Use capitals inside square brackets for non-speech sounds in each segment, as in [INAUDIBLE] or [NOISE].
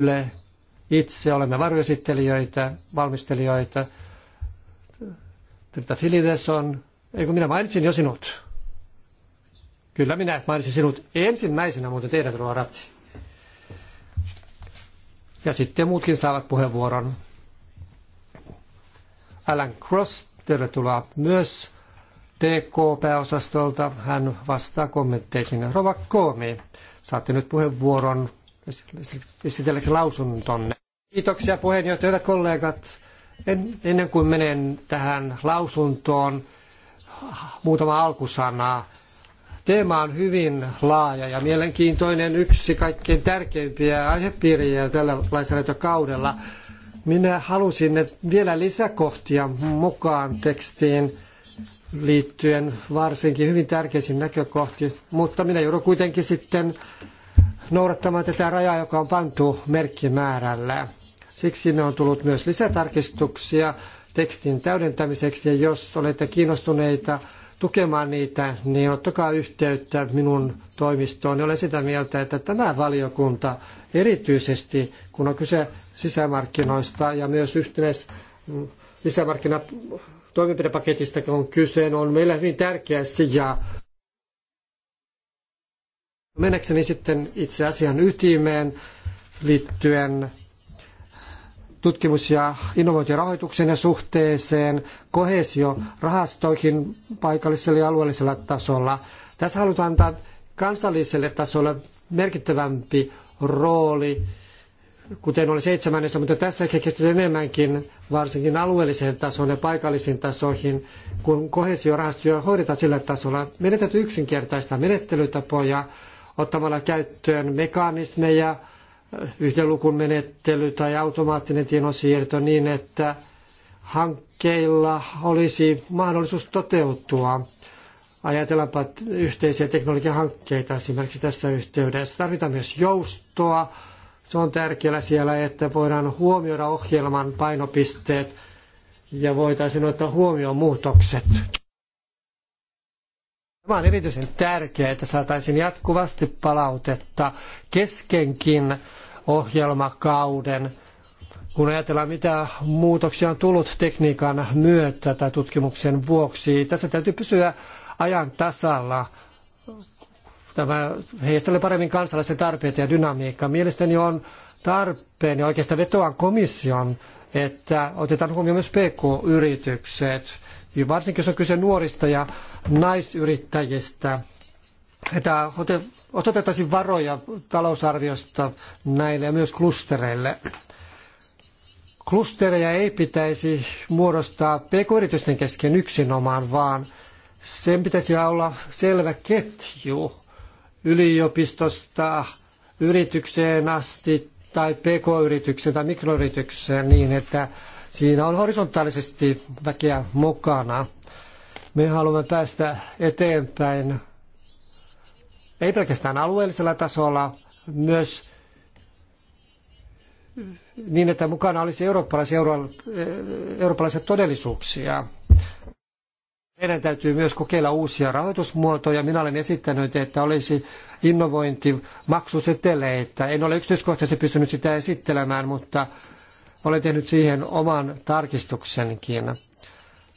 Yle. Itse olemme varjoesittelijöitä, valmistelijoita. Trita Filides on, eikö minä mainitsin jo sinut? Kyllä minä mainitsin sinut ensimmäisenä, mutta teidät ruorat. Ja sitten muutkin saavat puheenvuoron. Alan Cross, tervetuloa myös TK-pääosastolta. Hän vastaa kommentteihin. Rova Koomi, saatte nyt puheenvuoron esitelläksi lausuntonne. Kiitoksia puheenjohtaja, hyvät kollegat. En, ennen kuin menen tähän lausuntoon, muutama alkusana. Teema on hyvin laaja ja mielenkiintoinen yksi kaikkein tärkeimpiä aihepiirejä tällä lainsäädäntökaudella. Minä halusin vielä lisäkohtia mukaan tekstiin liittyen varsinkin hyvin tärkeisiin näkökohtiin, mutta minä joudun kuitenkin sitten noudattamaan tätä rajaa, joka on pantu merkkimäärällä. Siksi ne on tullut myös lisätarkistuksia tekstin täydentämiseksi, ja jos olette kiinnostuneita tukemaan niitä, niin ottakaa yhteyttä minun toimistoon. Olen sitä mieltä, että tämä valiokunta erityisesti, kun on kyse sisämarkkinoista ja myös yhtenäis sisämarkkina toimenpidepaketista, kun on kyse, on meille hyvin tärkeä sija Mennäkseni sitten itse asian ytimeen liittyen tutkimus- ja innovointirahoituksen ja suhteeseen kohesiorahastoihin paikallisella ja alueellisella tasolla. Tässä halutaan antaa kansalliselle tasolle merkittävämpi rooli, kuten oli seitsemännessä, mutta tässä ehkä keskityt enemmänkin varsinkin alueelliseen tasoon ja paikallisiin tasoihin, kun kohesiorahastoja hoidetaan sillä tasolla. Meidän täytyy yksinkertaistaa menettelytapoja, ottamalla käyttöön mekanismeja, yhden lukun menettely tai automaattinen tiedonsiirto niin, että hankkeilla olisi mahdollisuus toteutua. Ajatellaanpa yhteisiä teknologiahankkeita esimerkiksi tässä yhteydessä. Tarvitaan myös joustoa. Se on tärkeää siellä, että voidaan huomioida ohjelman painopisteet ja voitaisiin ottaa huomioon muutokset. Tämä on erityisen tärkeää, että saataisiin jatkuvasti palautetta keskenkin ohjelmakauden, kun ajatellaan mitä muutoksia on tullut tekniikan myötä tai tutkimuksen vuoksi. Tässä täytyy pysyä ajan tasalla. Tämä heijastelee paremmin kansalaisten tarpeita ja dynamiikkaa. Mielestäni on tarpeen ja oikeastaan vetoan komission, että otetaan huomioon myös PK-yritykset, varsinkin jos on kyse nuorista ja naisyrittäjistä, että osoitettaisiin varoja talousarviosta näille ja myös klustereille. Klustereja ei pitäisi muodostaa pk-yritysten kesken yksinomaan, vaan sen pitäisi olla selvä ketju yliopistosta yritykseen asti tai pk-yritykseen tai mikroyritykseen niin, että siinä on horisontaalisesti väkeä mukana. Me haluamme päästä eteenpäin ei pelkästään alueellisella tasolla, myös niin, että mukana olisi eurooppalaisia, eurooppalaisia todellisuuksia. Meidän täytyy myös kokeilla uusia rahoitusmuotoja. Minä olen esittänyt, että olisi innovointimaksuseteleitä. En ole yksityiskohtaisesti pystynyt sitä esittelemään, mutta olen tehnyt siihen oman tarkistuksenkin.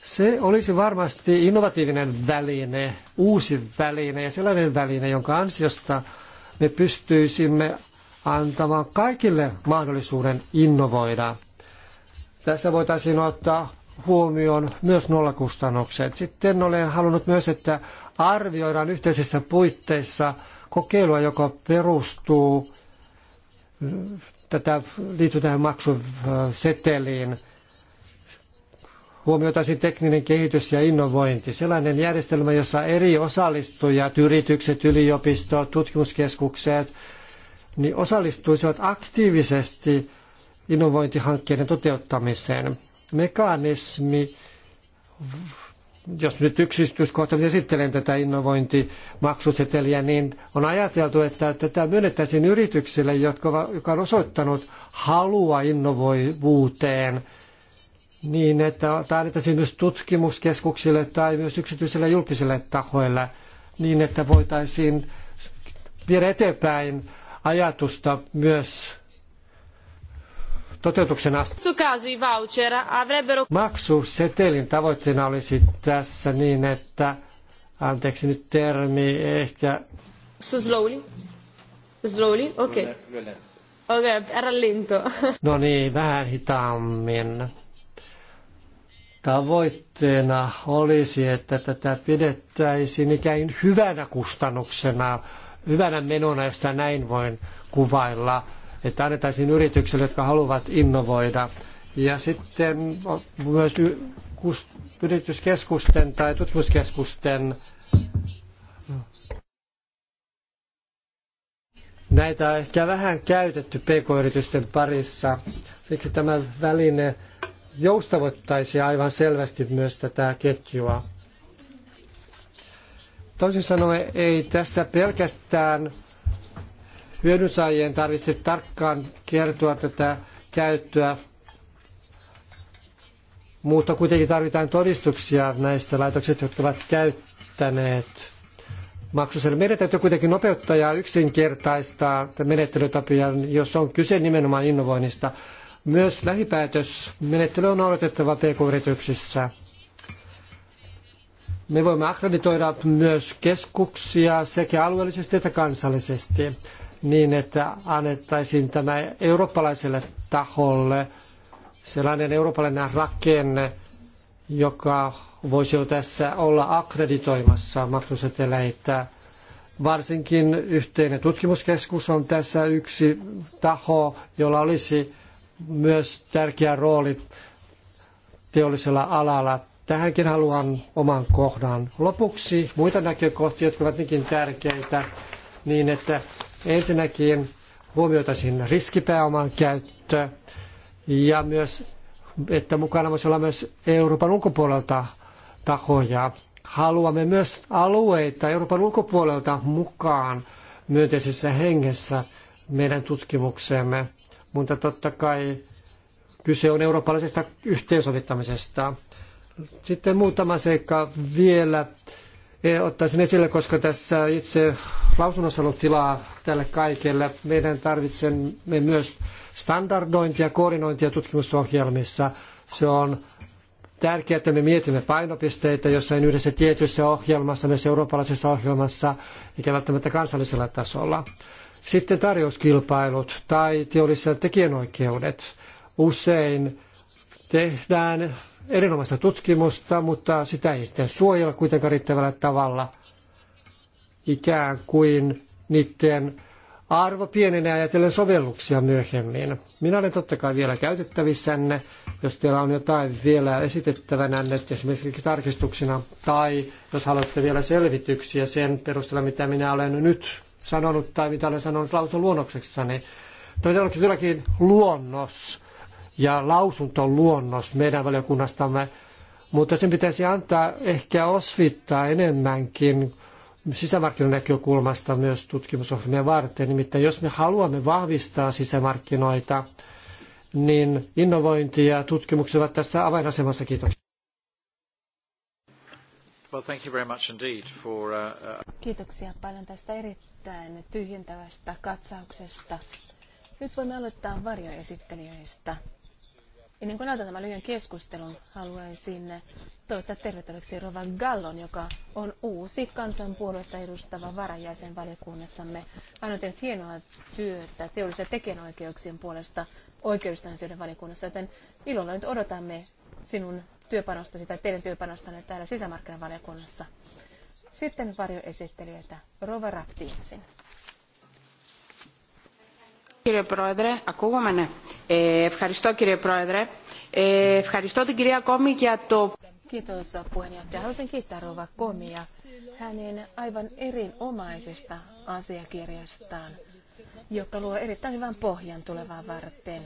Se olisi varmasti innovatiivinen väline, uusi väline ja sellainen väline, jonka ansiosta me pystyisimme antamaan kaikille mahdollisuuden innovoida. Tässä voitaisiin ottaa huomioon myös nollakustannukset. Sitten olen halunnut myös, että arvioidaan yhteisissä puitteissa kokeilua, joka perustuu tätä liittyy tähän maksuseteliin huomioitaisiin tekninen kehitys ja innovointi. Sellainen järjestelmä, jossa eri osallistujat, yritykset, yliopistot, tutkimuskeskukset, niin osallistuisivat aktiivisesti innovointihankkeiden toteuttamiseen. Mekanismi, jos nyt yksityiskohtaisemmin esittelen tätä innovointimaksuseteliä, niin on ajateltu, että tätä myönnettäisiin yrityksille, jotka, joka on osoittanut halua innovoivuuteen – niin, että tarvittaisiin myös tutkimuskeskuksille tai myös yksityisille ja julkisille tahoille niin, että voitaisiin viedä eteenpäin ajatusta myös toteutuksen asti. Maksusetelin tavoitteena olisi tässä niin, että, anteeksi nyt termi, ehkä... So slowly? Slowly? Okei. Okay. Okei, okay, rallinto. no niin, vähän hitaammin. Tavoitteena olisi, että tätä pidettäisiin ikään hyvänä kustannuksena, hyvänä menona, jos näin voin kuvailla, että annettaisiin yrityksille, jotka haluavat innovoida. Ja sitten myös yrityskeskusten tai tutkimuskeskusten Näitä on ehkä vähän käytetty pk-yritysten parissa. Siksi tämä väline joustavoittaisi aivan selvästi myös tätä ketjua. Toisin sanoen ei tässä pelkästään hyödynsaajien tarvitse tarkkaan kertoa tätä käyttöä, mutta kuitenkin tarvitaan todistuksia näistä laitoksista, jotka ovat käyttäneet maksuselle. Meidän täytyy kuitenkin nopeuttaa ja yksinkertaistaa menettelytapia, jos on kyse nimenomaan innovoinnista. Myös lähipäätösmenettely on noudatettava pk-yrityksissä. Me voimme akkreditoida myös keskuksia sekä alueellisesti että kansallisesti niin, että annettaisiin tämä eurooppalaiselle taholle sellainen eurooppalainen rakenne, joka voisi jo tässä olla akkreditoimassa maksuseteleitä. Varsinkin yhteinen tutkimuskeskus on tässä yksi taho, jolla olisi myös tärkeä rooli teollisella alalla. Tähänkin haluan oman kohdan. Lopuksi muita näkökohtia, jotka ovat niinkin tärkeitä, niin että ensinnäkin huomioitaisiin riskipääoman käyttö ja myös, että mukana voisi olla myös Euroopan ulkopuolelta tahoja. Haluamme myös alueita Euroopan ulkopuolelta mukaan myönteisessä hengessä meidän tutkimuksemme mutta totta kai kyse on eurooppalaisesta yhteensovittamisesta. Sitten muutama seikka vielä e, ottaisin esille, koska tässä itse lausunnossa on ollut tilaa tälle kaikelle. Meidän tarvitsemme myös standardointia, koordinointia tutkimusohjelmissa. Se on tärkeää, että me mietimme painopisteitä jossain yhdessä tietyssä ohjelmassa, myös eurooppalaisessa ohjelmassa, eikä välttämättä kansallisella tasolla. Sitten tarjouskilpailut tai teolliset tekijänoikeudet. Usein tehdään erinomaista tutkimusta, mutta sitä ei sitten suojella kuitenkaan riittävällä tavalla. Ikään kuin niiden arvo pienenee ajatellen sovelluksia myöhemmin. Minä olen totta kai vielä käytettävissänne, jos teillä on jotain vielä esitettävänä, esimerkiksi tarkistuksina, tai jos haluatte vielä selvityksiä sen perusteella, mitä minä olen nyt sanonut tai mitä olen sanonut lausuluonnoksessani. Tämä on todellakin luonnos ja lausuntoluonnos meidän valiokunnastamme, mutta sen pitäisi antaa ehkä osvittaa enemmänkin sisämarkkinanäkökulmasta myös tutkimusohjelmia varten. Nimittäin jos me haluamme vahvistaa sisämarkkinoita, niin innovointi ja tutkimukset ovat tässä avainasemassa. Kiitoksia. Well, thank you very much indeed for, uh, uh, Kiitoksia paljon tästä erittäin tyhjentävästä katsauksesta. Nyt voimme aloittaa varjoesittelijöistä. Ennen kuin aloitan tämän lyhyen keskustelun, haluaisin toivottaa tervetulleeksi Rova Gallon, joka on uusi kansanpuoluetta edustava varajäsen valiokunnassamme. Hän on tehnyt hienoa työtä teollisen tekijänoikeuksien puolesta oikeudellisten asioiden valiokunnassa, joten ilolla nyt odotamme sinun työpanosta, sitä teidän työpanostanne täällä sisämarkkinavaliokunnassa. Sitten varjoesittelijöitä. Rova Raptiinsin. Κύριε Πρόεδρε, ακούγομαι, ναι. Ε, ευχαριστώ κύριε Πρόεδρε. Ε, ευχαριστώ την κυρία Κόμη για το... Kiitos puheenjohtaja. Haluaisin kiittää Rova Komia hänen aivan erinomaisesta asiakirjastaan, joka luo erittäin hyvän pohjan tulevaa varten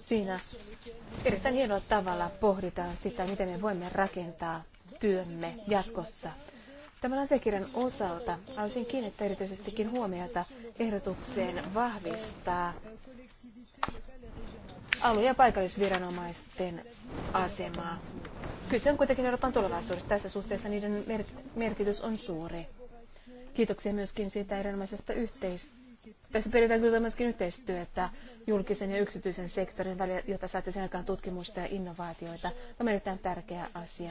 Siinä erittäin hienolla tavalla pohditaan sitä, miten me voimme rakentaa työmme jatkossa. Tämän asiakirjan osalta haluaisin kiinnittää erityisestikin huomiota ehdotukseen vahvistaa alue- ja paikallisviranomaisten asemaa. Kyse on kuitenkin Euroopan tulevaisuudessa. Tässä suhteessa niiden merkitys on suuri. Kiitoksia myöskin siitä erinomaisesta yhteistyöstä tässä kyllä myöskin yhteistyötä julkisen ja yksityisen sektorin välillä, jotta saatte sen aikaan tutkimusta ja innovaatioita. Tämä on erittäin tärkeä asia.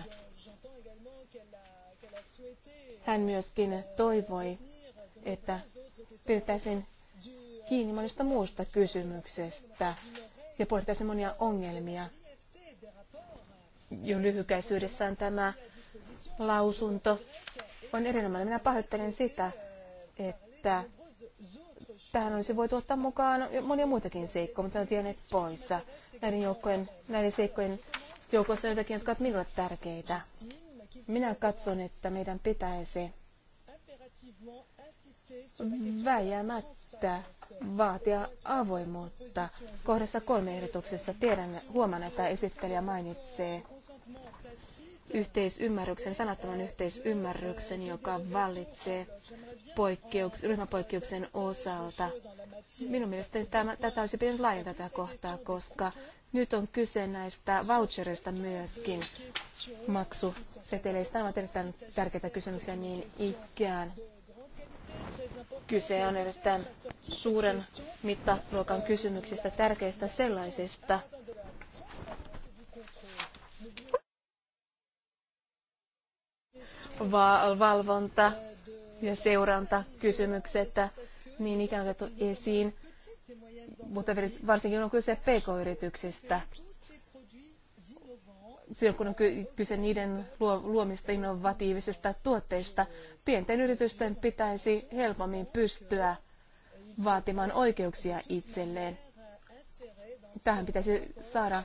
Hän myöskin toivoi, että pidettäisiin kiinni monista muusta kysymyksestä ja pohdittaisiin monia ongelmia. Jo lyhykäisyydessään tämä lausunto on erinomainen. Minä pahoittelen sitä, että Tähän olisi voitu ottaa mukaan monia muitakin seikkoja, mutta ne on jääneet pois. Näiden, joukkojen, näiden seikkojen joukossa on jotakin, jotka ovat minulle tärkeitä. Minä katson, että meidän pitäisi väijämättä vaatia avoimuutta. Kohdassa kolme ehdotuksessa tiedän, huomaan, että esittelijä mainitsee yhteisymmärryksen, sanattoman yhteisymmärryksen, joka vallitsee poikkeuks, ryhmäpoikkeuksen osalta. Minun mielestäni tämä, tätä olisi pitänyt laajentaa tätä kohtaa, koska nyt on kyse näistä voucherista myöskin maksuseteleistä. Nämä ovat erittäin tärkeitä kysymyksiä niin ikään. Kyse on erittäin suuren mittaluokan kysymyksistä, tärkeistä sellaisista. Va- valvonta, ja seurantakysymykset niin ikään otettu esiin, mutta varsinkin on kyse pk-yrityksistä. Silloin kun on kyse niiden luomista innovatiivisista tuotteista, pienten yritysten pitäisi helpommin pystyä vaatimaan oikeuksia itselleen. Tähän pitäisi saada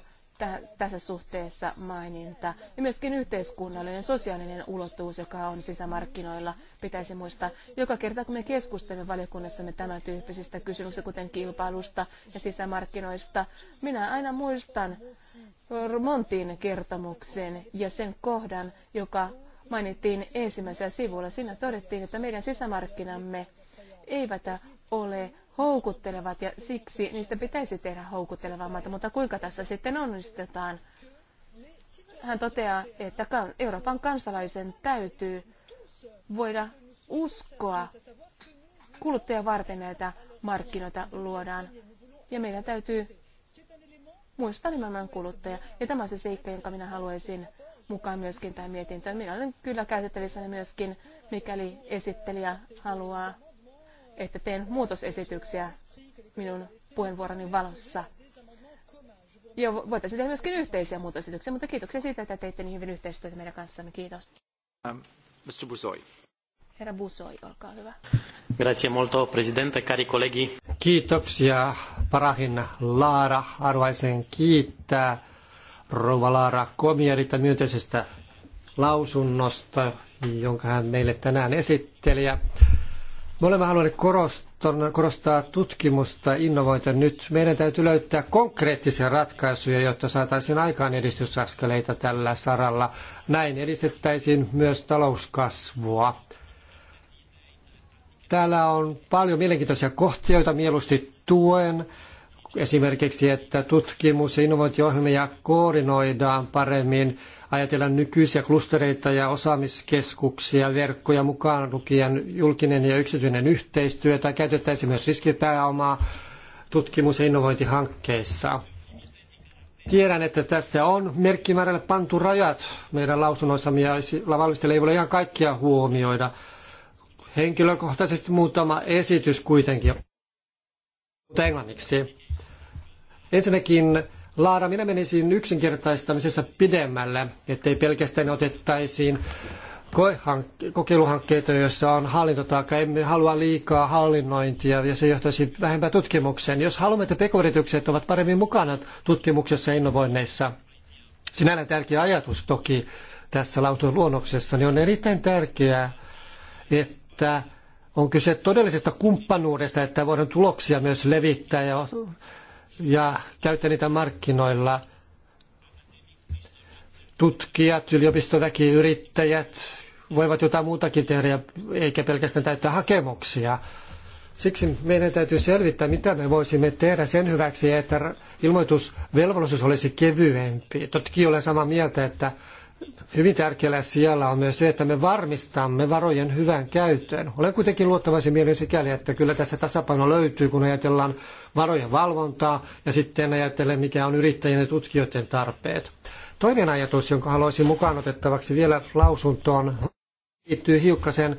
tässä suhteessa maininta. Ja myöskin yhteiskunnallinen, sosiaalinen ulottuvuus, joka on sisämarkkinoilla, pitäisi muistaa. Joka kerta, kun me keskustelemme valiokunnassamme tämän tyyppisistä kysymyksistä, kuten kilpailusta ja sisämarkkinoista, minä aina muistan Montin kertomuksen ja sen kohdan, joka mainittiin ensimmäisellä sivulla. Siinä todettiin, että meidän sisämarkkinamme eivät ole houkuttelevat ja siksi niistä pitäisi tehdä houkuttelevammat, mutta kuinka tässä sitten onnistetaan? Hän toteaa, että Euroopan kansalaisen täytyy voida uskoa kuluttaja varten näitä markkinoita luodaan. Ja meidän täytyy muistaa nimenomaan kuluttaja. Ja tämä on se seikka, jonka minä haluaisin mukaan myöskin tähän mietintöön. Minä olen kyllä käytettävissä myöskin, mikäli esittelijä haluaa että teen muutosesityksiä minun puheenvuoroni valossa. Ja voitaisiin tehdä myöskin yhteisiä muutosesityksiä, mutta kiitoksia siitä, että teitte niin hyvin yhteistyötä meidän kanssamme. Kiitos. Um, Mr. Busoi. Herra Busoi, olkaa hyvä. Grazie molto, presidente, cari colleghi. Kiitoksia, Parahin Laara. Arvaisen kiittää Rova Laara Komierita myönteisestä lausunnosta, jonka hän meille tänään esitteli. Me olemme halunneet korostaa tutkimusta, innovointia nyt. Meidän täytyy löytää konkreettisia ratkaisuja, jotta saataisiin aikaan edistysaskeleita tällä saralla. Näin edistettäisiin myös talouskasvua. Täällä on paljon mielenkiintoisia kohtia, joita mieluusti tuen. Esimerkiksi, että tutkimus- ja innovointiohjelmia koordinoidaan paremmin ajatella nykyisiä klustereita ja osaamiskeskuksia, verkkoja mukaan lukien julkinen ja yksityinen yhteistyö, tai käytettäisiin myös riskipääomaa tutkimus- ja innovointihankkeissa. Tiedän, että tässä on merkkimäärälle pantu rajat meidän lausunnoissamme ja valmistelijoilla ei voi ihan kaikkia huomioida. Henkilökohtaisesti muutama esitys kuitenkin. Mutta englanniksi. Ensinnäkin Laara, minä menisin yksinkertaistamisessa pidemmälle, ettei pelkästään otettaisiin kokeiluhankkeita, joissa on hallintotaakka. Emme halua liikaa hallinnointia ja se johtaisi vähempään tutkimukseen. Jos haluamme, että pk ovat paremmin mukana tutkimuksessa ja innovoinneissa, sinällään tärkeä ajatus toki tässä lausuntoluonnoksessa, niin on erittäin tärkeää, että on kyse todellisesta kumppanuudesta, että voidaan tuloksia myös levittää ja ja käyttää niitä markkinoilla. Tutkijat, yliopistoväki, yrittäjät voivat jotain muutakin tehdä, eikä pelkästään täyttää hakemuksia. Siksi meidän täytyy selvittää, mitä me voisimme tehdä sen hyväksi, että ilmoitusvelvollisuus olisi kevyempi. Toki olen samaa mieltä, että Hyvin tärkeällä siellä on myös se, että me varmistamme varojen hyvän käytön. Olen kuitenkin luottavaisin mielin sikäli, että kyllä tässä tasapaino löytyy, kun ajatellaan varojen valvontaa ja sitten ajatellen, mikä on yrittäjien ja tutkijoiden tarpeet. Toinen ajatus, jonka haluaisin mukaan otettavaksi vielä lausuntoon, liittyy hiukkasen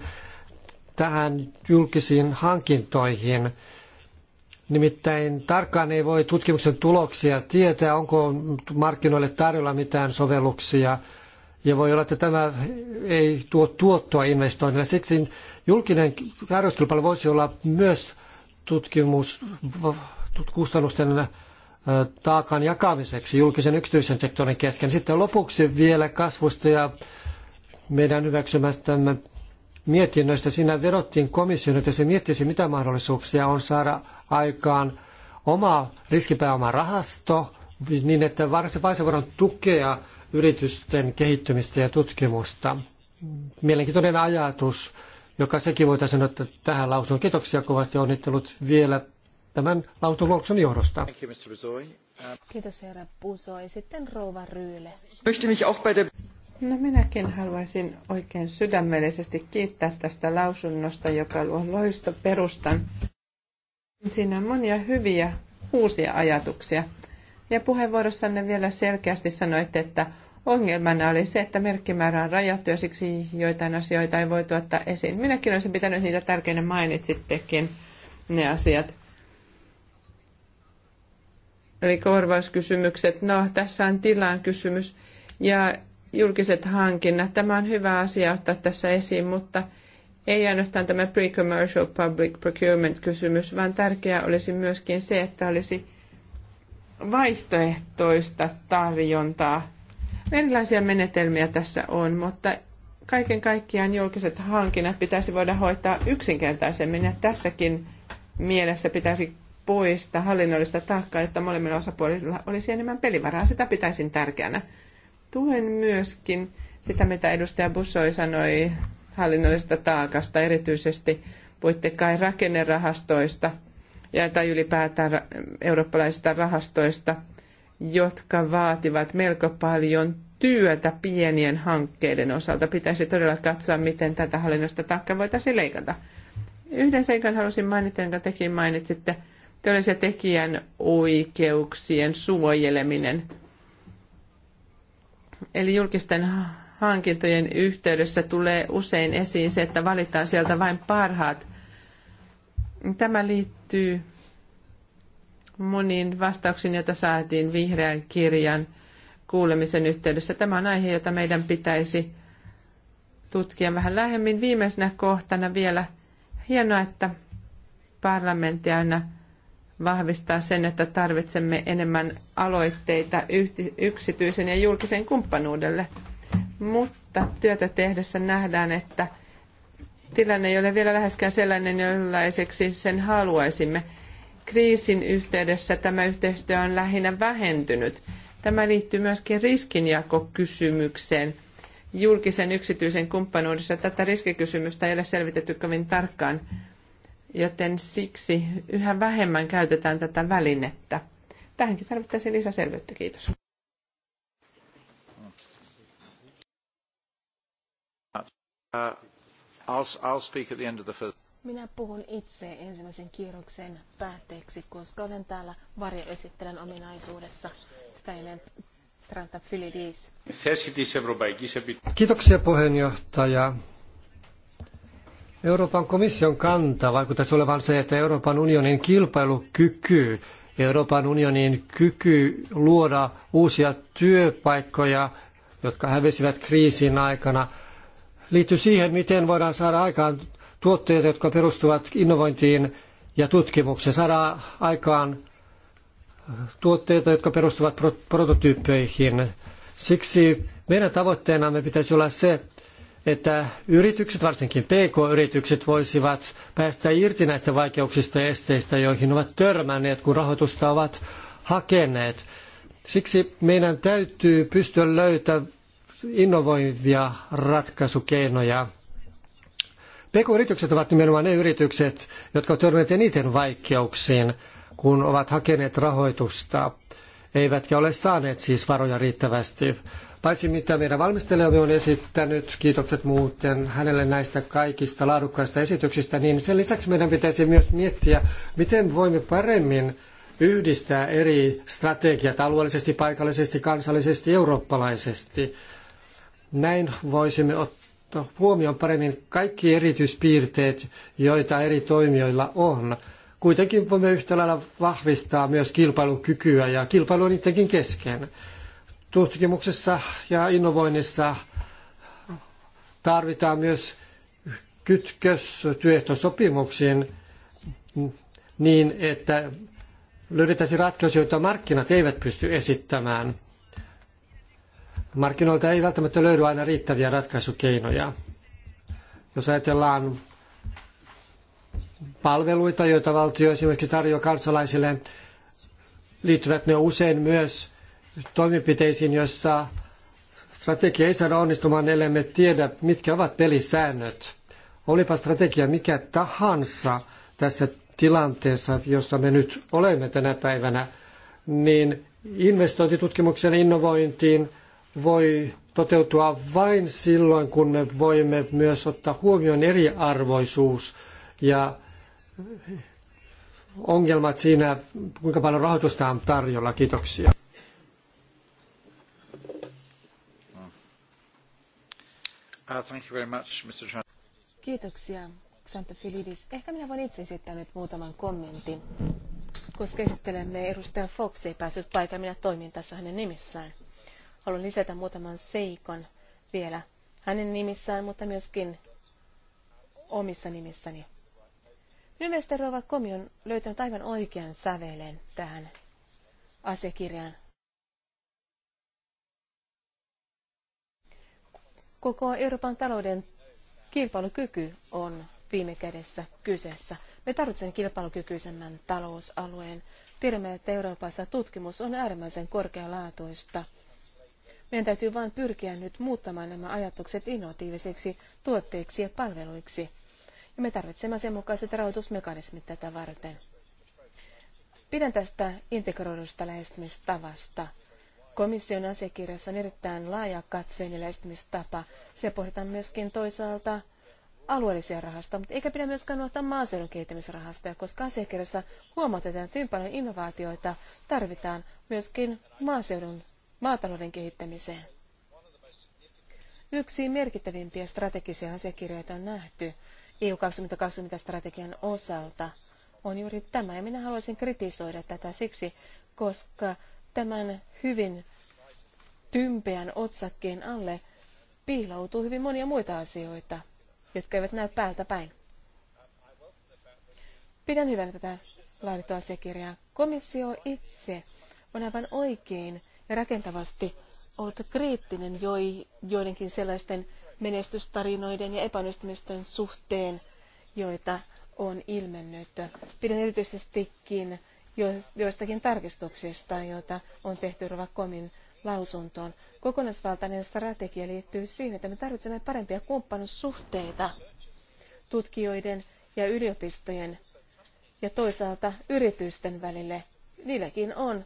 tähän julkisiin hankintoihin. Nimittäin tarkkaan ei voi tutkimuksen tuloksia tietää, onko markkinoille tarjolla mitään sovelluksia – ja voi olla, että tämä ei tuo tuottoa investoinnille. Siksi julkinen tarjouskilpailu voisi olla myös tutkimus kustannusten taakan jakamiseksi julkisen ja yksityisen sektorin kesken. Sitten lopuksi vielä kasvusta ja meidän hyväksymästämme mietinnöistä. Siinä vedottiin komission, että se miettisi, mitä mahdollisuuksia on saada aikaan oma riskipääomarahasto, niin että varsin voidaan tukea yritysten kehittymistä ja tutkimusta. Mielenkiintoinen ajatus, joka sekin voitaisiin ottaa tähän lausunnon. Kiitoksia kovasti onnittelut vielä tämän lausunnonluonnoksen johdosta. Um, Kiitos herra Pusoi. Sitten rouva Ryyle. No minäkin haluaisin oikein sydämellisesti kiittää tästä lausunnosta, joka luo loisto perustan. Siinä on monia hyviä uusia ajatuksia. Ja puheenvuorossanne vielä selkeästi sanoitte, että ongelmana oli se, että merkkimäärä on rajattu ja siksi joitain asioita ei voi tuottaa esiin. Minäkin olisin pitänyt niitä tärkeinä mainitsittekin ne asiat. Eli korvauskysymykset. No, tässä on tilaan kysymys ja julkiset hankinnat. Tämä on hyvä asia ottaa tässä esiin, mutta ei ainoastaan tämä pre-commercial public procurement kysymys, vaan tärkeää olisi myöskin se, että olisi vaihtoehtoista tarjontaa Erilaisia menetelmiä tässä on, mutta kaiken kaikkiaan julkiset hankinnat pitäisi voida hoitaa yksinkertaisemmin ja tässäkin mielessä pitäisi poistaa hallinnollista taakkaa, että molemmilla osapuolilla olisi enemmän pelivaraa. Sitä pitäisin tärkeänä. Tuen myöskin sitä, mitä edustaja Bussoi sanoi hallinnollisesta taakasta, erityisesti puitte kai rakennerahastoista ja, tai ylipäätään eurooppalaisista rahastoista – jotka vaativat melko paljon työtä pienien hankkeiden osalta. Pitäisi todella katsoa, miten tätä hallinnosta taakkaa voitaisiin leikata. Yhden seikan halusin mainita, jonka tekin mainitsitte, teollisen tekijän oikeuksien suojeleminen. Eli julkisten hankintojen yhteydessä tulee usein esiin se, että valitaan sieltä vain parhaat. Tämä liittyy moniin vastauksiin, joita saatiin vihreän kirjan kuulemisen yhteydessä. Tämä on aihe, jota meidän pitäisi tutkia vähän lähemmin. Viimeisenä kohtana vielä hienoa, että parlamentti aina vahvistaa sen, että tarvitsemme enemmän aloitteita yksityisen ja julkisen kumppanuudelle. Mutta työtä tehdessä nähdään, että tilanne ei ole vielä läheskään sellainen, jollaiseksi sen haluaisimme kriisin yhteydessä tämä yhteistyö on lähinnä vähentynyt. Tämä liittyy myöskin riskinjakokysymykseen. Julkisen yksityisen kumppanuudessa tätä riskikysymystä ei ole selvitetty kovin tarkkaan, joten siksi yhä vähemmän käytetään tätä välinettä. Tähänkin tarvittaisiin lisäselvyyttä. Kiitos. Uh, I'll, I'll speak at the end of the first. Minä puhun itse ensimmäisen kierroksen päätteeksi, koska olen täällä varjoesittelen ominaisuudessa. Sitä ennen Tranta Kiitoksia puheenjohtaja. Euroopan komission kanta vaikuttaisi olevan se, että Euroopan unionin kilpailukyky, Euroopan unionin kyky luoda uusia työpaikkoja, jotka hävisivät kriisin aikana, liittyy siihen, miten voidaan saada aikaan tuotteita, jotka perustuvat innovointiin ja tutkimukseen. Saadaan aikaan tuotteita, jotka perustuvat prototyyppeihin. Siksi meidän tavoitteenamme pitäisi olla se, että yritykset, varsinkin PK-yritykset, voisivat päästä irti näistä vaikeuksista ja esteistä, joihin ovat törmänneet, kun rahoitusta ovat hakeneet. Siksi meidän täytyy pystyä löytämään innovoivia ratkaisukeinoja. PK-yritykset ovat nimenomaan ne yritykset, jotka törmänneet eniten vaikeuksiin, kun ovat hakeneet rahoitusta, eivätkä ole saaneet siis varoja riittävästi. Paitsi mitä meidän valmistelijamme on esittänyt, kiitokset muuten hänelle näistä kaikista laadukkaista esityksistä, niin sen lisäksi meidän pitäisi myös miettiä, miten voimme paremmin yhdistää eri strategiat alueellisesti, paikallisesti, kansallisesti, eurooppalaisesti. Näin voisimme ottaa huomioon paremmin kaikki erityispiirteet, joita eri toimijoilla on. Kuitenkin voimme yhtä lailla vahvistaa myös kilpailukykyä ja kilpailua niidenkin kesken. Tutkimuksessa ja innovoinnissa tarvitaan myös kytkös työehtosopimuksiin niin, että löydettäisiin ratkaisuja, joita markkinat eivät pysty esittämään markkinoilta ei välttämättä löydy aina riittäviä ratkaisukeinoja. Jos ajatellaan palveluita, joita valtio esimerkiksi tarjoaa kansalaisille, liittyvät ne usein myös toimenpiteisiin, joissa strategia ei saada onnistumaan, ellemme tiedä, mitkä ovat pelisäännöt. Olipa strategia mikä tahansa tässä tilanteessa, jossa me nyt olemme tänä päivänä, niin investointitutkimukseen, innovointiin – voi toteutua vain silloin, kun me voimme myös ottaa huomioon eriarvoisuus ja ongelmat siinä, kuinka paljon rahoitusta on tarjolla. Kiitoksia. Uh, Kiitoksia, Xantafilidis. Ehkä minä voin itse esittää nyt muutaman kommentin. Koska esittelemme edustaja Fox, ei päässyt paikalle, minä toimin tässä hänen nimissään haluan lisätä muutaman seikan vielä hänen nimissään, mutta myöskin omissa nimissäni. Minun mielestä Rova Komi on löytänyt aivan oikean sävelen tähän asiakirjaan. Koko Euroopan talouden kilpailukyky on viime kädessä kyseessä. Me tarvitsemme kilpailukykyisemmän talousalueen. Tiedämme, että Euroopassa tutkimus on äärimmäisen korkealaatuista meidän täytyy vain pyrkiä nyt muuttamaan nämä ajatukset innovatiivisiksi tuotteiksi ja palveluiksi. Ja me tarvitsemme sen mukaiset rahoitusmekanismit tätä varten. Pidän tästä integroidusta lähestymistavasta. Komission asiakirjassa on erittäin laaja katseinen lähestymistapa. Se pohditaan myöskin toisaalta alueellisia rahastoja, mutta eikä pidä myöskään ottaa maaseudun kehittämisrahastoja, koska asiakirjassa huomautetaan, että hyvin paljon innovaatioita tarvitaan myöskin maaseudun maatalouden kehittämiseen. Yksi merkittävimpiä strategisia asiakirjoja on nähty EU 2020-strategian osalta on juuri tämä, ja minä haluaisin kritisoida tätä siksi, koska tämän hyvin tympeän otsakkeen alle piiloutuu hyvin monia muita asioita, jotka eivät näy päältä päin. Pidän hyvänä tätä laadittua asiakirjaa. Komissio itse on aivan oikein rakentavasti ollut kriittinen joi, joidenkin sellaisten menestystarinoiden ja epäonnistumisten suhteen, joita on ilmennyt. Pidän erityisestikin joistakin tarkistuksista, joita on tehty Rovakomin lausuntoon. Kokonaisvaltainen strategia liittyy siihen, että me tarvitsemme parempia kumppanussuhteita tutkijoiden ja yliopistojen ja toisaalta yritysten välille. Niilläkin on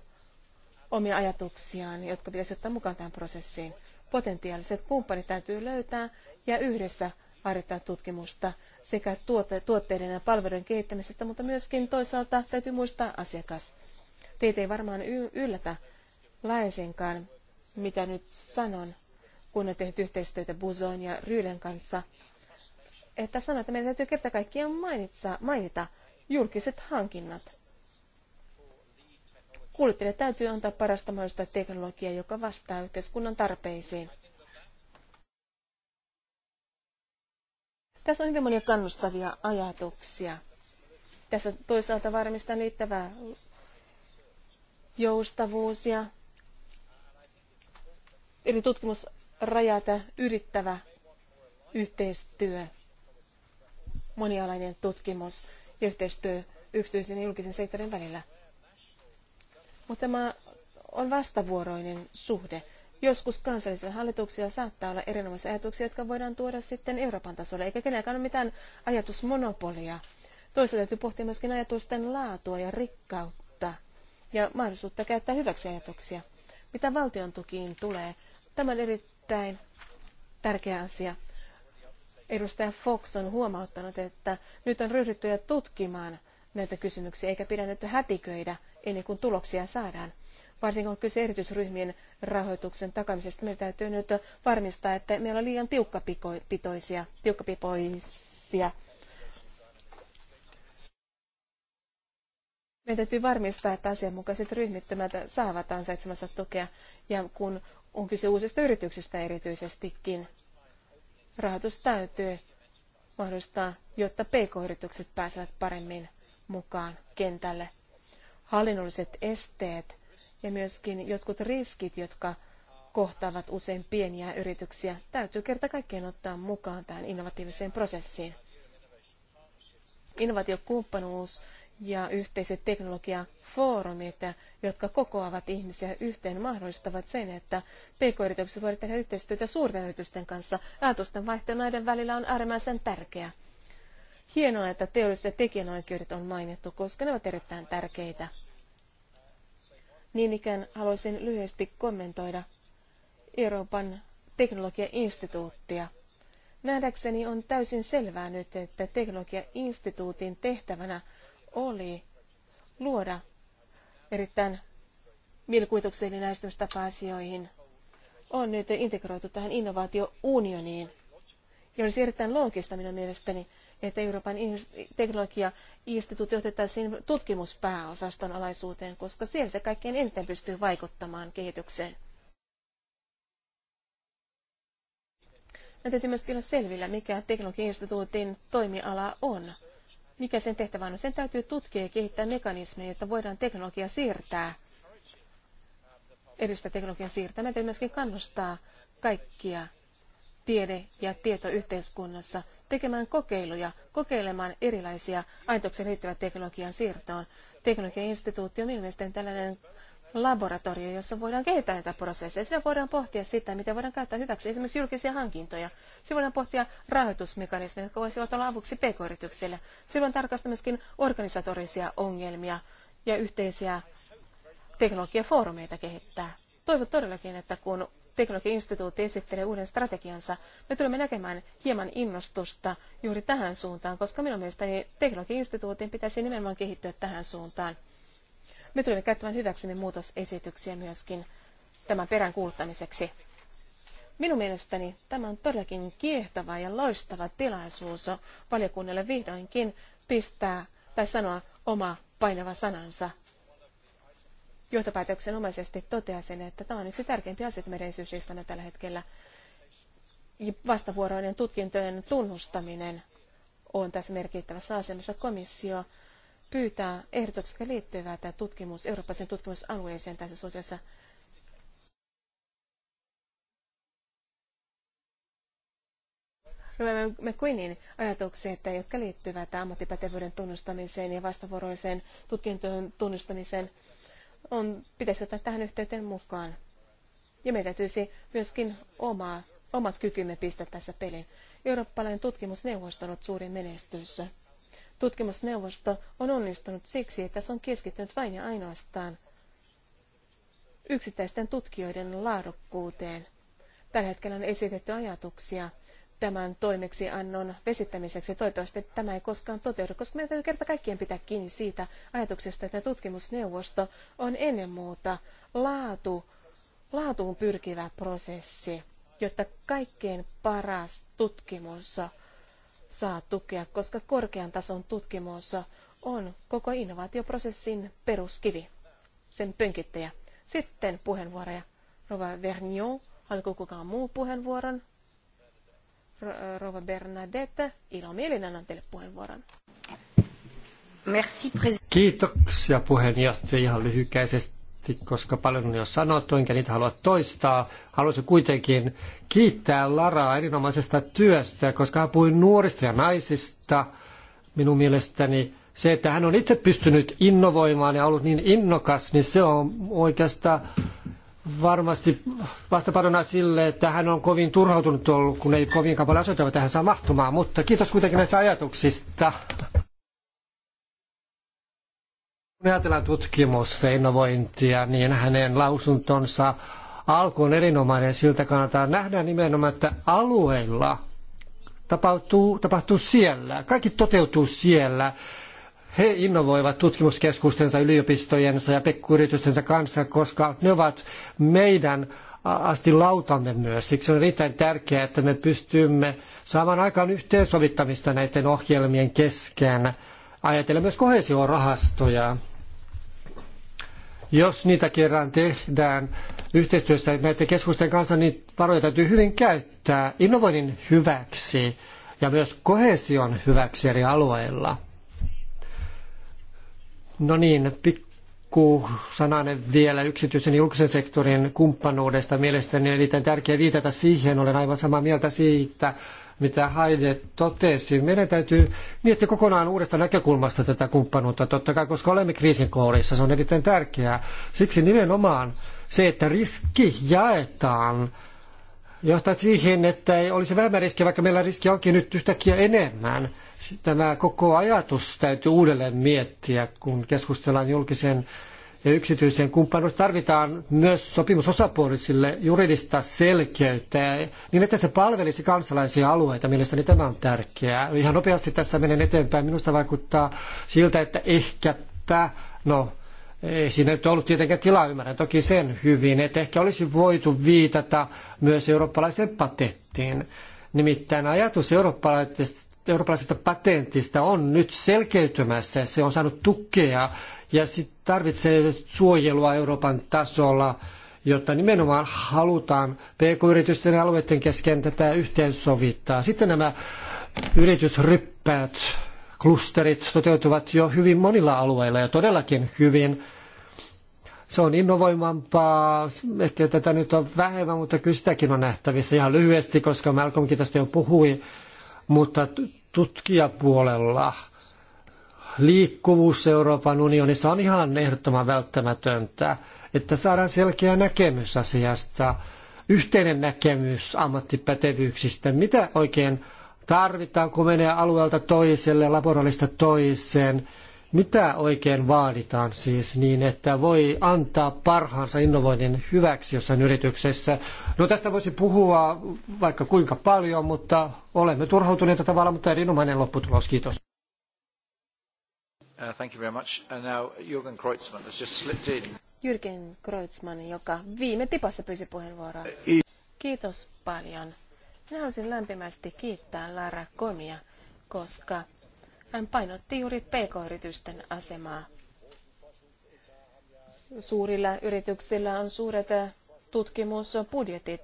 omia ajatuksiaan, jotka pitäisi ottaa mukaan tähän prosessiin. Potentiaaliset kumppanit täytyy löytää ja yhdessä harjoittaa tutkimusta sekä tuotteiden ja palveluiden kehittämisestä, mutta myöskin toisaalta täytyy muistaa asiakas. Teitä ei varmaan yllätä laisinkaan, mitä nyt sanon, kun olen tehnyt yhteistyötä Buzon ja Ryylen kanssa, että sanotaan, että meidän täytyy kerta kaikkiaan mainita, mainita julkiset hankinnat. Kuluttajille täytyy antaa parasta mahdollista teknologiaa, joka vastaa yhteiskunnan tarpeisiin. Tässä on hyvin monia kannustavia ajatuksia. Tässä toisaalta varmistaa liittävää joustavuus ja eri tutkimusrajata yrittävä yhteistyö, monialainen tutkimus ja yhteistyö yksityisen ja julkisen sektorin välillä mutta tämä on vastavuoroinen suhde. Joskus kansallisilla hallituksilla saattaa olla erinomaisia ajatuksia, jotka voidaan tuoda sitten Euroopan tasolle, eikä kenelläkään ole mitään ajatusmonopolia. Toisaalta täytyy pohtia myöskin ajatusten laatua ja rikkautta ja mahdollisuutta käyttää hyväksi ajatuksia. Mitä valtion tukiin tulee, tämä on erittäin tärkeä asia. Edustaja Fox on huomauttanut, että nyt on ryhdytty jo tutkimaan näitä kysymyksiä, eikä pidä nyt hätiköidä ennen kuin tuloksia saadaan. Varsinkin kun kyse erityisryhmien rahoituksen takamisesta, meidän täytyy nyt varmistaa, että meillä on liian tiukkapitoisia, tiukkapipoisia Meidän täytyy varmistaa, että asianmukaiset ryhmittymät saavat ansaitsemassa tukea, ja kun on kyse uusista yrityksistä erityisestikin, rahoitus täytyy mahdollistaa, jotta pk-yritykset pääsevät paremmin mukaan kentälle hallinnolliset esteet ja myöskin jotkut riskit, jotka kohtaavat usein pieniä yrityksiä, täytyy kerta kaikkiaan ottaa mukaan tähän innovatiiviseen prosessiin. Innovaatiokumppanuus ja yhteiset teknologiafoorumit, jotka kokoavat ihmisiä yhteen, mahdollistavat sen, että pk-yritykset voivat tehdä yhteistyötä suurten yritysten kanssa. Ajatusten vaihto näiden välillä on äärimmäisen tärkeää. Hienoa, että teolliset tekijänoikeudet on mainittu, koska ne ovat erittäin tärkeitä. Niin ikään haluaisin lyhyesti kommentoida Euroopan teknologiainstituuttia. Nähdäkseni on täysin selvää nyt, että teknologiainstituutin tehtävänä oli luoda erittäin mielikuvituksellinen lähestymistapa asioihin. On nyt integroitu tähän innovaatiounioniin. Ja olisi erittäin loogista minun mielestäni, että Euroopan teknologiainstituutti otettaisiin tutkimuspääosaston alaisuuteen, koska siellä se kaikkein eniten pystyy vaikuttamaan kehitykseen. Me täytyy myöskin olla selvillä, mikä teknologiainstituutin toimiala on. Mikä sen tehtävä on? No sen täytyy tutkia ja kehittää mekanismeja, jotta voidaan teknologia siirtää, edistää teknologian siirtää. Meidän täytyy myöskin kannustaa kaikkia tiede- ja tietoyhteiskunnassa tekemään kokeiluja, kokeilemaan erilaisia aineksen liittyvät teknologian siirtoon. instituutti on mielestäni tällainen laboratorio, jossa voidaan kehittää näitä prosesseja. Siinä voidaan pohtia sitä, miten voidaan käyttää hyväksi esimerkiksi julkisia hankintoja. Siinä voidaan pohtia rahoitusmekanismeja, jotka voisivat olla avuksi pk-yrityksille. voidaan tarkastaa myöskin organisatorisia ongelmia ja yhteisiä teknologiafoorumeita kehittää. Toivon todellakin, että kun teknologiainstituutti esittelee uuden strategiansa, me tulemme näkemään hieman innostusta juuri tähän suuntaan, koska minun mielestäni teknologiainstituutin pitäisi nimenomaan kehittyä tähän suuntaan. Me tulemme käyttämään hyväksemme muutosesityksiä myöskin tämän perän kuuluttamiseksi. Minun mielestäni tämä on todellakin kiehtova ja loistava tilaisuus valiokunnalle vihdoinkin pistää tai sanoa oma painava sanansa omaisesti toteasin, että tämä on yksi tärkeimpiä asioita meidän esityslistamme tällä hetkellä. Vastavuoroinen tutkintojen tunnustaminen on tässä merkittävässä asemassa. Komissio pyytää ehdotuksia, jotka liittyvät tutkimus, Euroopan tutkimusalueeseen tässä suhteessa. Me McQueenin ajatukset, jotka liittyvät ammattipätevyyden tunnustamiseen ja vastavuoroiseen tutkintojen tunnustamiseen – on, pitäisi ottaa tähän yhteyteen mukaan. Ja meidän täytyisi myöskin omaa, omat kykymme pistää tässä pelin. Eurooppalainen tutkimusneuvosto on ollut suuri menestys. Tutkimusneuvosto on onnistunut siksi, että se on keskittynyt vain ja ainoastaan yksittäisten tutkijoiden laadukkuuteen. Tällä hetkellä on esitetty ajatuksia tämän toimeksiannon vesittämiseksi. Toivottavasti tämä ei koskaan toteudu, koska meidän täytyy kerta kaikkien pitää kiinni siitä ajatuksesta, että tutkimusneuvosto on ennen muuta laatu, laatuun pyrkivä prosessi, jotta kaikkein paras tutkimus saa tukea, koska korkean tason tutkimus on koko innovaatioprosessin peruskivi, sen pönkittäjä. Sitten puheenvuoroja. Rova Vernion, haluatko kukaan muu puheenvuoron? Rova Bernadette, ilomielin annan teille puheenvuoron. Merci, Kiitoksia puheenjohtaja ihan lyhykäisesti, koska paljon on jo sanottu, enkä niitä halua toistaa. Haluaisin kuitenkin kiittää Laraa erinomaisesta työstä, koska hän puhui nuorista ja naisista. Minun mielestäni se, että hän on itse pystynyt innovoimaan ja ollut niin innokas, niin se on oikeastaan varmasti vastaparona sille, että hän on kovin turhautunut ollut, kun ei kovinkaan paljon asioita tähän saa mahtumaan. Mutta kiitos kuitenkin näistä ajatuksista. Kun ajatellaan tutkimusta, innovointia, niin hänen lausuntonsa alku on erinomainen. Siltä kannattaa nähdä nimenomaan, että alueilla tapahtuu, tapahtuu siellä. Kaikki toteutuu siellä. He innovoivat tutkimuskeskustensa, yliopistojensa ja pekkuyritystensä kanssa, koska ne ovat meidän asti lautamme myös. Siksi on erittäin tärkeää, että me pystymme saamaan aikaan yhteensovittamista näiden ohjelmien kesken. Ajatellen myös kohesiorahastoja. Jos niitä kerran tehdään yhteistyössä näiden keskusten kanssa, niin varoja täytyy hyvin käyttää innovoinnin hyväksi ja myös kohesion hyväksi eri alueilla. No niin, pikku sananen vielä yksityisen ja julkisen sektorin kumppanuudesta. Mielestäni erittäin tärkeää viitata siihen. Olen aivan samaa mieltä siitä, mitä Haide totesi. Meidän täytyy miettiä kokonaan uudesta näkökulmasta tätä kumppanuutta, totta kai, koska olemme kriisin kourissa. Se on erittäin tärkeää. Siksi nimenomaan se, että riski jaetaan, johtaa siihen, että ei olisi vähemmän riskiä, vaikka meillä riski onkin nyt yhtäkkiä enemmän – Tämä koko ajatus täytyy uudelleen miettiä, kun keskustellaan julkisen ja yksityisen kumppanuudesta. Tarvitaan myös sopimusosapuolisille juridista selkeyttä, niin että se palvelisi kansalaisia alueita. Mielestäni tämä on tärkeää. Ihan nopeasti tässä menen eteenpäin. Minusta vaikuttaa siltä, että ehkäpä, no ei siinä nyt ollut tietenkään tilaa, ymmärrän toki sen hyvin, että ehkä olisi voitu viitata myös eurooppalaiseen patenttiin. Nimittäin ajatus eurooppalaisesta eurooppalaisesta patentista on nyt selkeytymässä. Se on saanut tukea ja sit tarvitsee suojelua Euroopan tasolla, jotta nimenomaan halutaan pk-yritysten ja alueiden kesken tätä yhteensovittaa. Sitten nämä yritysryppäät, klusterit toteutuvat jo hyvin monilla alueilla ja todellakin hyvin. Se on innovoimampaa, ehkä tätä nyt on vähemmän, mutta kyllä sitäkin on nähtävissä ihan lyhyesti, koska Malcolmkin tästä jo puhui mutta tutkijapuolella liikkuvuus Euroopan unionissa on ihan ehdottoman välttämätöntä, että saadaan selkeä näkemys asiasta, yhteinen näkemys ammattipätevyyksistä, mitä oikein tarvitaan, kun menee alueelta toiselle, laboralista toiseen, mitä oikein vaaditaan siis niin, että voi antaa parhaansa innovoinnin hyväksi jossain yrityksessä? No tästä voisi puhua vaikka kuinka paljon, mutta olemme turhautuneita tavalla, mutta erinomainen lopputulos. Kiitos. Uh, thank you very much. now Jürgen Kreutzmann has just slipped in. Jürgen Kreutzmann, joka viime tipassa pyysi puheenvuoroa. Kiitos paljon. Minä haluaisin lämpimästi kiittää Lara Komia, koska hän painotti juuri pk-yritysten asemaa. Suurilla yrityksillä on suuret tutkimusbudjetit.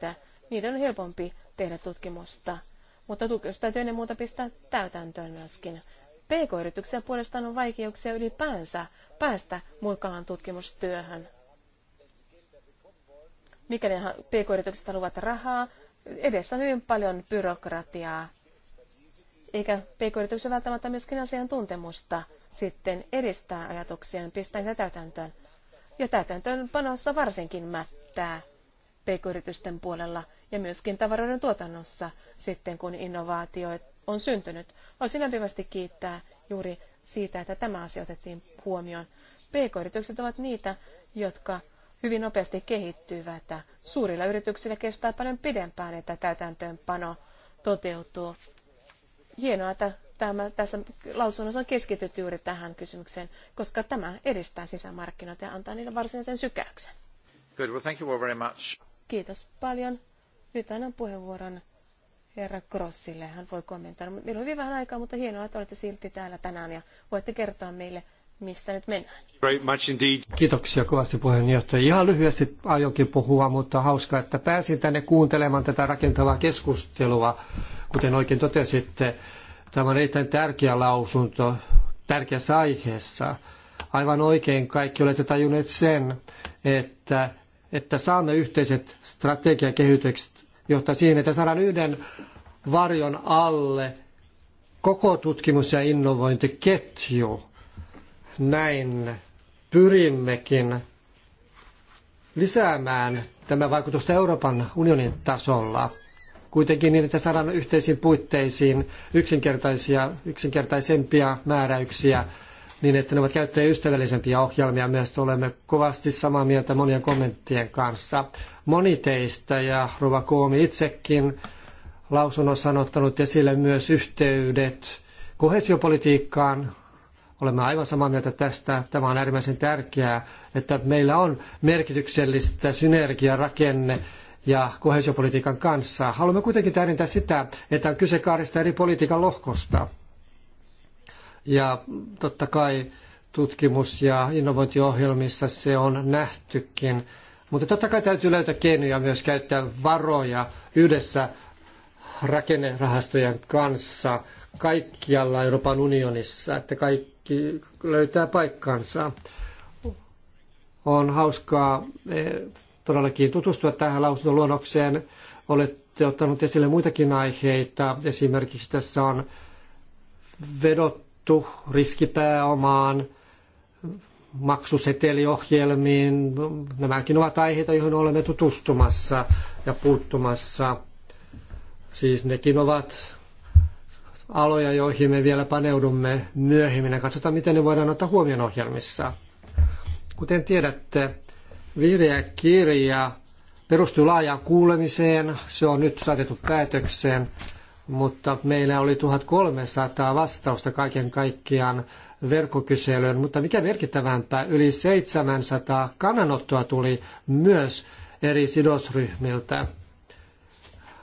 Niiden on helpompi tehdä tutkimusta, mutta tutkimusta täytyy ennen muuta pistää täytäntöön myöskin. PK-yrityksiä puolestaan on vaikeuksia ylipäänsä päästä mukaan tutkimustyöhön. Mikäli pk-yritykset haluavat rahaa, edessä on hyvin paljon byrokratiaa eikä pk-yrityksen välttämättä myöskin asiantuntemusta sitten edistää ajatuksiaan, pistää niitä täytäntöön. Ja täytäntöönpanossa varsinkin mättää pk-yritysten puolella ja myöskin tavaroiden tuotannossa sitten, kun innovaatio on syntynyt. Olisin lämpimästi kiittää juuri siitä, että tämä asia otettiin huomioon. PK-yritykset ovat niitä, jotka hyvin nopeasti kehittyvät. Suurilla yrityksillä kestää paljon pidempään, että täytäntöönpano toteutuu hienoa, että tämä, tässä lausunnossa on keskitytty juuri tähän kysymykseen, koska tämä edistää sisämarkkinoita ja antaa niille varsinaisen sykäyksen. Good. Well, thank you all very much. Kiitos paljon. Nyt annan puheenvuoron herra Grossille. Hän voi kommentoida. Meillä on hyvin vähän aikaa, mutta hienoa, että olette silti täällä tänään ja voitte kertoa meille missä nyt mennään. Kiitoksia kovasti puheenjohtaja. Ihan lyhyesti aionkin puhua, mutta hauskaa, että pääsin tänne kuuntelemaan tätä rakentavaa keskustelua. Kuten oikein totesitte, tämä on erittäin tärkeä lausunto tärkeässä aiheessa. Aivan oikein kaikki olette tajunneet sen, että, että saamme yhteiset strategiakehitykset johtaa siihen, että saadaan yhden varjon alle koko tutkimus- ja innovointiketju näin pyrimmekin lisäämään tämä vaikutusta Euroopan unionin tasolla. Kuitenkin niin, että saadaan yhteisiin puitteisiin yksinkertaisia, yksinkertaisempia määräyksiä niin, että ne ovat käyttäjäystävällisempiä ohjelmia. Myös olemme kovasti samaa mieltä monien kommenttien kanssa. Moni teistä ja Rova Koomi itsekin lausunnossa on ottanut esille myös yhteydet kohesiopolitiikkaan, Olemme aivan samaa mieltä tästä. Tämä on äärimmäisen tärkeää, että meillä on merkityksellistä synergiarakenne ja kohesiopolitiikan kanssa. Haluamme kuitenkin tähdentää sitä, että on kyse kahdesta eri politiikan lohkosta. Ja totta kai tutkimus- ja innovointiohjelmissa se on nähtykin. Mutta totta kai täytyy löytää keinoja myös käyttää varoja yhdessä rakennerahastojen kanssa kaikkialla Euroopan unionissa, että kaikki kaikki löytää paikkansa. On hauskaa eh, todellakin tutustua tähän lausuntoluonnokseen. Olette ottanut esille muitakin aiheita. Esimerkiksi tässä on vedottu riskipääomaan, maksuseteliohjelmiin. Nämäkin ovat aiheita, joihin olemme tutustumassa ja puuttumassa. Siis nekin ovat aloja, joihin me vielä paneudumme myöhemmin ja katsotaan, miten ne voidaan ottaa huomioon ohjelmissa. Kuten tiedätte, vihreä kirja perustuu laajaan kuulemiseen. Se on nyt saatettu päätökseen, mutta meillä oli 1300 vastausta kaiken kaikkiaan verkkokyselyyn, mutta mikä merkittävämpää, yli 700 kannanottoa tuli myös eri sidosryhmiltä.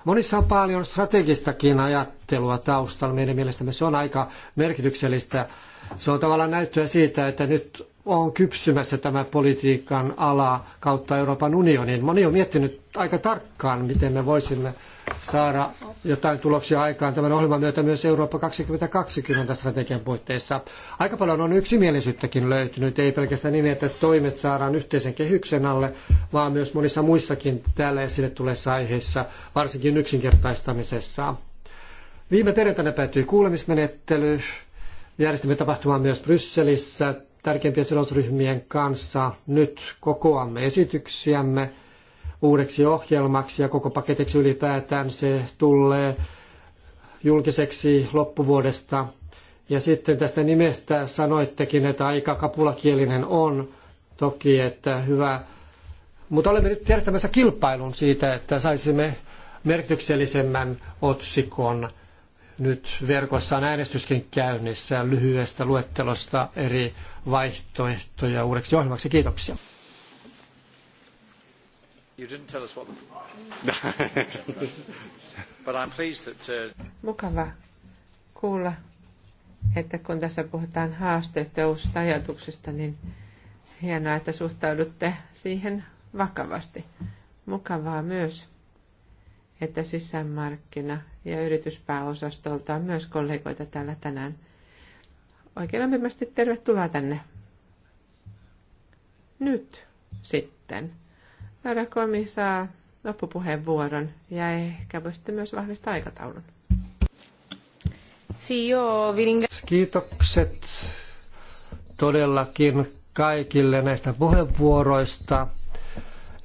Monissa on paljon strategistakin ajattelua taustalla. Meidän mielestämme se on aika merkityksellistä. Se on tavallaan näyttöä siitä, että nyt on kypsymässä tämä politiikan ala kautta Euroopan unionin. Moni on miettinyt aika tarkkaan, miten me voisimme saada jotain tuloksia aikaan tämän ohjelman myötä myös Eurooppa 2020 strategian puitteissa. Aika paljon on yksimielisyyttäkin löytynyt, ei pelkästään niin, että toimet saadaan yhteisen kehyksen alle, vaan myös monissa muissakin täällä esille tulleissa aiheissa, varsinkin yksinkertaistamisessa. Viime perjantaina päättyi kuulemismenettely. Järjestimme tapahtumaan myös Brysselissä tärkeimpien sidosryhmien kanssa. Nyt kokoamme esityksiämme uudeksi ohjelmaksi ja koko paketiksi ylipäätään se tulee julkiseksi loppuvuodesta. Ja sitten tästä nimestä sanoittekin, että aika kapulakielinen on toki, että hyvä. Mutta olemme nyt järjestämässä kilpailun siitä, että saisimme merkityksellisemmän otsikon. Nyt verkossa on äänestyskin käynnissä lyhyestä luettelosta eri vaihtoehtoja uudeksi ohjelmaksi. Kiitoksia. You didn't tell us what the... [LAUGHS] But I'm pleased that, uh... Mukava kuulla, että kun tässä puhutaan haasteista ja uusista ajatuksista, niin hienoa, että suhtaudutte siihen vakavasti. Mukavaa myös, että sisämarkkina- ja yrityspääosastolta on myös kollegoita täällä tänään. Oikein lämpimästi tervetuloa tänne. Nyt sitten Herra Komi saa loppupuheenvuoron ja ehkä voisitte myös vahvistaa aikataulun. Kiitokset todellakin kaikille näistä puheenvuoroista,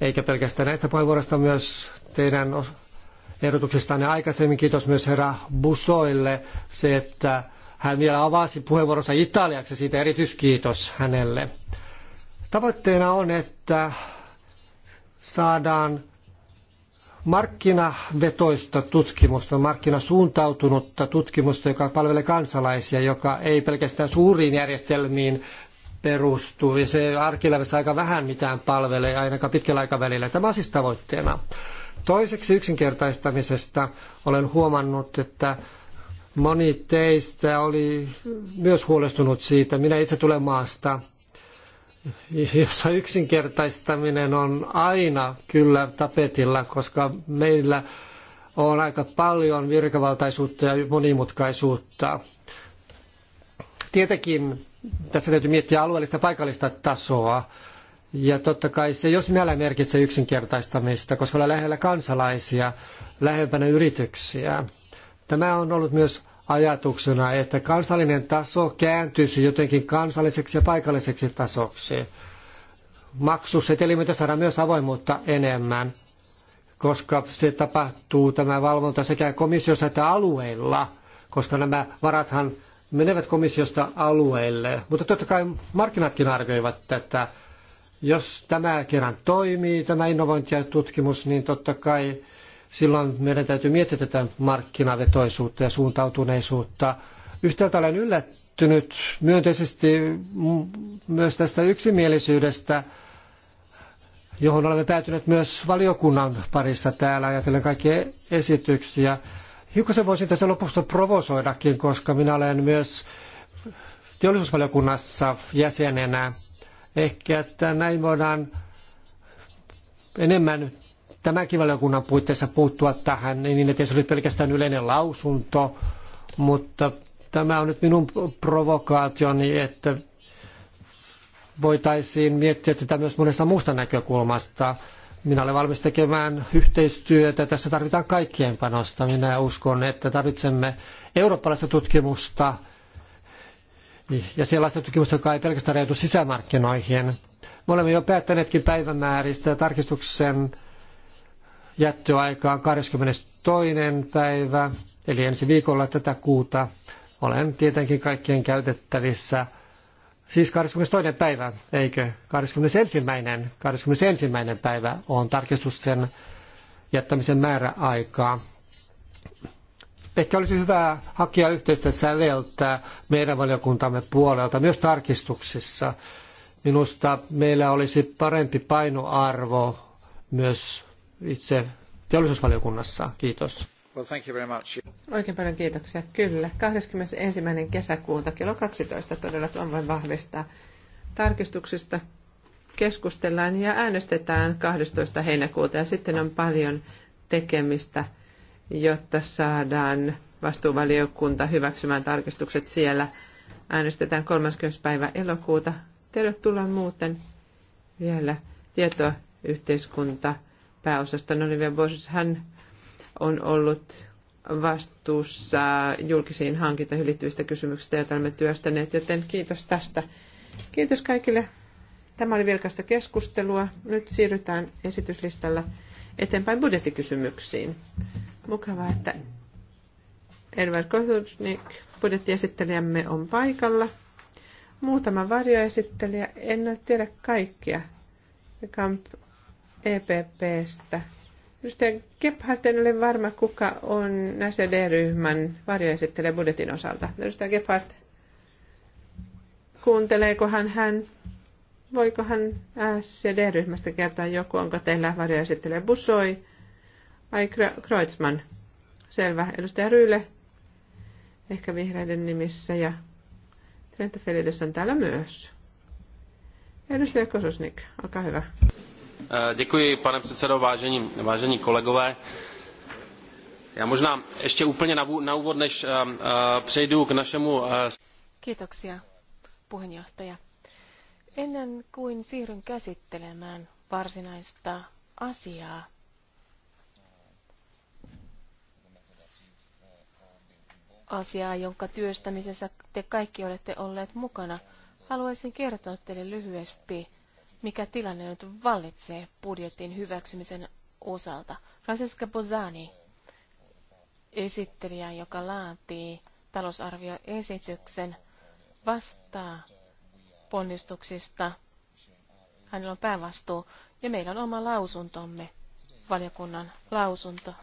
eikä pelkästään näistä puheenvuoroista, myös teidän ehdotuksistanne aikaisemmin. Kiitos myös herra Busoille se, että hän vielä avasi puheenvuoronsa italiaksi, siitä erityiskiitos hänelle. Tavoitteena on, että saadaan markkinavetoista tutkimusta, markkinasuuntautunutta tutkimusta, joka palvelee kansalaisia, joka ei pelkästään suuriin järjestelmiin perustu, Ja se arkielämässä aika vähän mitään palvelee, ainakaan pitkällä aikavälillä. Tämä on siis tavoitteena. Toiseksi yksinkertaistamisesta olen huomannut, että moni teistä oli myös huolestunut siitä. Minä itse tulen maasta, jossa yksinkertaistaminen on aina kyllä tapetilla, koska meillä on aika paljon virkavaltaisuutta ja monimutkaisuutta. Tietenkin tässä täytyy miettiä alueellista paikallista tasoa. Ja totta kai se jo sinällä merkitsee yksinkertaistamista, koska ollaan lähellä kansalaisia, lähempänä yrityksiä. Tämä on ollut myös ajatuksena, että kansallinen taso kääntyisi jotenkin kansalliseksi ja paikalliseksi tasoksi. Maksusetelimitä saadaan myös avoimuutta enemmän, koska se tapahtuu tämä valvonta sekä komissiossa että alueilla, koska nämä varathan menevät komissiosta alueille. Mutta totta kai markkinatkin arvioivat tätä. Jos tämä kerran toimii, tämä innovointi ja tutkimus, niin totta kai silloin meidän täytyy miettiä tätä markkinavetoisuutta ja suuntautuneisuutta. Yhtäältä olen yllättynyt myönteisesti myös tästä yksimielisyydestä, johon olemme päätyneet myös valiokunnan parissa täällä ajatellen kaikkia esityksiä. Hiukkasen voisin tässä lopussa provosoidakin, koska minä olen myös teollisuusvaliokunnassa jäsenenä. Ehkä että näin voidaan enemmän tämänkin valiokunnan puitteissa puuttua tähän, niin, niin ettei se oli pelkästään yleinen lausunto, mutta tämä on nyt minun provokaationi, että voitaisiin miettiä tätä myös monesta muusta näkökulmasta. Minä olen valmis tekemään yhteistyötä. Tässä tarvitaan kaikkien panosta. Minä uskon, että tarvitsemme eurooppalaista tutkimusta ja sellaista tutkimusta, joka ei pelkästään rajoitu sisämarkkinoihin. Me olemme jo päättäneetkin päivämääristä tarkistuksen jättöaikaa 22. päivä, eli ensi viikolla tätä kuuta. Olen tietenkin kaikkien käytettävissä. Siis 22. päivä, eikö? 21. 21. päivä on tarkistusten jättämisen määräaikaa. Ehkä olisi hyvä hakea yhteistä säveltä meidän valiokuntamme puolelta myös tarkistuksissa. Minusta meillä olisi parempi painoarvo myös itse teollisuusvaliokunnassa. Kiitos. Well, thank you very much. Oikein paljon kiitoksia. Kyllä. 21. kesäkuuta kello 12 todella tuon voin vahvistaa. Tarkistuksista keskustellaan ja äänestetään 12. heinäkuuta ja sitten on paljon tekemistä, jotta saadaan vastuuvaliokunta hyväksymään tarkistukset siellä. Äänestetään 30. päivä elokuuta. Tervetuloa muuten vielä tietoyhteiskunta pääosasta Olivia no niin, Bosch. Hän on ollut vastuussa julkisiin hankintoihin liittyvistä kysymyksistä, joita olemme työstäneet, joten kiitos tästä. Kiitos kaikille. Tämä oli vilkaista keskustelua. Nyt siirrytään esityslistalla eteenpäin budjettikysymyksiin. Mukavaa, että Edward Kosuchnik, budjettiesittelijämme, on paikalla. Muutama varjoesittelijä, en tiedä kaikkia. Kamp EPPstä. Edustaja Gebhardt, en ole varma, kuka on e d ryhmän varjoesittelijä budjetin osalta. Edustaja Gebhardt, kuunteleekohan hän, voiko hän e d ryhmästä kertoa joku, onko teillä varjoesittelijä Busoi ai Kreutzmann? Selvä. Edustaja Ryyle, ehkä vihreiden nimissä ja Trenta Felides on täällä myös. Edustaja Kososnik, olkaa hyvä. Eh, děkuji, pane předsedo, vážení, vážení kolegové. možná ještě úplně na, na úvod, než uh, uh, přejdu k našemu... Uh... Kiitoksia, puheenjohtaja. Ennen kuin siirryn käsittelemään varsinaista asiaa, asiaa, jonka työstämisessä te kaikki olette olleet mukana, haluaisin kertoa teille lyhyesti mikä tilanne nyt vallitsee budjetin hyväksymisen osalta. Francesca Bozani, esittelijä, joka laatii talousarvioesityksen, vastaa ponnistuksista. Hänellä on päävastuu ja meillä on oma lausuntomme, valiokunnan lausunto.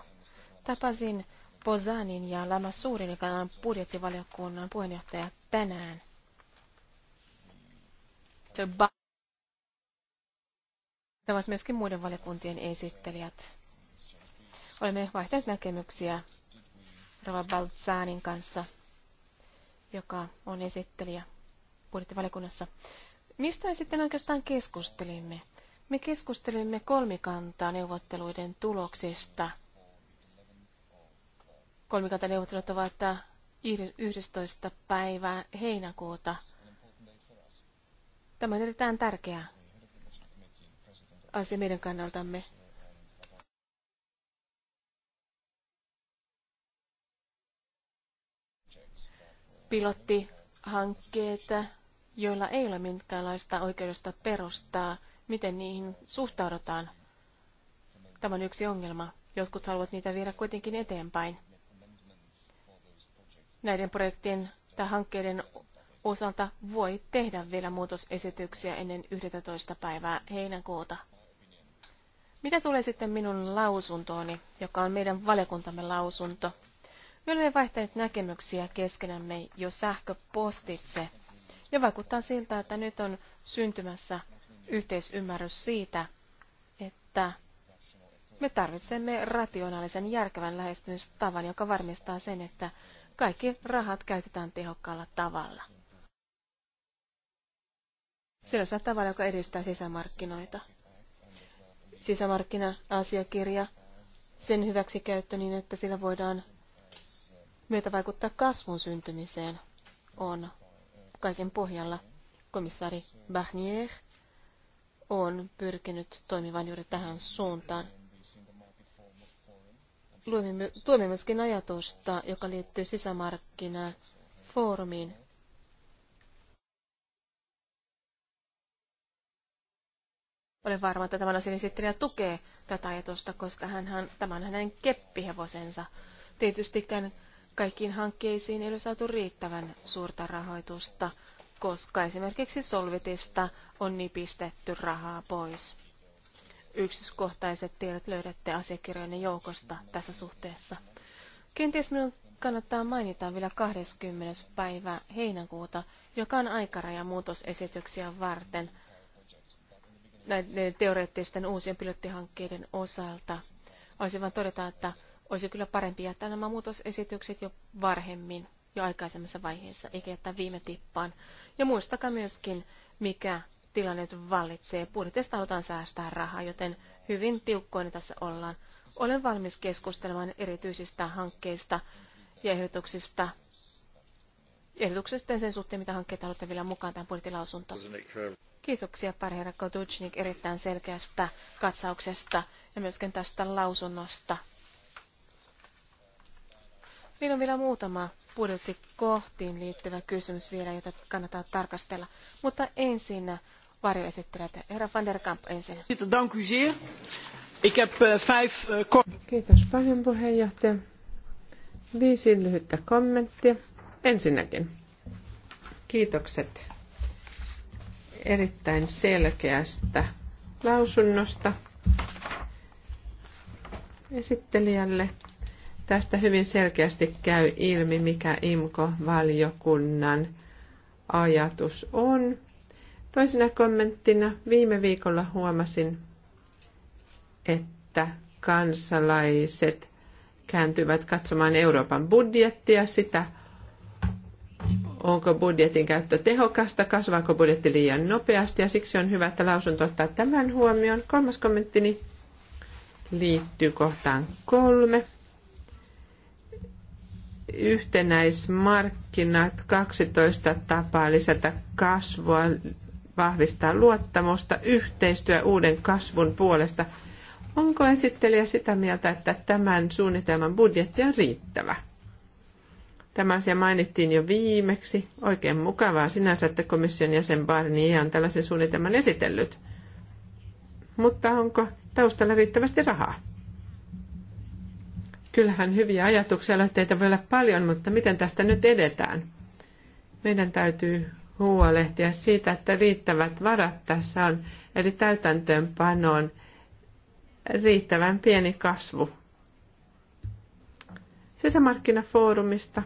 Tapasin Bozanin ja Lama Suurin, joka on budjettivaliokunnan puheenjohtaja tänään. Tämä ovat myöskin muiden valiokuntien esittelijät. Olemme vaihtaneet näkemyksiä Rava Baltsanin kanssa, joka on esittelijä budjettivaliokunnassa. Mistä me sitten oikeastaan keskustelimme? Me keskustelimme kolmikantaa neuvotteluiden tuloksista. neuvottelut ovat 11. päivää heinäkuuta. Tämä on erittäin tärkeää asia meidän kannaltamme. Pilottihankkeita, joilla ei ole minkäänlaista oikeudesta perustaa, miten niihin suhtaudutaan. Tämä on yksi ongelma. Jotkut haluavat niitä viedä kuitenkin eteenpäin. Näiden projektien tai hankkeiden osalta voi tehdä vielä muutosesityksiä ennen 11. päivää heinäkuuta. Mitä tulee sitten minun lausuntooni, joka on meidän valiokuntamme lausunto? Me olemme vaihtaneet näkemyksiä keskenämme jo sähköpostitse. Ja vaikuttaa siltä, että nyt on syntymässä yhteisymmärrys siitä, että me tarvitsemme rationaalisen järkevän lähestymistavan, joka varmistaa sen, että kaikki rahat käytetään tehokkaalla tavalla. Sellaisella tavalla, joka edistää sisämarkkinoita sisämarkkina-asiakirja, sen hyväksikäyttö niin, että sillä voidaan myötä vaikuttaa kasvun syntymiseen, on kaiken pohjalla. Komissaari Barnier on pyrkinyt toimivan juuri tähän suuntaan. Tuomme myöskin ajatusta, joka liittyy sisämarkkina-foorumiin Olen varma, että tämän asian esittelijä tukee tätä ajatusta, koska hän, tämä on hänen keppihevosensa. Tietystikään kaikkiin hankkeisiin ei ole saatu riittävän suurta rahoitusta, koska esimerkiksi Solvitista on nipistetty rahaa pois. Yksityiskohtaiset tiedot löydätte asiakirjojen joukosta tässä suhteessa. Kenties minun kannattaa mainita vielä 20. päivä heinäkuuta, joka on aikaraja muutosesityksiä varten – näiden teoreettisten uusien pilottihankkeiden osalta. Olisin vain todeta, että olisi kyllä parempi jättää nämä muutosesitykset jo varhemmin, jo aikaisemmassa vaiheessa, eikä jättää viime tippaan. Ja muistakaa myöskin, mikä tilanne nyt vallitsee. Budjetista halutaan säästää rahaa, joten hyvin tiukkoina tässä ollaan. Olen valmis keskustelemaan erityisistä hankkeista ja ehdotuksista ehdotuksia sitten sen suhteen, mitä hankkeita haluatte vielä mukaan tähän budjettilausuntoon. Kiitoksia Parhera Kotuchnik erittäin selkeästä katsauksesta ja myöskin tästä lausunnosta. Meillä on vielä muutama budjettikohtiin liittyvä kysymys vielä, jota kannattaa tarkastella. Mutta ensin varjoesittelijät. Herra van der Kamp ensin. Eh, eh, Kiitos paljon puheenjohtaja. Viisi lyhyttä kommenttia. Ensinnäkin kiitokset erittäin selkeästä lausunnosta esittelijälle. Tästä hyvin selkeästi käy ilmi, mikä IMKO-valiokunnan ajatus on. Toisena kommenttina viime viikolla huomasin, että kansalaiset kääntyvät katsomaan Euroopan budjettia sitä, onko budjetin käyttö tehokasta, kasvaako budjetti liian nopeasti ja siksi on hyvä, että lausunto ottaa tämän huomioon. Kolmas kommenttini liittyy kohtaan kolme. Yhtenäismarkkinat 12 tapaa lisätä kasvua, vahvistaa luottamusta, yhteistyö uuden kasvun puolesta. Onko esittelijä sitä mieltä, että tämän suunnitelman budjetti on riittävä? Tämä asia mainittiin jo viimeksi. Oikein mukavaa sinänsä, että komission jäsen Barnier on tällaisen suunnitelman esitellyt. Mutta onko taustalla riittävästi rahaa? Kyllähän hyviä ajatuksia aloitteita voi olla paljon, mutta miten tästä nyt edetään? Meidän täytyy huolehtia siitä, että riittävät varat tässä on, eli täytäntöönpanoon riittävän pieni kasvu sisämarkkinafoorumista.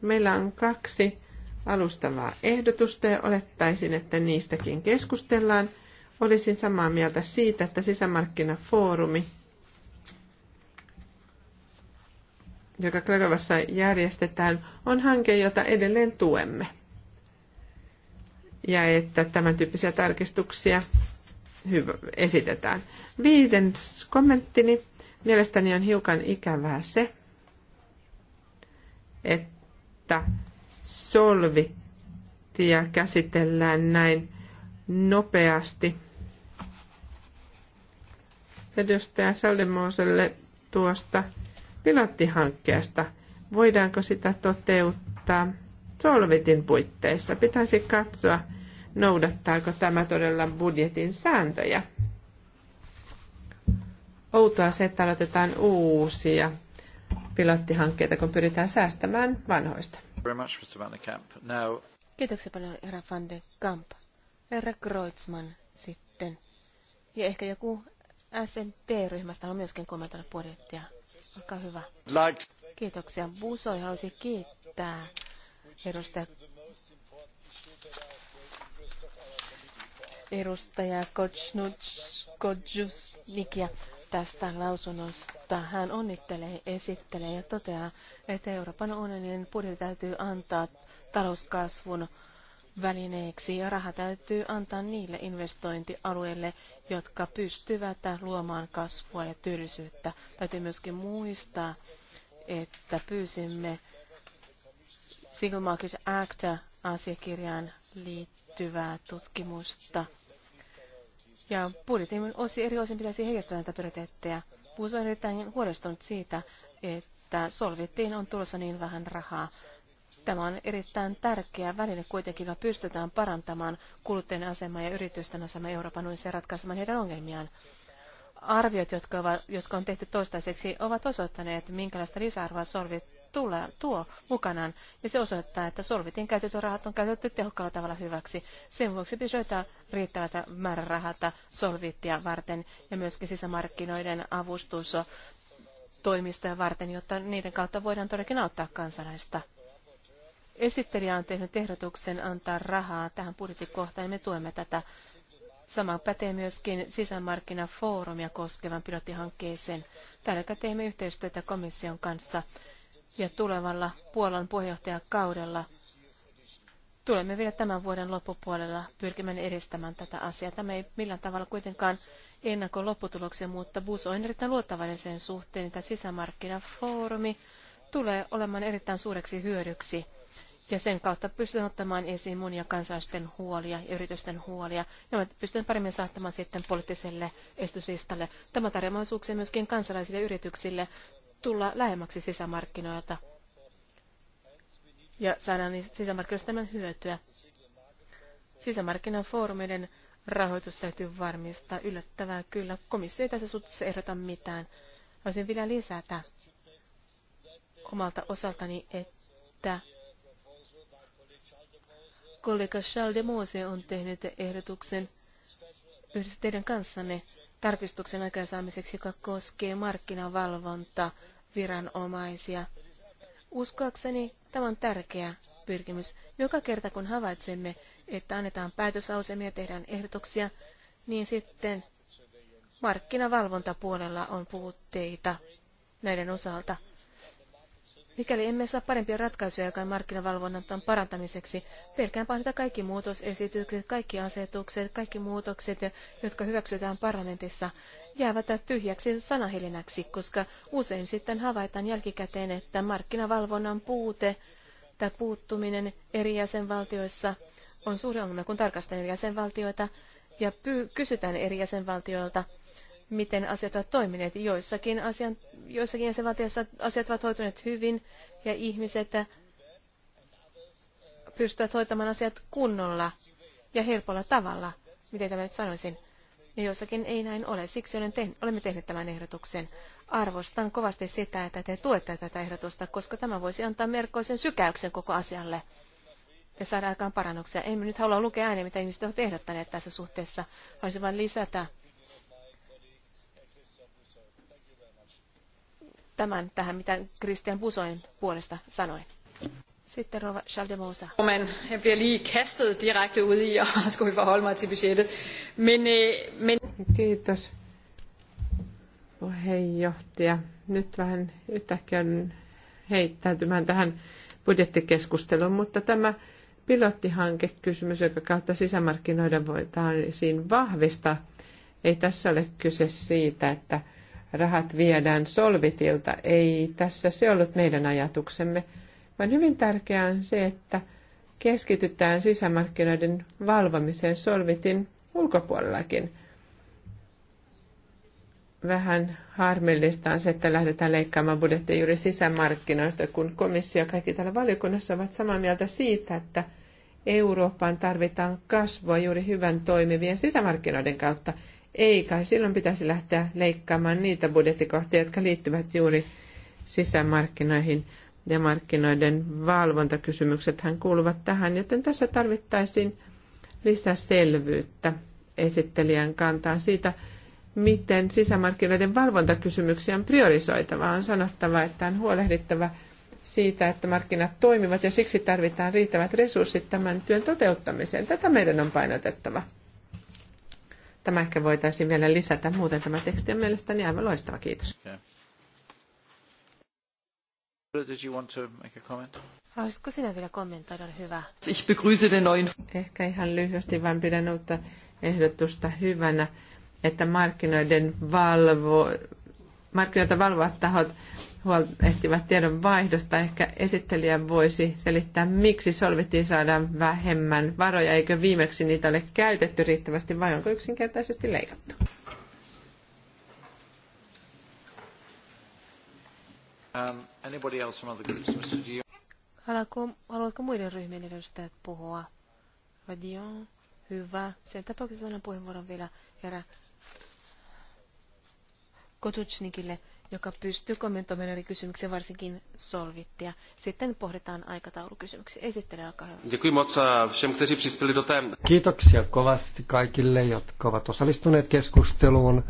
Meillä on kaksi alustavaa ehdotusta ja olettaisin, että niistäkin keskustellaan. Olisin samaa mieltä siitä, että sisämarkkinafoorumi, joka Krakovassa järjestetään, on hanke, jota edelleen tuemme. Ja että tämän tyyppisiä tarkistuksia hyvä, esitetään. Viiden kommenttini. Mielestäni on hiukan ikävää se, että että solvittia käsitellään näin nopeasti. Edustaja Saldemoselle tuosta pilottihankkeesta. Voidaanko sitä toteuttaa solvitin puitteissa? Pitäisi katsoa, noudattaako tämä todella budjetin sääntöjä. Outoa se, että aloitetaan uusia pilottihankkeita, kun pyritään säästämään vanhoista. Kiitoksia paljon, herra Van de Kamp. Herra Kreutzmann sitten. Ja ehkä joku SND-ryhmästä on myöskin kommentoinut budjettia. Olkaa hyvä. Like. Kiitoksia. Busoi halusi kiittää edustaja edustaja Kotsnutskojusnikia tästä lausunnosta. Hän onnittelee, esittelee ja toteaa, että Euroopan unionin budjetti täytyy antaa talouskasvun välineeksi ja raha täytyy antaa niille investointialueille, jotka pystyvät luomaan kasvua ja työllisyyttä. Täytyy myöskin muistaa, että pyysimme Single Market Act-asiakirjaan liittyvää tutkimusta – ja budjetin osi, eri osin pitäisi heijastaa näitä prioriteetteja. Puus on erittäin huolestunut siitä, että solvittiin on tulossa niin vähän rahaa. Tämä on erittäin tärkeä väline kuitenkin, joka pystytään parantamaan kuluttajien asemaa ja yritysten asemaa Euroopan unionissa ja ratkaisemaan heidän ongelmiaan. Arviot, jotka, ovat, jotka on tehty toistaiseksi, ovat osoittaneet, minkälaista lisäarvoa solvit tulee, tuo mukanaan, ja se osoittaa, että solvitin käytetyt rahat on käytetty tehokkaalla tavalla hyväksi. Sen vuoksi pitäisi riittävää riittävät määrärahat solvittia varten ja myöskin sisämarkkinoiden avustus toimistoja varten, jotta niiden kautta voidaan todellakin auttaa kansalaista. Esittelijä on tehnyt ehdotuksen antaa rahaa tähän budjettikohtaan, ja me tuemme tätä. Sama pätee myöskin sisämarkkinafoorumia koskevan pilottihankkeeseen. Tällä teemme yhteistyötä komission kanssa ja tulevalla Puolan puheenjohtajakaudella tulemme vielä tämän vuoden loppupuolella pyrkimään edistämään tätä asiaa. Tämä ei millään tavalla kuitenkaan ennakko lopputuloksia, mutta BUS on erittäin luottavainen sen suhteen, että sisämarkkinafoorumi tulee olemaan erittäin suureksi hyödyksi. Ja sen kautta pystyn ottamaan esiin monia kansalaisten huolia ja yritysten huolia. Ja pystyn paremmin saattamaan sitten poliittiselle estyslistalle. Tämä tarjoaa mahdollisuuksia myöskin kansalaisille yrityksille tulla lähemmäksi sisämarkkinoilta ja saada sisämarkkinoista tämän hyötyä. Sisämarkkinan foorumeiden rahoitus täytyy varmistaa. Yllättävää kyllä. Komissio ei tässä suhteessa ehdota mitään. Voisin vielä lisätä omalta osaltani, että kollega Charles de Mose on tehnyt ehdotuksen yhdessä teidän kanssanne tarkistuksen aikaansaamiseksi, joka koskee markkinavalvonta viranomaisia. Uskoakseni tämä on tärkeä pyrkimys. Joka kerta kun havaitsemme, että annetaan päätösausemia, tehdään ehdotuksia, niin sitten markkinavalvontapuolella on puutteita näiden osalta. Mikäli emme saa parempia ratkaisuja aikaan markkinavalvonnan parantamiseksi, pelkäänpä että kaikki muutosesitykset, kaikki asetukset, kaikki muutokset, jotka hyväksytään parlamentissa, jäävät tyhjäksi sanahelinäksi, koska usein sitten havaitaan jälkikäteen, että markkinavalvonnan puute tai puuttuminen eri jäsenvaltioissa on suuri ongelma, kun tarkastellaan jäsenvaltioita ja kysytään eri jäsenvaltioilta miten asiat ovat toimineet. Joissakin, asian, joissakin jäsenvaltioissa asiat ovat hoituneet hyvin ja ihmiset äh, pystyvät hoitamaan asiat kunnolla ja helpolla tavalla, miten tämä nyt sanoisin. Ja joissakin ei näin ole. Siksi olen tehnyt, olemme tehneet tämän ehdotuksen. Arvostan kovasti sitä, että te tuette tätä ehdotusta, koska tämä voisi antaa merkkoisen sykäyksen koko asialle ja saada aikaan parannuksia. Emme nyt halua lukea ääniä, mitä ihmiset ovat ehdottaneet tässä suhteessa. Haluaisin vain lisätä tämän tähän, mitä Christian Busoin puolesta sanoi. Sitten Rova Schaldemosa. Man bliver lige kastet direkte ud i, og [LAUGHS] skulle forholde mig til budgettet. Men, øh, men... Kiitos puheenjohtaja. Nyt vähän yhtäkkiä heittäytymään tähän budjettikeskusteluun, mutta tämä pilottihankekysymys, joka kautta sisämarkkinoiden voitaisiin vahvistaa, ei tässä ole kyse siitä, että rahat viedään solvitilta. Ei tässä se ollut meidän ajatuksemme, vaan hyvin tärkeää on se, että keskitytään sisämarkkinoiden valvomiseen solvitin ulkopuolellakin. Vähän harmillista on se, että lähdetään leikkaamaan budjettia juuri sisämarkkinoista, kun komissio ja kaikki täällä valiokunnassa ovat samaa mieltä siitä, että Eurooppaan tarvitaan kasvua juuri hyvän toimivien sisämarkkinoiden kautta, ei kai, silloin pitäisi lähteä leikkaamaan niitä budjettikohtia, jotka liittyvät juuri sisämarkkinoihin ja markkinoiden valvontakysymyksethän kuuluvat tähän, joten tässä tarvittaisiin lisäselvyyttä esittelijän kantaa siitä, miten sisämarkkinoiden valvontakysymyksiä on priorisoitava. On sanottava, että on huolehdittava siitä, että markkinat toimivat ja siksi tarvitaan riittävät resurssit tämän työn toteuttamiseen. Tätä meidän on painotettava. Tämä ehkä voitaisiin vielä lisätä, muuten tämä teksti on mielestäni aivan loistava. Kiitos. Okay. Haluaisitko sinä vielä kommentoida? Hyvä. Ich begrüße den neuen... Ehkä ihan lyhyesti vain pidän uutta ehdotusta hyvänä, että markkinoiden valvo, markkinoita valvovat tahot huolehtivat tiedon vaihdosta. Ehkä esittelijä voisi selittää, miksi solvittiin saadaan vähemmän varoja. Eikö viimeksi niitä ole käytetty riittävästi vai onko yksinkertaisesti leikattu? Um, haluatko, haluatko muiden ryhmien edustajat puhua? Vadion, hyvä. Sen tapauksessa annan puheenvuoron vielä herra Kotutsnikille joka pystyy kommentoimaan eri kysymyksiä, varsinkin solvittia. Sitten pohditaan aikataulukysymyksiä. Esittele, olkaa hyvä. Kiitoksia kovasti kaikille, jotka ovat osallistuneet keskusteluun.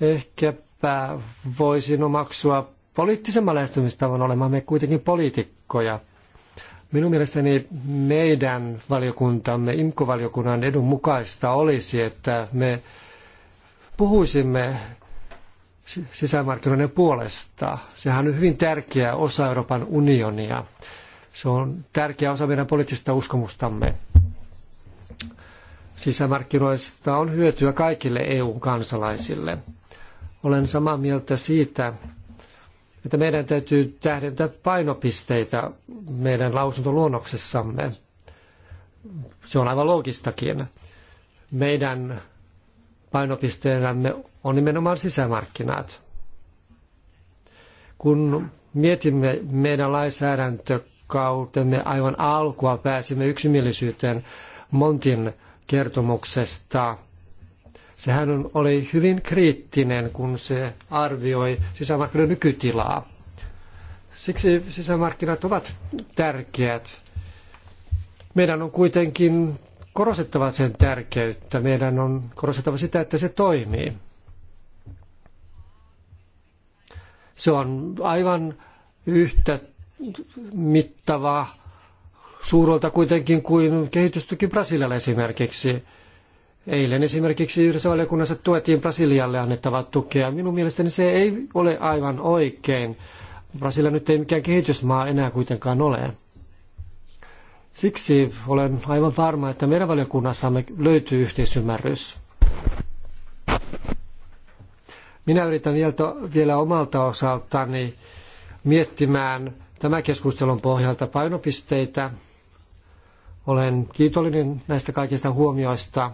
Ehkäpä voisin omaksua poliittisemman lähestymistavan olemaan me kuitenkin poliitikkoja. Minun mielestäni meidän valiokuntamme, IMKO-valiokunnan edun mukaista olisi, että me puhuisimme sisämarkkinoiden puolesta. Sehän on hyvin tärkeä osa Euroopan unionia. Se on tärkeä osa meidän poliittista uskomustamme. Sisämarkkinoista on hyötyä kaikille EU-kansalaisille. Olen samaa mieltä siitä, että meidän täytyy tähdentää painopisteitä meidän lausuntoluonnoksessamme. Se on aivan loogistakin. Meidän painopisteenämme on nimenomaan sisämarkkinat. Kun mietimme meidän lainsäädäntökautemme aivan alkua, pääsimme yksimielisyyteen Montin kertomuksesta. Sehän on, oli hyvin kriittinen, kun se arvioi sisämarkkinoiden nykytilaa. Siksi sisämarkkinat ovat tärkeät. Meidän on kuitenkin korostettava sen tärkeyttä. Meidän on korostettava sitä, että se toimii. Se on aivan yhtä mittava suurolta kuitenkin kuin kehitystuki Brasilialle esimerkiksi. Eilen esimerkiksi yhdessä valiokunnassa tuettiin Brasilialle annettavaa tukea. Minun mielestäni se ei ole aivan oikein. Brasilia nyt ei mikään kehitysmaa enää kuitenkaan ole. Siksi olen aivan varma, että meidän valiokunnassamme löytyy yhteisymmärrys. Minä yritän vielä omalta osaltani miettimään tämän keskustelun pohjalta painopisteitä. Olen kiitollinen näistä kaikista huomioista.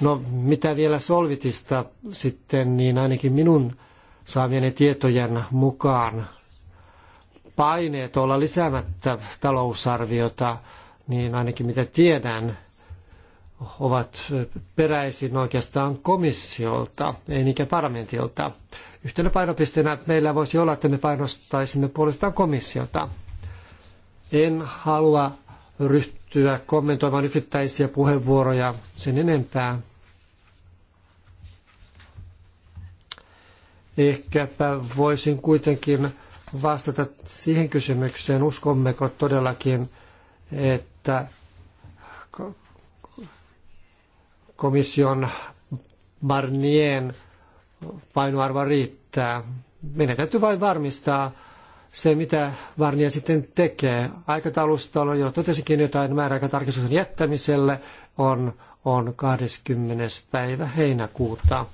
No mitä vielä Solvitista sitten, niin ainakin minun saamieni tietojen mukaan paineet olla lisäämättä talousarviota niin ainakin mitä tiedän, ovat peräisin oikeastaan komissiolta, ei niinkään parlamentilta. Yhtenä painopisteenä meillä voisi olla, että me painostaisimme puolestaan komissiota. En halua ryhtyä kommentoimaan yksittäisiä puheenvuoroja sen enempää. Ehkäpä voisin kuitenkin vastata siihen kysymykseen, uskommeko todellakin, että komission Barnien painoarvo riittää. Meidän täytyy vain varmistaa se, mitä Barnier sitten tekee. Aikataulusta on jo totesikin jotain määräaikatarkistuksen jättämiselle on, on 20. päivä heinäkuuta.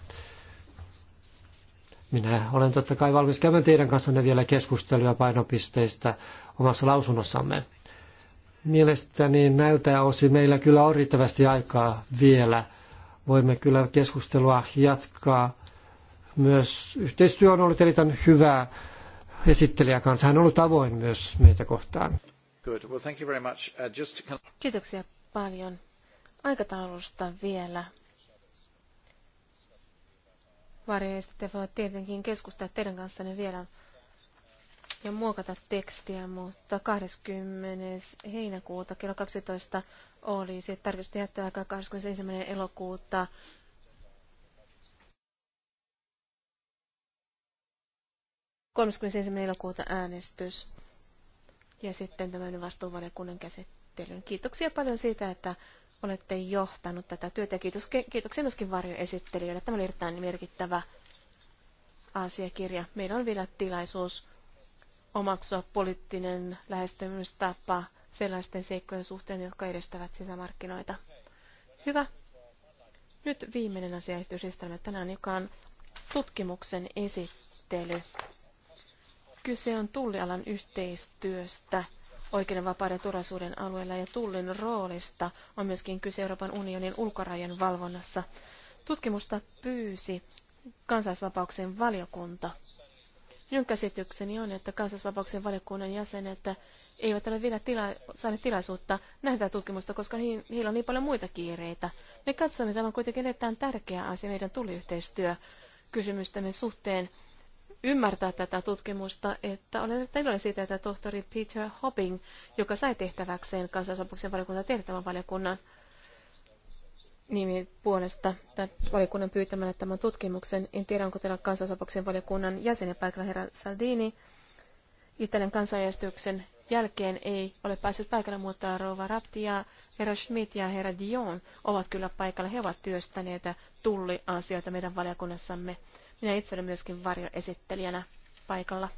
Minä olen totta kai valmis käymään teidän kanssanne vielä keskustelua painopisteistä omassa lausunnossamme. Mielestäni näiltä osin meillä kyllä on riittävästi aikaa vielä. Voimme kyllä keskustelua jatkaa. Myös yhteistyö on ollut erittäin hyvää esittelijä kanssa. Hän on ollut avoin myös meitä kohtaan. Good. Well, thank you very much. Uh, just to... Kiitoksia paljon. Aikataulusta vielä. Varjoista te voi tietenkin keskustella teidän kanssanne vielä ja muokata tekstiä, mutta 20. heinäkuuta kello 12 oli se tarkistus jättöaika 21. elokuuta. 31. elokuuta äänestys ja sitten tämmöinen vastuuvaliokunnan käsittelyn. Kiitoksia paljon siitä, että olette johtanut tätä työtä kiitos, kiitoksia myöskin varjoesittelijöille. Tämä oli erittäin merkittävä asiakirja. Meillä on vielä tilaisuus omaksua poliittinen lähestymistapa sellaisten seikkojen suhteen, jotka edistävät sisämarkkinoita. Hyvä. Nyt viimeinen asia esityslistalle tänään, joka on tutkimuksen esittely. Kyse on tullialan yhteistyöstä oikeuden, vapauden ja turvallisuuden alueella ja tullin roolista on myöskin kyse Euroopan unionin ulkorajan valvonnassa. Tutkimusta pyysi kansaisvapauksen valiokunta. Minun käsitykseni on, että kansallisvapauksien valiokunnan jäsenet eivät ole vielä tila- saaneet tilaisuutta nähdä tutkimusta, koska hi- heillä on niin paljon muita kiireitä. Me katsomme, että tämä on kuitenkin erittäin tärkeä asia meidän tuliyhteistyökysymystämme suhteen ymmärtää tätä tutkimusta, että olen erittäin iloinen siitä, että tohtori Peter Hopping, joka sai tehtäväkseen kansallisvapauksien valiokunnan tehtävän valiokunnan nimi puolesta valiokunnan pyytämänä tämän tutkimuksen. En tiedä, onko teillä kansansopaksen valiokunnan jäsenen paikalla herra Saldini. Italian kansanjärjestyksen jälkeen ei ole päässyt paikalle, mutta rouva Rapti ja herra Schmidt ja herra Dion ovat kyllä paikalla. He ovat työstäneet tulliasioita meidän valiokunnassamme. Minä itse olen myöskin varjoesittelijänä paikalla.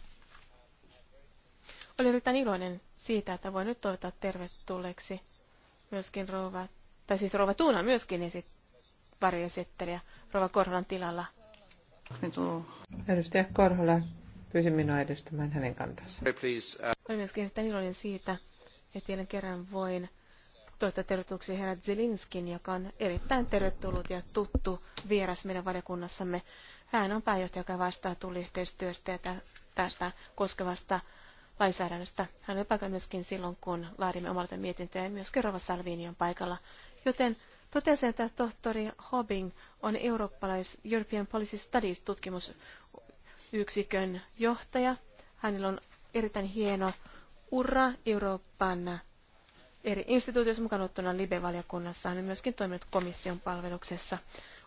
Olen erittäin iloinen siitä, että voin nyt toivottaa tervetulleeksi myöskin rouva tai siis Rova Tuuna myöskin esit, esittelijä Rova Korholan tilalla. Edustaja Korhola pyysi minua edustamaan hänen kantansa. Uh, Olen myöskin erittäin iloinen siitä, että vielä kerran voin toivottaa tervetulleeksi herra Zelinskin, joka on erittäin tervetullut ja tuttu vieras meidän valiokunnassamme. Hän on pääjohtaja, joka vastaa tulliyhteistyöstä ja tästä koskevasta lainsäädännöstä. Hän on paikalla myöskin silloin, kun laadimme omalta mietintöä ja myös Rova Salvini on paikalla. Joten totesin, että tohtori Hobbing on eurooppalais European Policy Studies tutkimusyksikön johtaja. Hänellä on erittäin hieno ura Euroopan eri instituutioissa mukaan ottuna Libe-valiokunnassa. Hän on myöskin toiminut komission palveluksessa.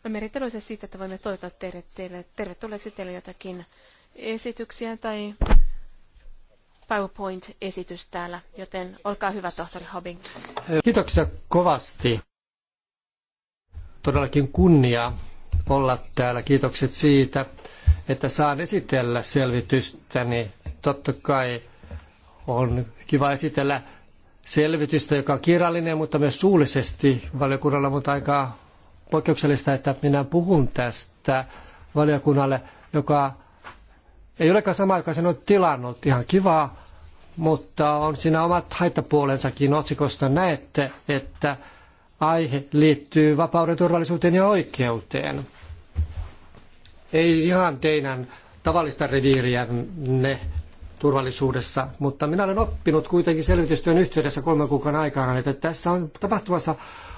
Olemme erittäin siitä, että voimme toivottaa teille, teille tervetulleeksi teille jotakin esityksiä tai PowerPoint-esitys täällä, joten olkaa hyvä, tohtori Hobbing. Kiitoksia kovasti todellakin kunnia olla täällä. Kiitokset siitä, että saan esitellä selvitystäni. Totta kai on kiva esitellä selvitystä, joka on kirjallinen, mutta myös suullisesti valiokunnalla, mutta aika poikkeuksellista, että minä puhun tästä valiokunnalle, joka ei olekaan sama, joka sen on tilannut. Ihan kivaa, mutta on siinä omat haittapuolensakin otsikosta näette, että aihe liittyy vapauden, turvallisuuteen ja oikeuteen. Ei ihan teidän tavallista reviiriänne turvallisuudessa, mutta minä olen oppinut kuitenkin selvitystyön yhteydessä kolmen kuukauden aikana, että tässä on tapahtumassa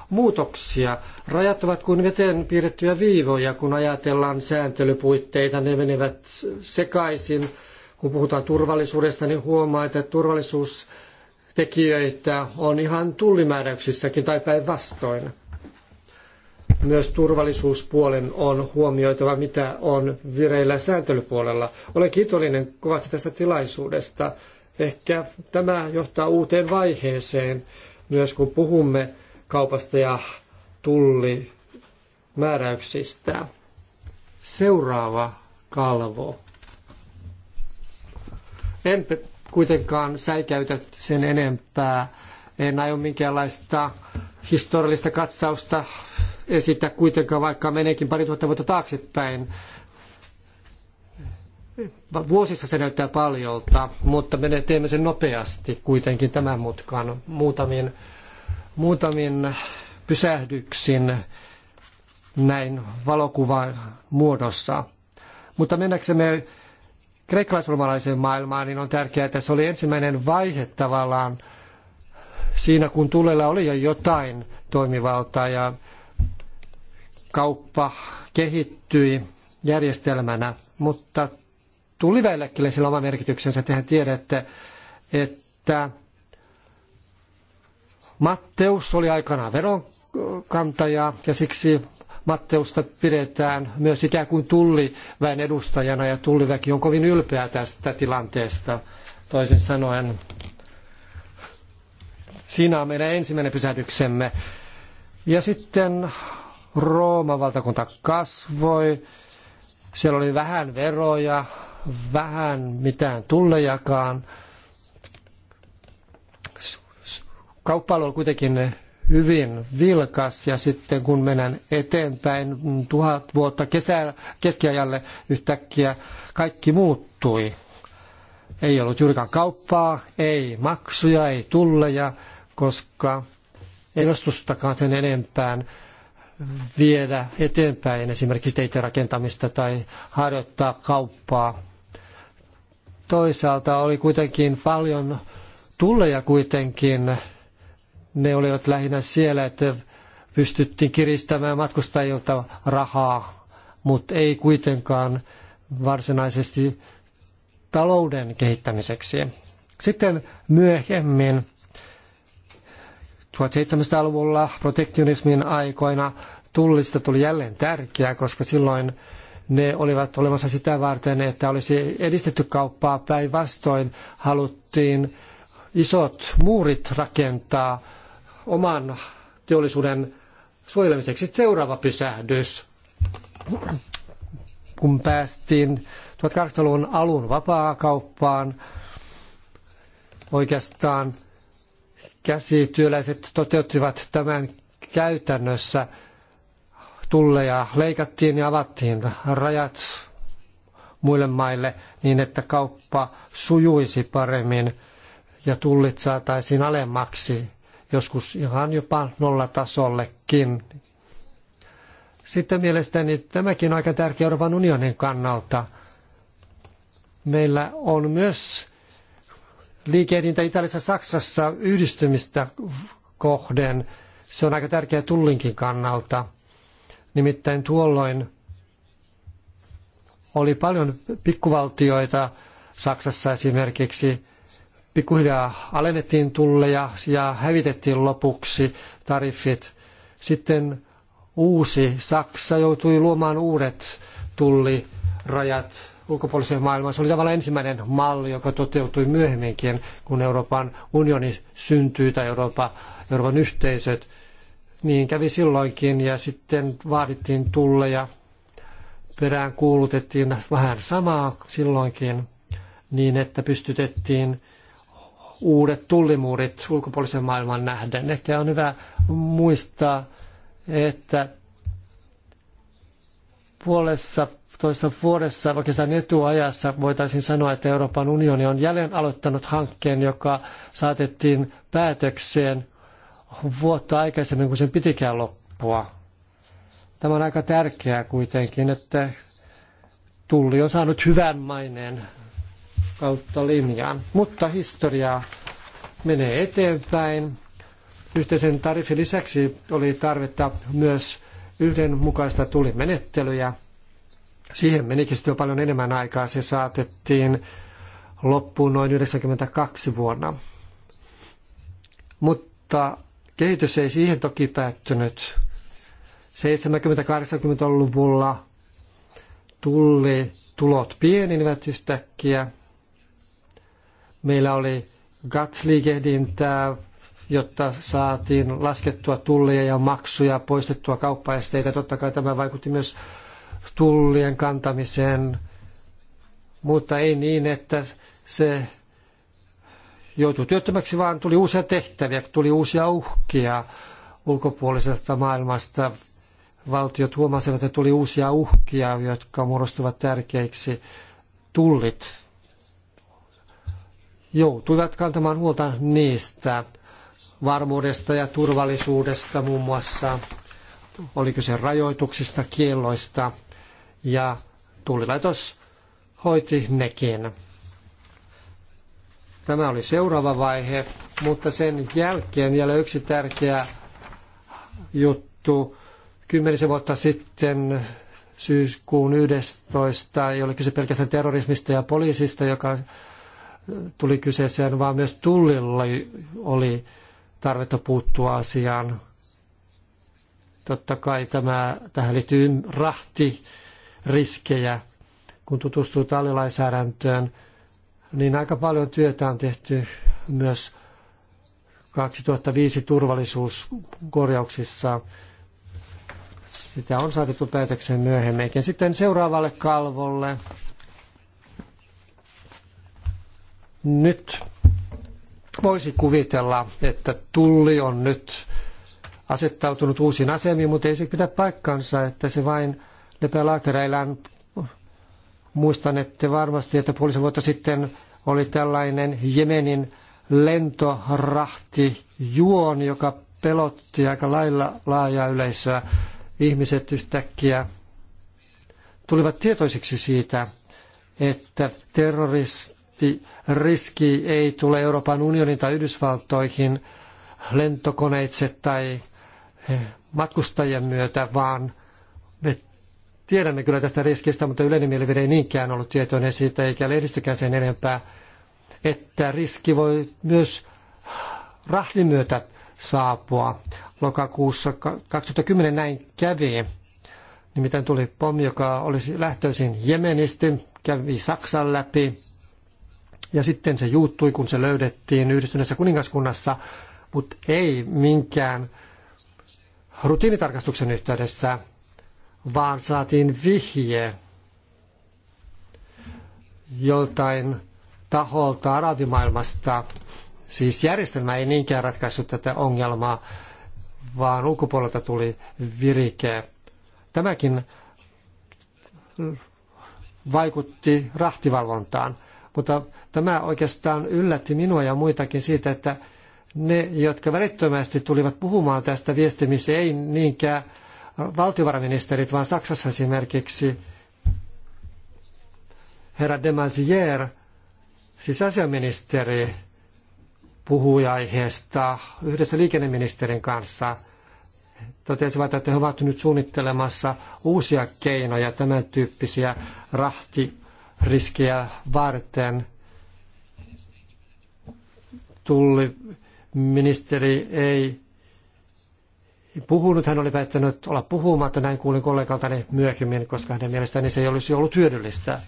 muutoksia. Rajat ovat kuin veteen piirrettyjä viivoja, kun ajatellaan sääntelypuitteita, ne menevät sekaisin. Kun puhutaan turvallisuudesta, niin huomaa, että turvallisuus tekijöitä on ihan tullimääräyksissäkin tai päinvastoin. Myös turvallisuuspuolen on huomioitava, mitä on vireillä sääntelypuolella. Olen kiitollinen kovasti tästä tilaisuudesta. Ehkä tämä johtaa uuteen vaiheeseen, myös kun puhumme kaupasta ja tullimääräyksistä. Seuraava kalvo. En kuitenkaan säikäytä sen enempää. En aio minkäänlaista historiallista katsausta esittää kuitenkaan, vaikka meneekin pari tuhatta vuotta taaksepäin. Vuosissa se näyttää paljolta, mutta me teemme sen nopeasti kuitenkin tämän mutkan muutamin, muutamin pysähdyksin näin valokuvan muodossa. Mutta mennäksemme kreikkalaisroomalaiseen maailmaan, niin on tärkeää, että se oli ensimmäinen vaihe tavallaan siinä, kun tulella oli jo jotain toimivaltaa ja kauppa kehittyi järjestelmänä, mutta tulliväillekin sillä oma merkityksensä. Tehän tiedätte, että Matteus oli aikanaan veronkantaja ja siksi Matteusta pidetään myös ikään kuin tulliväen edustajana ja tulliväki on kovin ylpeä tästä tilanteesta. Toisin sanoen, siinä on meidän ensimmäinen pysähdyksemme. Ja sitten Rooman valtakunta kasvoi, siellä oli vähän veroja, vähän mitään tullejakaan. Kauppailu oli kuitenkin hyvin vilkas ja sitten kun mennään eteenpäin tuhat vuotta kesä, keskiajalle yhtäkkiä kaikki muuttui. Ei ollut juurikaan kauppaa, ei maksuja, ei tulleja, koska ei nostustakaan sen enempään viedä eteenpäin esimerkiksi teiden rakentamista tai harjoittaa kauppaa. Toisaalta oli kuitenkin paljon tulleja kuitenkin ne olivat lähinnä siellä, että pystyttiin kiristämään matkustajilta rahaa, mutta ei kuitenkaan varsinaisesti talouden kehittämiseksi. Sitten myöhemmin 1700-luvulla protektionismin aikoina tullista tuli jälleen tärkeää, koska silloin ne olivat olemassa sitä varten, että olisi edistetty kauppaa päinvastoin. Haluttiin isot muurit rakentaa oman teollisuuden suojelemiseksi. Seuraava pysähdys, kun päästiin 1800-luvun alun vapaakauppaan, oikeastaan käsityöläiset toteuttivat tämän käytännössä. Tulleja leikattiin ja avattiin rajat muille maille niin, että kauppa sujuisi paremmin ja tullit saataisiin alemmaksi joskus ihan jopa nollatasollekin. Sitten mielestäni tämäkin on aika tärkeä Euroopan unionin kannalta. Meillä on myös liikehdintä Italiassa Saksassa yhdistymistä kohden. Se on aika tärkeä tullinkin kannalta. Nimittäin tuolloin oli paljon pikkuvaltioita, Saksassa esimerkiksi, pikkuhiljaa alennettiin tulleja ja hävitettiin lopuksi tariffit. Sitten uusi Saksa joutui luomaan uudet tullirajat ulkopuoliseen maailmaan. Se oli tavallaan ensimmäinen malli, joka toteutui myöhemminkin, kun Euroopan unioni syntyi tai Euroopan, Euroopan yhteisöt. Niin kävi silloinkin ja sitten vaadittiin tulleja, perään kuulutettiin vähän samaa silloinkin, niin että pystytettiin uudet tullimuurit ulkopuolisen maailman nähden. Ehkä on hyvä muistaa, että puolessa toista vuodessa oikeastaan etuajassa voitaisiin sanoa, että Euroopan unioni on jälleen aloittanut hankkeen, joka saatettiin päätökseen vuotta aikaisemmin kuin sen pitikään loppua. Tämä on aika tärkeää kuitenkin, että Tulli on saanut hyvän maineen kautta linjan. Mutta historia menee eteenpäin. Yhteisen tarifin lisäksi oli tarvetta myös yhdenmukaista tulimenettelyjä. Siihen menikin jo paljon enemmän aikaa. Se saatettiin loppuun noin 92 vuonna. Mutta kehitys ei siihen toki päättynyt. 70-80-luvulla tulli tulot pienenivät yhtäkkiä – Meillä oli GATS-liikehdintää, jotta saatiin laskettua tulleja ja maksuja, poistettua kauppaesteitä. Totta kai tämä vaikutti myös tullien kantamiseen, mutta ei niin, että se joutui työttömäksi, vaan tuli uusia tehtäviä, tuli uusia uhkia ulkopuolisesta maailmasta. Valtiot huomasivat, että tuli uusia uhkia, jotka muodostuvat tärkeiksi. Tullit joutuivat kantamaan huolta niistä varmuudesta ja turvallisuudesta muun muassa. Oli kyse rajoituksista, kielloista ja tullilaitos hoiti nekin. Tämä oli seuraava vaihe, mutta sen jälkeen vielä yksi tärkeä juttu. Kymmenisen vuotta sitten syyskuun 11. ei ole kyse pelkästään terrorismista ja poliisista, joka tuli kyseeseen, vaan myös tullilla oli tarvetta puuttua asiaan. Totta kai tämä, tähän liittyy rahtiriskejä. Kun tutustuu tallilainsäädäntöön, niin aika paljon työtä on tehty myös 2005 turvallisuuskorjauksissa. Sitä on saatettu päätökseen myöhemmin. Sitten seuraavalle kalvolle. Nyt voisi kuvitella, että tulli on nyt asettautunut uusiin asemiin, mutta ei se pidä paikkansa, että se vain lepää laakereillaan. Muistan, että varmasti, että puolisen vuotta sitten oli tällainen Jemenin lentorahti juon, joka pelotti aika lailla laajaa yleisöä. Ihmiset yhtäkkiä tulivat tietoisiksi siitä, että terroristi riski ei tule Euroopan unionin tai Yhdysvaltoihin lentokoneitse tai eh, matkustajien myötä, vaan me tiedämme kyllä tästä riskistä, mutta yleinen mielipide ei niinkään ollut tietoinen siitä, eikä lehdistykään sen enempää, että riski voi myös rahdin myötä saapua. Lokakuussa 2010 näin kävi. Nimittäin tuli pommi, joka olisi lähtöisin Jemenistä, kävi Saksan läpi ja sitten se juuttui, kun se löydettiin yhdistyneessä kuningaskunnassa, mutta ei minkään rutiinitarkastuksen yhteydessä, vaan saatiin vihje joltain taholta arabimaailmasta. Siis järjestelmä ei niinkään ratkaissut tätä ongelmaa, vaan ulkopuolelta tuli virike. Tämäkin vaikutti rahtivalvontaan. Mutta tämä oikeastaan yllätti minua ja muitakin siitä, että ne, jotka välittömästi tulivat puhumaan tästä viestimistä, ei niinkään valtiovarainministerit, vaan Saksassa esimerkiksi herra de Mazier, sisäasiaministeri, puhui aiheesta yhdessä liikenneministerin kanssa. Totesivat, että he ovat nyt suunnittelemassa uusia keinoja, tämän tyyppisiä rahti riskejä varten. Tulli ministeri ei puhunut, hän oli päättänyt olla puhumatta, näin kuulin kollegaltani myöhemmin, koska hänen mielestäni se ei olisi ollut hyödyllistä.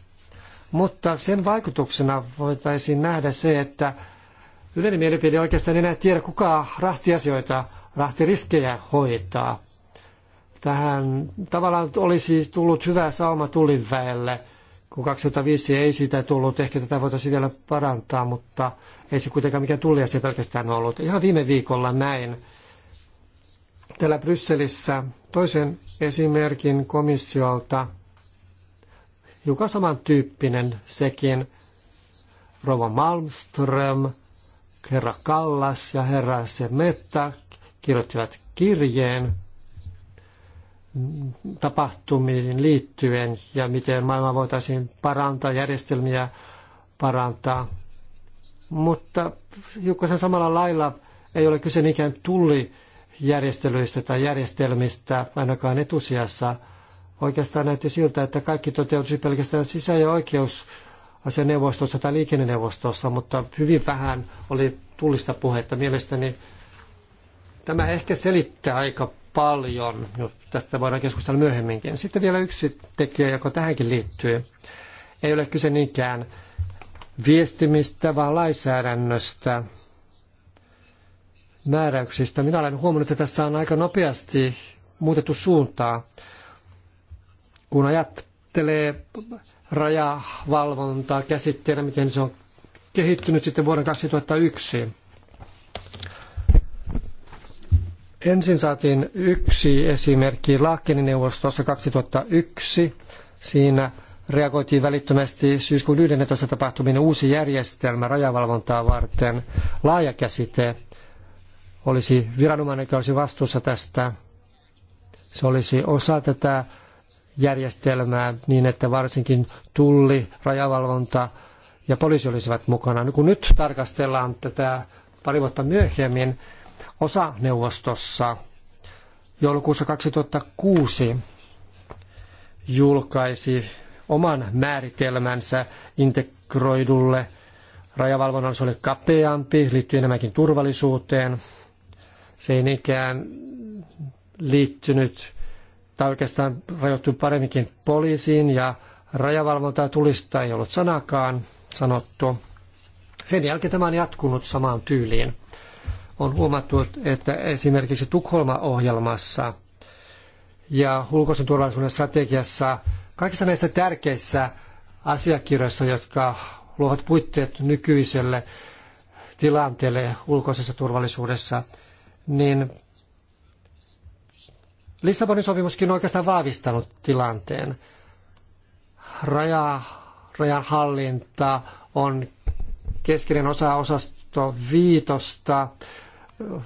Mutta sen vaikutuksena voitaisiin nähdä se, että yleinen mielipide oikeastaan enää tiedä, kuka rahtiasioita, rahtiriskejä hoitaa. Tähän tavallaan olisi tullut hyvä sauma väelle kun 2005 ei siitä tullut, ehkä tätä voitaisiin vielä parantaa, mutta ei se kuitenkaan mikään tulli se pelkästään ollut. Ihan viime viikolla näin täällä Brysselissä toisen esimerkin komissiolta, hiukan samantyyppinen sekin, Rova Malmström, herra Kallas ja herra Semetta kirjoittivat kirjeen tapahtumiin liittyen ja miten maailma voitaisiin parantaa, järjestelmiä parantaa. Mutta hiukkasen samalla lailla ei ole kyse niinkään tullijärjestelyistä tai järjestelmistä ainakaan etusijassa. Oikeastaan näytti siltä, että kaikki toteutuisi pelkästään sisä- ja oikeusasianeuvostossa tai liikenneneuvostossa, mutta hyvin vähän oli tullista puhetta. Mielestäni tämä ehkä selittää aika paljon. Tästä voidaan keskustella myöhemminkin. Sitten vielä yksi tekijä, joka tähänkin liittyy. Ei ole kyse niinkään viestimistä, vaan lainsäädännöstä, määräyksistä. Minä olen huomannut, että tässä on aika nopeasti muutettu suuntaa, kun ajattelee rajavalvontaa käsitteenä, miten se on kehittynyt sitten vuoden 2001 Ensin saatiin yksi esimerkki Laakenin neuvostossa 2001. Siinä reagoitiin välittömästi syyskuun 11. tapahtumiin uusi järjestelmä rajavalvontaa varten. Laaja käsite olisi viranomainen, joka olisi vastuussa tästä. Se olisi osa tätä järjestelmää niin, että varsinkin tulli, rajavalvonta ja poliisi olisivat mukana. Kun nyt tarkastellaan tätä pari vuotta myöhemmin, osa neuvostossa joulukuussa 2006 julkaisi oman määritelmänsä integroidulle rajavalvonnan se oli kapeampi, liittyi enemmänkin turvallisuuteen. Se ei niinkään liittynyt tai oikeastaan rajoittui paremminkin poliisiin ja rajavalvontaa tulista ei ollut sanakaan sanottu. Sen jälkeen tämä on jatkunut samaan tyyliin on huomattu, että esimerkiksi Tukholma-ohjelmassa ja ulkoisen turvallisuuden strategiassa, kaikissa näissä tärkeissä asiakirjoissa, jotka luovat puitteet nykyiselle tilanteelle ulkoisessa turvallisuudessa, niin Lissabonin sopimuskin on oikeastaan vahvistanut tilanteen. Raja, rajan hallinta on keskeinen osa osasto viitosta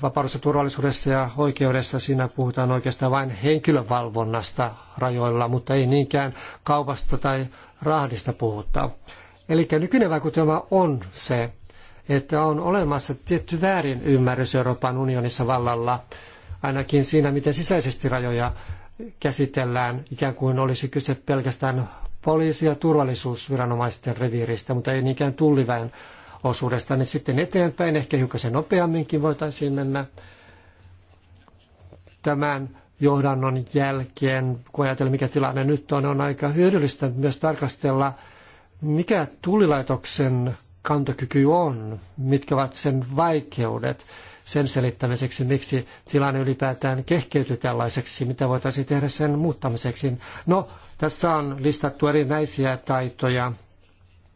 vapaudessa, turvallisuudessa ja oikeudessa. Siinä puhutaan oikeastaan vain henkilövalvonnasta rajoilla, mutta ei niinkään kaupasta tai rahdista puhuta. Eli nykyinen vaikutelma on se, että on olemassa tietty väärinymmärrys Euroopan unionissa vallalla, ainakin siinä, miten sisäisesti rajoja käsitellään, ikään kuin olisi kyse pelkästään poliisi- ja turvallisuusviranomaisten reviiristä, mutta ei niinkään tulliväen osuudesta, niin sitten eteenpäin, ehkä hiukan se nopeamminkin voitaisiin mennä tämän johdannon jälkeen, kun ajatellaan mikä tilanne nyt on, on aika hyödyllistä myös tarkastella, mikä tullilaitoksen kantokyky on, mitkä ovat sen vaikeudet sen selittämiseksi, miksi tilanne ylipäätään kehkeytyi tällaiseksi, mitä voitaisiin tehdä sen muuttamiseksi. No, tässä on listattu erinäisiä taitoja,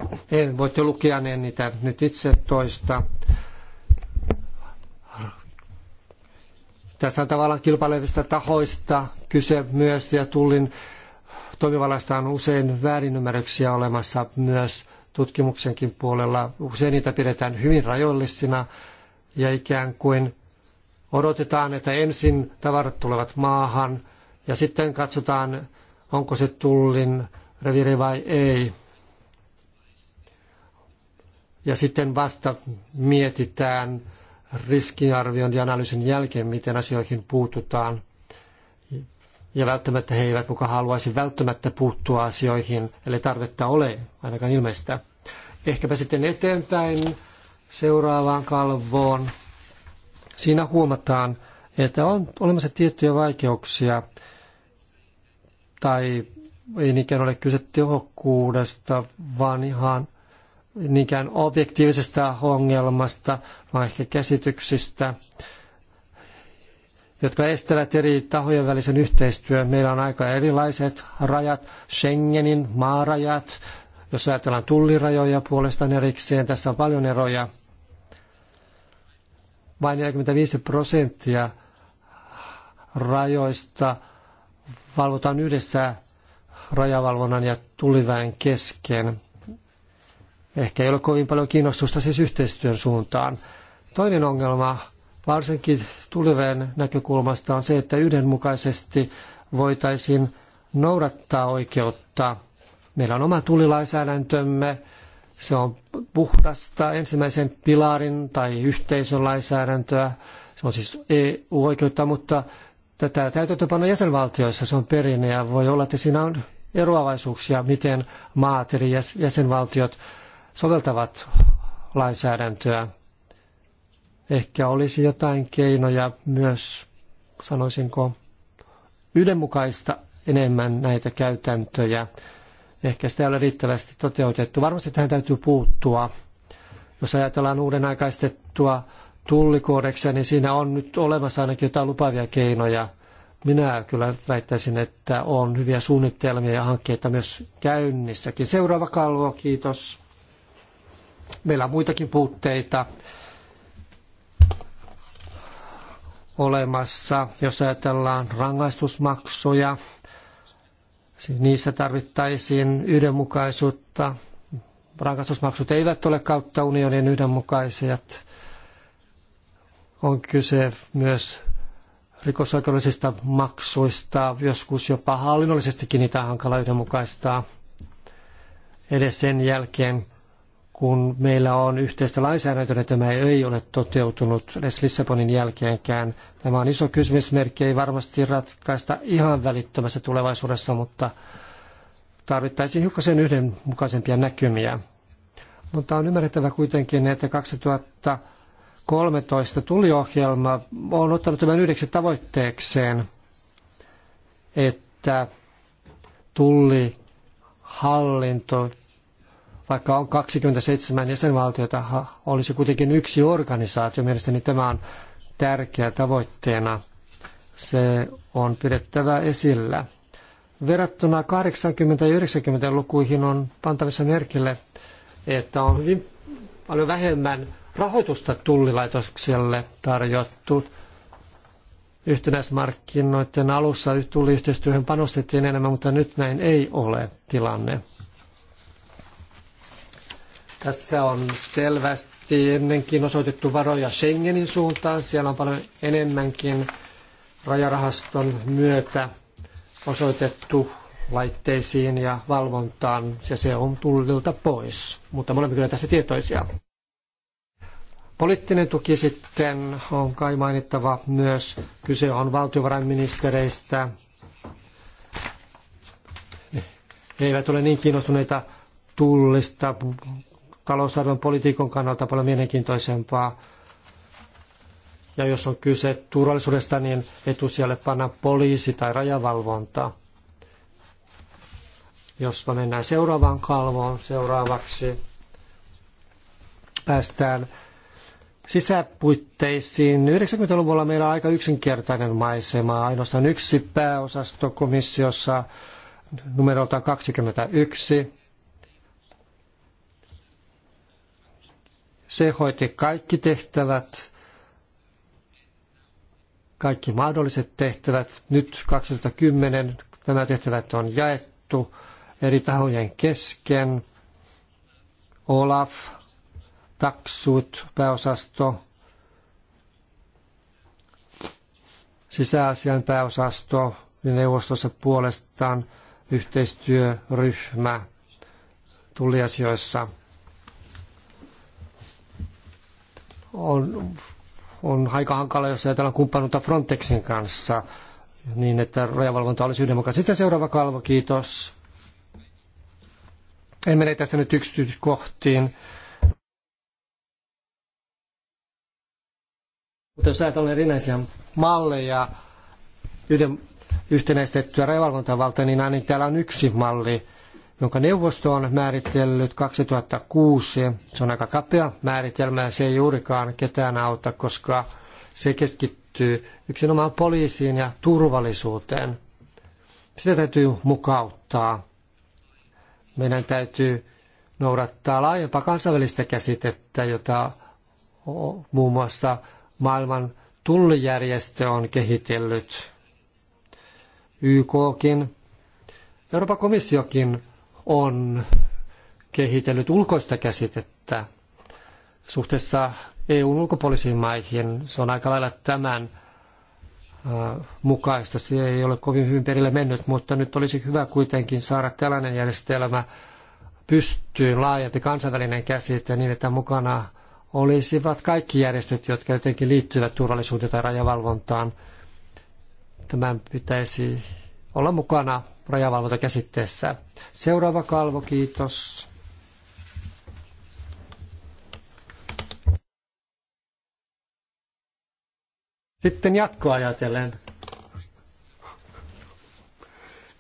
en, niin, voitte lukea ne niitä nyt itse toista. Tässä on tavallaan kilpailevista tahoista kyse myös ja tullin toimivallasta on usein väärinymmärryksiä olemassa myös tutkimuksenkin puolella. Usein niitä pidetään hyvin rajoillisina ja ikään kuin odotetaan, että ensin tavarat tulevat maahan ja sitten katsotaan, onko se tullin reviiri vai ei ja sitten vasta mietitään riskiarvion ja analyysin jälkeen, miten asioihin puututaan. Ja välttämättä he eivät muka haluaisi välttämättä puuttua asioihin, eli tarvetta ole, ainakaan ilmeistä. Ehkäpä sitten eteenpäin seuraavaan kalvoon. Siinä huomataan, että on olemassa tiettyjä vaikeuksia, tai ei niinkään ole kyse tehokkuudesta, vaan ihan – niinkään objektiivisesta ongelmasta, vaan ehkä käsityksistä, jotka estävät eri tahojen välisen yhteistyön. Meillä on aika erilaiset rajat, Schengenin maarajat, jos ajatellaan tullirajoja puolestaan erikseen, tässä on paljon eroja. Vain 45 prosenttia rajoista valvotaan yhdessä rajavalvonnan ja tulliväen kesken. Ehkä ei ole kovin paljon kiinnostusta siis yhteistyön suuntaan. Toinen ongelma varsinkin tulevien näkökulmasta on se, että yhdenmukaisesti voitaisiin noudattaa oikeutta. Meillä on oma tulilainsäädäntömme, se on puhdasta ensimmäisen pilarin tai yhteisön lainsäädäntöä. Se on siis EU-oikeutta, mutta tätä täytäntöpano jäsenvaltioissa se on perinne ja voi olla, että siinä on eroavaisuuksia, miten maat eli jäsenvaltiot soveltavat lainsäädäntöä. Ehkä olisi jotain keinoja myös, sanoisinko, yhdenmukaista enemmän näitä käytäntöjä. Ehkä sitä ei ole riittävästi toteutettu. Varmasti tähän täytyy puuttua. Jos ajatellaan uuden aikaistettua tullikoodeksia, niin siinä on nyt olemassa ainakin jotain lupavia keinoja. Minä kyllä väittäisin, että on hyviä suunnitelmia ja hankkeita myös käynnissäkin. Seuraava kalvo, kiitos. Meillä on muitakin puutteita olemassa, jos ajatellaan rangaistusmaksuja. Niissä tarvittaisiin yhdenmukaisuutta. Rangaistusmaksut eivät ole kautta unionin yhdenmukaisia. On kyse myös rikosoikeudellisista maksuista, joskus jopa hallinnollisestikin niitä on hankala yhdenmukaistaa. Edes sen jälkeen, kun meillä on yhteistä lainsäädäntöä, niin tämä ei ole toteutunut edes Lissabonin jälkeenkään. Tämä on iso kysymysmerkki, ei varmasti ratkaista ihan välittömässä tulevaisuudessa, mutta tarvittaisiin hiukkasen yhdenmukaisempia näkymiä. Mutta on ymmärrettävä kuitenkin, että 2013 tuli ohjelma, on ottanut tämän yhdeksi tavoitteekseen, että tulli hallinto vaikka on 27 jäsenvaltiota, olisi kuitenkin yksi organisaatio. Mielestäni tämä on tärkeä tavoitteena. Se on pidettävä esillä. Verrattuna 80- ja 90-lukuihin on pantavissa merkille, että on hyvin paljon vähemmän rahoitusta tullilaitokselle tarjottu. Yhtenäismarkkinoiden alussa tulliyhteistyöhön panostettiin enemmän, mutta nyt näin ei ole tilanne. Tässä on selvästi ennenkin osoitettu varoja Schengenin suuntaan. Siellä on paljon enemmänkin rajarahaston myötä osoitettu laitteisiin ja valvontaan, ja se on tullilta pois. Mutta me olemme kyllä tässä tietoisia. Poliittinen tuki sitten on kai mainittava myös. Kyse on valtiovarainministereistä. He eivät ole niin kiinnostuneita tullista, talousarvon politiikan kannalta paljon mielenkiintoisempaa. Ja jos on kyse turvallisuudesta, niin etusijalle panna poliisi tai rajavalvonta. Jos me mennään seuraavaan kalvoon seuraavaksi, päästään sisäpuitteisiin. 90-luvulla meillä on aika yksinkertainen maisema. Ainoastaan yksi pääosasto komissiossa numerolta 21. Se hoiti kaikki tehtävät, kaikki mahdolliset tehtävät. Nyt 2010 nämä tehtävät on jaettu eri tahojen kesken. Olaf, taksut, pääosasto, sisäasian pääosasto ja neuvostossa puolestaan yhteistyöryhmä tulliasioissa – on, on aika hankala, jos ajatellaan kumppanuutta Frontexin kanssa, niin että rajavalvonta olisi yhdenmukaista. Sitten seuraava kalvo, kiitos. En mene tässä nyt yksityiskohtiin. Mutta jos ajatellaan erinäisiä malleja, yhden, yhtenäistettyä rajavalvontavaltaa, niin aina täällä on yksi malli, jonka neuvosto on määritellyt 2006. Se on aika kapea määritelmä ja se ei juurikaan ketään auta, koska se keskittyy yksinomaan poliisiin ja turvallisuuteen. Sitä täytyy mukauttaa. Meidän täytyy noudattaa laajempaa kansainvälistä käsitettä, jota muun muassa maailman tullijärjestö on kehitellyt. YKkin, Euroopan komissiokin on kehitellyt ulkoista käsitettä suhteessa EUn ulkopuolisiin maihin. Se on aika lailla tämän mukaista. Se ei ole kovin hyvin perille mennyt, mutta nyt olisi hyvä kuitenkin saada tällainen järjestelmä pystyyn laajempi kansainvälinen käsite niin, että mukana olisivat kaikki järjestöt, jotka jotenkin liittyvät turvallisuuteen tai rajavalvontaan. Tämän pitäisi olla mukana rajavalvontakäsitteessä. Seuraava kalvo, kiitos. Sitten jatkoa ajatellen.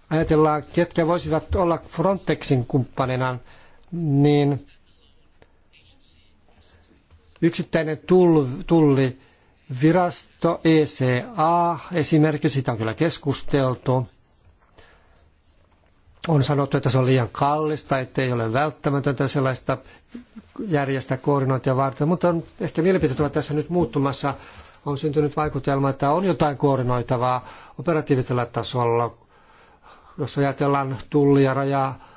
Ajatellaan, ketkä voisivat olla Frontexin kumppanina, niin yksittäinen tulli, virasto ECA esimerkiksi, siitä on kyllä keskusteltu. On sanottu, että se on liian kallista, ettei ole välttämätöntä sellaista järjestää koordinointia varten, mutta on ehkä mielipiteet ovat tässä nyt muuttumassa. On syntynyt vaikutelma, että on jotain koordinoitavaa operatiivisella tasolla, jos ajatellaan tulli- ja rajaa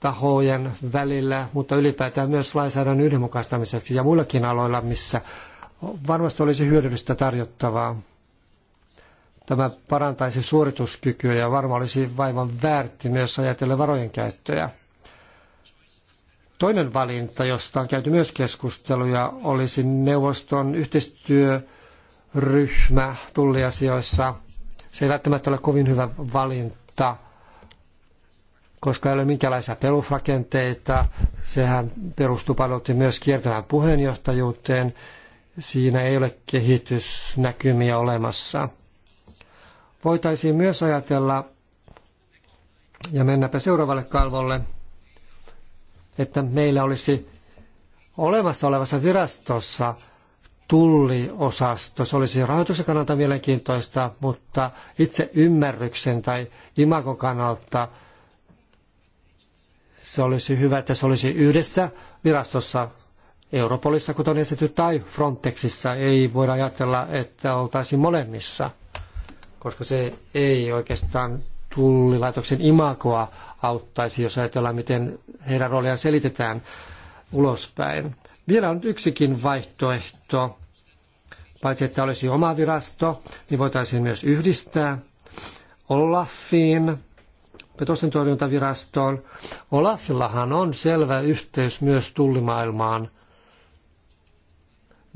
tahojen välillä, mutta ylipäätään myös lainsäädännön yhdenmukaistamiseksi ja muillakin aloilla, missä varmasti olisi hyödyllistä tarjottavaa. Tämä parantaisi suorituskykyä ja varmaan olisi vaivan väärti myös ajatellen varojen käyttöä. Toinen valinta, josta on käyty myös keskusteluja, olisi neuvoston yhteistyöryhmä tulliasioissa. Se ei välttämättä ole kovin hyvä valinta, koska ei ole minkäänlaisia perusrakenteita. Sehän perustuu paljon myös kiertävään puheenjohtajuuteen. Siinä ei ole kehitysnäkymiä olemassa. Voitaisiin myös ajatella, ja mennäpä seuraavalle kalvolle, että meillä olisi olemassa olevassa virastossa tulliosasto. Se olisi rahoituksen kannalta mielenkiintoista, mutta itse ymmärryksen tai imakon kannalta se olisi hyvä, että se olisi yhdessä virastossa Europolissa, kuten on esitetty, tai Frontexissa. Ei voida ajatella, että oltaisiin molemmissa – koska se ei oikeastaan tullilaitoksen imagoa auttaisi, jos ajatellaan, miten heidän rooliaan selitetään ulospäin. Vielä on yksikin vaihtoehto. Paitsi että olisi oma virasto, niin voitaisiin myös yhdistää Olafiin, petosten torjuntavirastoon. Olafillahan on selvä yhteys myös tullimaailmaan –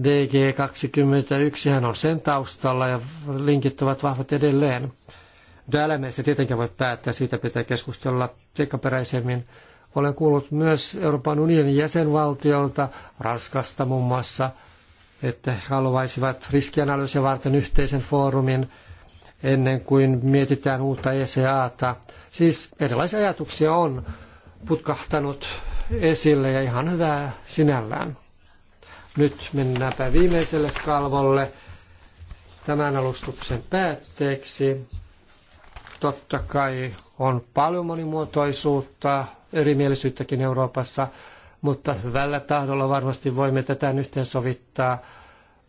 DG21 hän on sen taustalla ja linkit ovat vahvat edelleen. Dälämeistä tietenkin voi päättää, siitä pitää keskustella seikkaperäisemmin. Olen kuullut myös Euroopan unionin jäsenvaltiolta, Ranskasta muun muassa, että he haluaisivat riskianalyysiä varten yhteisen foorumin ennen kuin mietitään uutta ECAta. Siis erilaisia ajatuksia on putkahtanut esille ja ihan hyvää sinällään. Nyt mennäänpä viimeiselle kalvolle tämän alustuksen päätteeksi. Totta kai on paljon monimuotoisuutta, erimielisyyttäkin Euroopassa, mutta hyvällä tahdolla varmasti voimme tätä yhteensovittaa,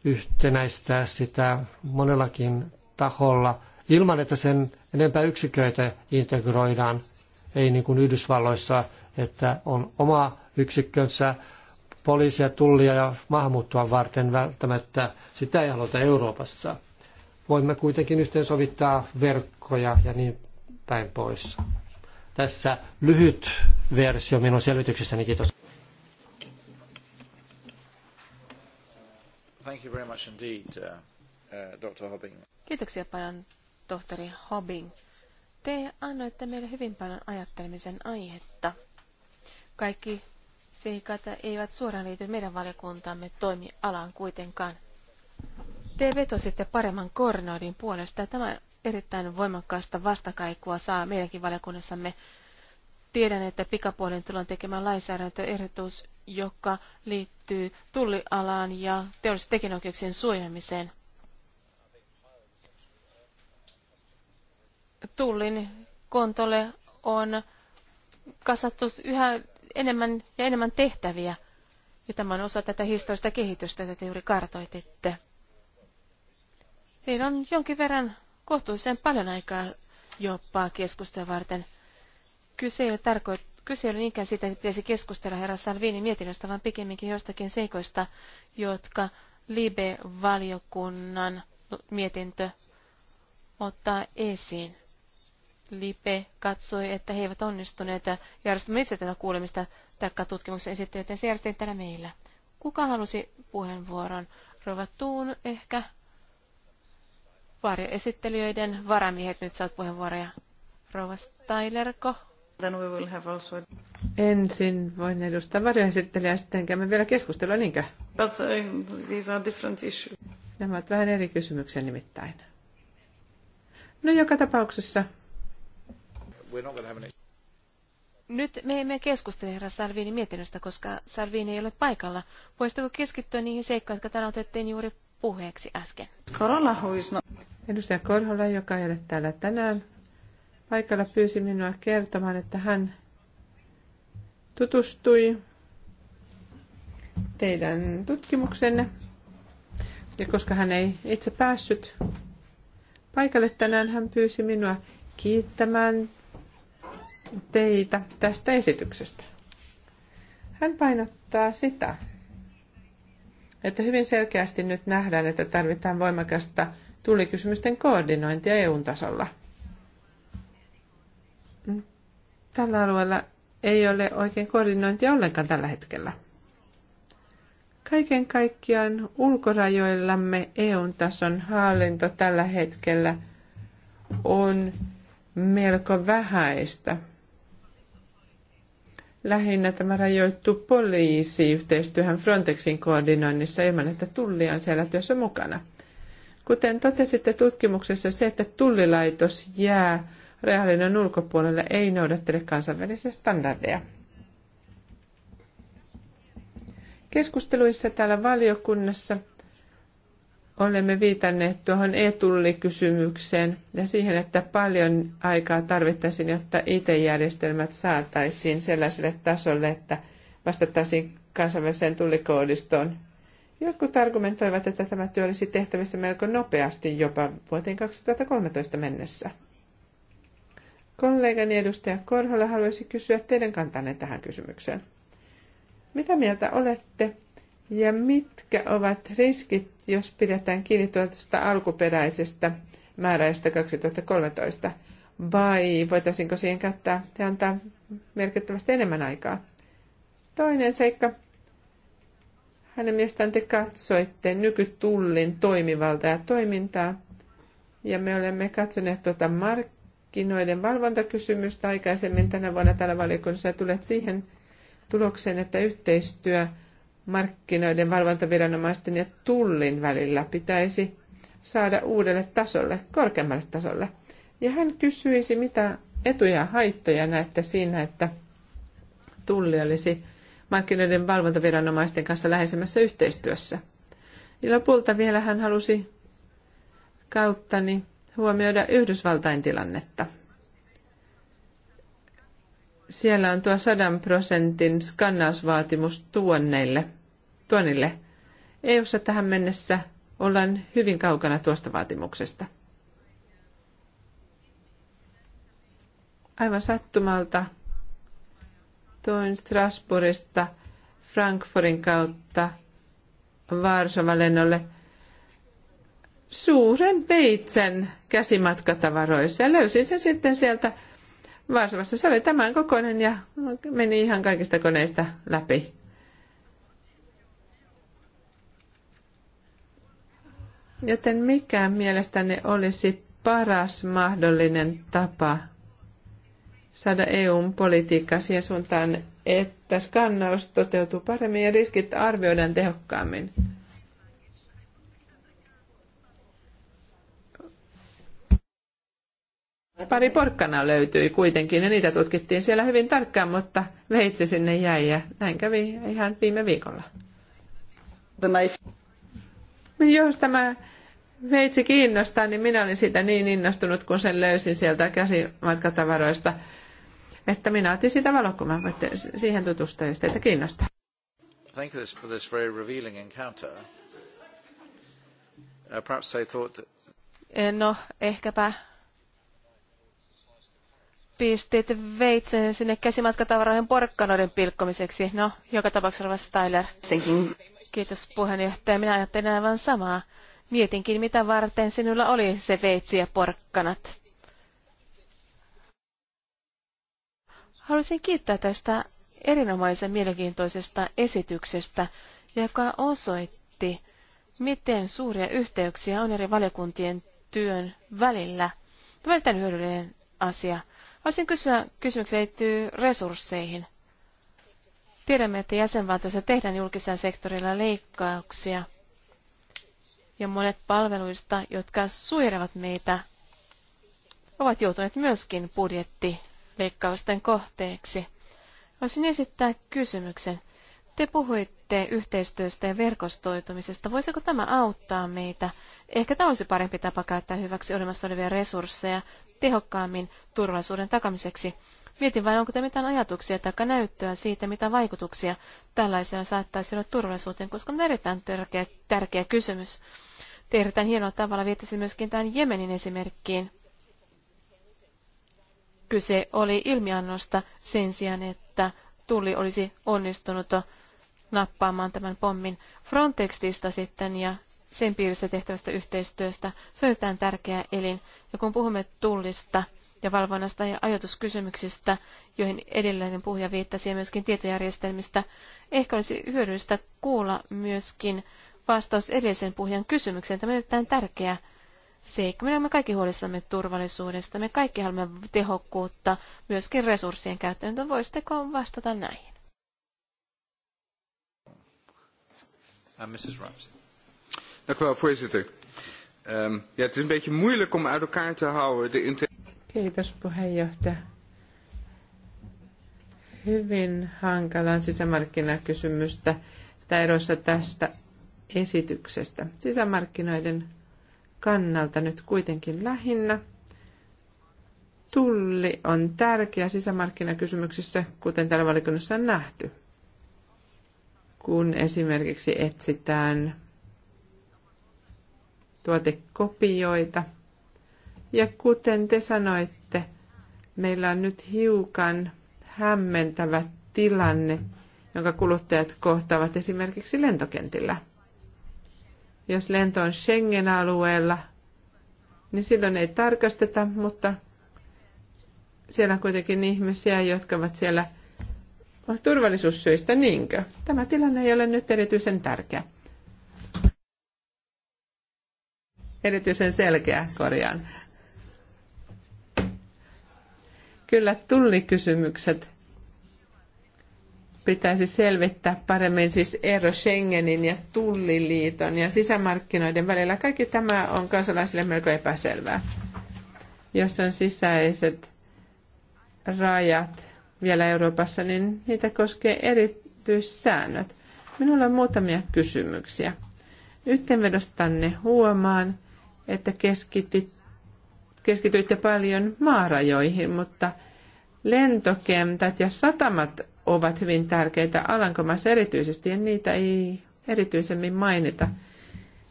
yhtenäistää sitä monellakin taholla, ilman että sen enempää yksiköitä integroidaan, ei niin kuin Yhdysvalloissa, että on oma yksikkönsä, poliisia, tullia ja maahanmuuttoa varten välttämättä sitä ei haluta Euroopassa. Voimme kuitenkin yhteensovittaa verkkoja ja niin päin pois. Tässä lyhyt versio minun selvityksessäni. Kiitos. Thank you very much indeed, uh, uh Dr. Hobbing. Kiitoksia paljon, tohtori Hobbing. Te annoitte meille hyvin paljon ajattelemisen aihetta. Kaikki seikat eivät suoraan liity meidän valiokuntamme toimialaan kuitenkaan. Te vetositte paremman koordinoidin puolesta ja tämä erittäin voimakkaasta vastakaikua saa meidänkin valiokunnassamme. Tiedän, että pikapuolen tullaan tekemään lainsäädäntöehdotus, joka liittyy tullialaan ja teollisten tekinoikeuksien suojaamiseen. Tullin kontolle on kasattu yhä enemmän ja enemmän tehtäviä. Ja tämä on osa tätä historiallista kehitystä, tätä juuri kartoititte. Heillä on jonkin verran kohtuullisen paljon aikaa jopa keskustelua varten. Kyse ei ole, tarkoit- Kyse ei ole niinkään siitä, että pitäisi keskustella herra Salvini mietinnöstä, vaan pikemminkin jostakin seikoista, jotka Libe-valiokunnan mietintö ottaa esiin. Lipe katsoi, että he eivät onnistuneet järjestämään itse tätä kuulemista tai tutkimuksen esittelyä, joten se järjestettiin täällä meillä. Kuka halusi puheenvuoron? Rova Tuun ehkä? Varjoesittelijöiden varamiehet nyt saat puheenvuoroja. Rova Stylerko. Then we will have also... Ensin voin edustaa varjoesittelijää, sitten käymme vielä keskustelua, niinkö? But uh, these are different issues. Nämä ovat vähän eri kysymyksiä nimittäin. No joka tapauksessa we're not going to have an... Nyt me emme keskustele herra Salvini mietinnöstä, koska Salvini ei ole paikalla. Voisitko keskittyä niihin seikkoihin, jotka täällä otettiin juuri puheeksi äsken? Edustaja Korhola, joka ei ole täällä tänään paikalla, pyysi minua kertomaan, että hän tutustui teidän tutkimuksenne. Ja koska hän ei itse päässyt paikalle tänään, hän pyysi minua kiittämään teitä tästä esityksestä. Hän painottaa sitä, että hyvin selkeästi nyt nähdään, että tarvitaan voimakasta tulikysymysten koordinointia eu tasolla. Tällä alueella ei ole oikein koordinointia ollenkaan tällä hetkellä. Kaiken kaikkiaan ulkorajoillamme EUn tason hallinto tällä hetkellä on melko vähäistä – lähinnä tämä rajoittuu poliisiyhteistyöhön Frontexin koordinoinnissa ilman, että tulli on siellä työssä mukana. Kuten totesitte tutkimuksessa, se, että tullilaitos jää reaalinen ulkopuolelle, ei noudattele kansainvälisiä standardeja. Keskusteluissa täällä valiokunnassa olemme viitanneet tuohon etullikysymykseen ja siihen, että paljon aikaa tarvittaisiin, jotta IT-järjestelmät saataisiin sellaiselle tasolle, että vastattaisiin kansainväliseen tullikoodistoon. Jotkut argumentoivat, että tämä työ olisi tehtävissä melko nopeasti jopa vuoteen 2013 mennessä. Kollegani edustaja Korhola haluaisi kysyä teidän kantanne tähän kysymykseen. Mitä mieltä olette ja mitkä ovat riskit, jos pidetään kiinni tuosta alkuperäisestä määräistä 2013? Vai voitaisiinko siihen käyttää ja antaa merkittävästi enemmän aikaa? Toinen seikka. Hänen mielestään te katsoitte nykytullin toimivalta ja toimintaa. Ja me olemme katsoneet tuota markkinoiden valvontakysymystä aikaisemmin tänä vuonna täällä valiokunnassa ja tulet siihen tulokseen, että yhteistyö markkinoiden valvontaviranomaisten ja tullin välillä pitäisi saada uudelle tasolle, korkeammalle tasolle. Ja hän kysyisi, mitä etuja ja haittoja näette siinä, että tulli olisi markkinoiden valvontaviranomaisten kanssa läheisemmässä yhteistyössä. Ja lopulta vielä hän halusi kauttani huomioida Yhdysvaltain tilannetta. Siellä on tuo sadan prosentin skannausvaatimus tuonneille – Tuonille, EU-ssa tähän mennessä ollaan hyvin kaukana tuosta vaatimuksesta. Aivan sattumalta toin Strasbourgista Frankfurtin kautta Varsovalennolle suuren veitsen käsimatkatavaroissa ja löysin sen sitten sieltä Varsovassa. Se oli tämän kokoinen ja meni ihan kaikista koneista läpi. Joten mikä mielestäni olisi paras mahdollinen tapa saada EUn politiikkaa siihen suuntaan, että skannaus toteutuu paremmin ja riskit arvioidaan tehokkaammin? Pari porkkana löytyi kuitenkin ja niitä tutkittiin siellä hyvin tarkkaan, mutta veitsi sinne jäi ja näin kävi ihan viime viikolla. Jos tämä veitsi kiinnostaa, niin minä olin siitä niin innostunut, kun sen löysin sieltä käsimatkatavaroista, että minä otin siitä valokuvan. Voitte siihen tutustua, jos teitä kiinnostaa. Thank you for this very revealing encounter. Uh, perhaps they thought that... Eh, no, ehkäpä Pistit veitsen sinne käsimatkatavaroihin porkkanoiden pilkkomiseksi. No, joka tapauksessa Rova Styler. Kiitos puheenjohtaja. Minä ajattelin aivan samaa. Mietinkin, mitä varten sinulla oli se veitsi ja porkkanat. Haluaisin kiittää tästä erinomaisen mielenkiintoisesta esityksestä, joka osoitti, miten suuria yhteyksiä on eri valiokuntien työn välillä. Tämä on hyödyllinen asia. Haluaisin kysyä kysymyksen liittyy resursseihin. Tiedämme, että jäsenvaltioissa tehdään julkisella sektorilla leikkauksia ja monet palveluista, jotka suojelevat meitä, ovat joutuneet myöskin budjettileikkausten kohteeksi. Voisin esittää kysymyksen. Te puhuitte yhteistyöstä ja verkostoitumisesta. Voisiko tämä auttaa meitä? Ehkä tämä olisi parempi tapa käyttää hyväksi olemassa olevia resursseja tehokkaammin turvallisuuden takamiseksi. Mietin vain, onko te mitään ajatuksia tai näyttöä siitä, mitä vaikutuksia tällaisella saattaisi olla turvallisuuteen, koska on erittäin tärkeä, tärkeä kysymys. Te erittäin hienolla tavalla viittasi myöskin tämän Jemenin esimerkkiin. Kyse oli ilmiannosta sen sijaan, että tuli olisi onnistunut nappaamaan tämän pommin Frontextista sitten ja sen piirissä tehtävästä yhteistyöstä. Se on erittäin tärkeä elin. Ja kun puhumme tullista ja valvonnasta ja ajatuskysymyksistä, joihin edellinen puhuja viittasi ja myöskin tietojärjestelmistä, ehkä olisi hyödyllistä kuulla myöskin vastaus edellisen puhujan kysymykseen. Tämä on erittäin tärkeä seikka. Me olemme kaikki huolissamme turvallisuudesta. Me kaikki haluamme tehokkuutta, myöskin resurssien käyttöön. Voisitteko vastata näihin? Uh, Mrs. Rapsey. Dank u wel, voorzitter. Um, ja, het is een beetje moeilijk om uit elkaar te houden de Kiitos puheenjohtaja. Hyvin hankalaan sisämarkkinakysymystä tai erossa tästä esityksestä. Sisämarkkinoiden kannalta nyt kuitenkin lähinnä. Tulli on tärkeä sisämarkkinakysymyksissä, kuten täällä valikunnassa on nähty kun esimerkiksi etsitään tuotekopioita. Ja kuten te sanoitte, meillä on nyt hiukan hämmentävä tilanne, jonka kuluttajat kohtaavat esimerkiksi lentokentillä. Jos lento on Schengen-alueella, niin silloin ei tarkasteta, mutta siellä on kuitenkin ihmisiä, jotka ovat siellä – turvallisuussyistä, niinkö? Tämä tilanne ei ole nyt erityisen tärkeä. Erityisen selkeä korjaan. Kyllä tullikysymykset pitäisi selvittää paremmin siis ero Schengenin ja tulliliiton ja sisämarkkinoiden välillä. Kaikki tämä on kansalaisille melko epäselvää. Jos on sisäiset rajat vielä Euroopassa, niin niitä koskee erityissäännöt. Minulla on muutamia kysymyksiä. Yhteenvedostanne huomaan, että keskitit, keskityitte paljon maarajoihin, mutta lentokentät ja satamat ovat hyvin tärkeitä alankomassa erityisesti, ja niitä ei erityisemmin mainita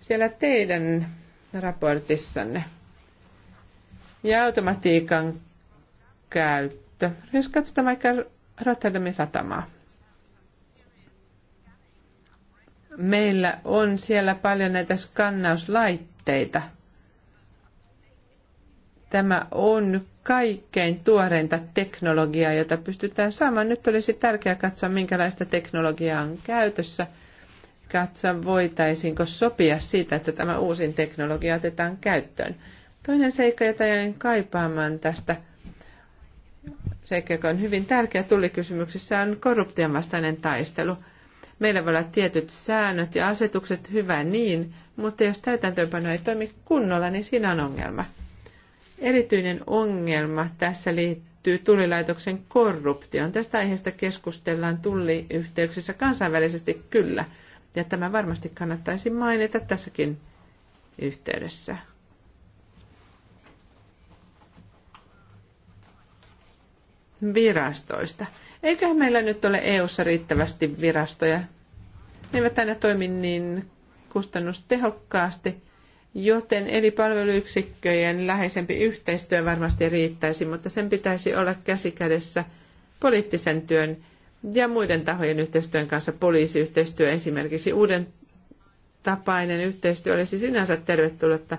siellä teidän raportissanne. Ja automatiikan käyttö käyttö. Jos katsotaan vaikka Rotterdamin satamaa. Meillä on siellä paljon näitä skannauslaitteita. Tämä on kaikkein tuoreinta teknologiaa, jota pystytään saamaan. Nyt olisi tärkeää katsoa, minkälaista teknologiaa on käytössä. Katsoa, voitaisiinko sopia siitä, että tämä uusin teknologia otetaan käyttöön. Toinen seikka, jota jäin kaipaamaan tästä – seikka, joka on hyvin tärkeä tullikysymyksessä, on korruption vastainen taistelu. Meillä voi olla tietyt säännöt ja asetukset, hyvä niin, mutta jos täytäntöönpano ei toimi kunnolla, niin siinä on ongelma. Erityinen ongelma tässä liittyy tullilaitoksen korruptioon. Tästä aiheesta keskustellaan tulliyhteyksissä kansainvälisesti kyllä, ja tämä varmasti kannattaisi mainita tässäkin yhteydessä. virastoista. Eiköhän meillä nyt ole EU-ssa riittävästi virastoja. Ne eivät aina toimi niin kustannustehokkaasti, joten eri palveluyksikköjen läheisempi yhteistyö varmasti riittäisi, mutta sen pitäisi olla käsikädessä poliittisen työn ja muiden tahojen yhteistyön kanssa poliisiyhteistyö esimerkiksi. Uuden tapainen yhteistyö olisi sinänsä tervetullutta.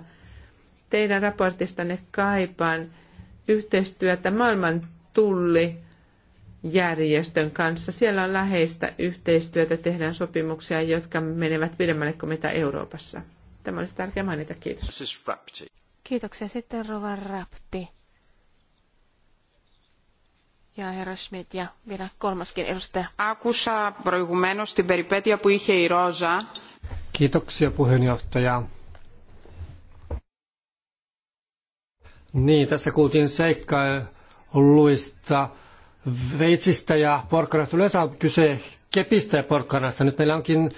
Teidän raportistanne kaipaan yhteistyötä maailman järjestön kanssa. Siellä on läheistä yhteistyötä, tehdään sopimuksia, jotka menevät pidemmälle kuin mitä Euroopassa. Tämä olisi tärkeä mainita. Kiitos. Kiitoksia. Sitten Rova Rapti. Ja herra Schmidt ja vielä kolmaskin edustaja. Akusa προηγουμένως την περιπέτεια που Kiitoksia puheenjohtaja. Niin, tässä kuultiin seikkaa luista, veitsistä ja porkkanasta. Yleensä on kyse kepistä ja porkkanasta. Nyt meillä onkin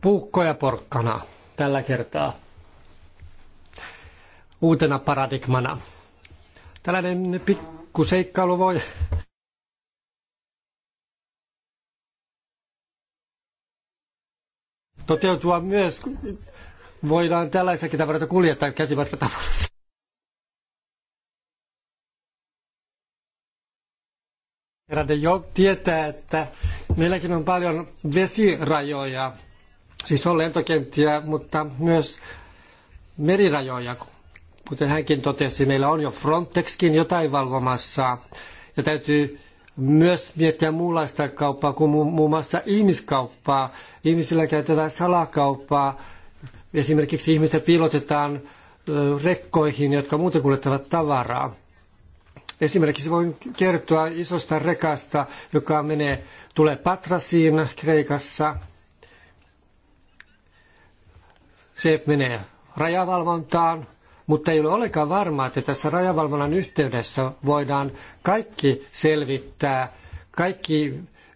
puukkoja porkkana tällä kertaa uutena paradigmana. Tällainen pikkuseikkailu voi toteutua myös. Voidaan tällaisessakin tavaroita kuljettaa käsimatkatavarassa. Herra de Jong tietää, että meilläkin on paljon vesirajoja, siis on lentokenttiä, mutta myös merirajoja. Kuten hänkin totesi, meillä on jo Frontexkin jotain valvomassa ja täytyy myös miettiä muunlaista kauppaa kuin muun muassa ihmiskauppaa, ihmisillä käytävää salakauppaa. Esimerkiksi ihmisiä piilotetaan rekkoihin, jotka muuten kuljettavat tavaraa. Esimerkiksi voin kertoa isosta rekasta, joka menee, tulee Patrasiin Kreikassa. Se menee rajavalvontaan, mutta ei ole ollenkaan varmaa, että tässä rajavalvonnan yhteydessä voidaan kaikki selvittää, kaikki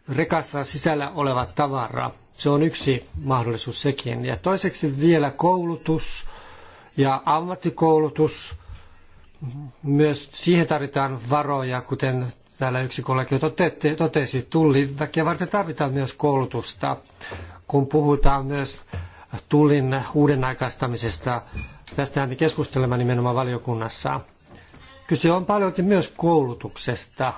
rekassa sisällä oleva tavara. Se on yksi mahdollisuus sekin. Ja toiseksi vielä koulutus ja ammattikoulutus – myös siihen tarvitaan varoja, kuten täällä yksi kollega totesi, tulliväkeä varten tarvitaan myös koulutusta. Kun puhutaan myös tullin uuden aikaistamisesta, tästä me keskustelemme nimenomaan valiokunnassa. Kyse on paljon myös koulutuksesta,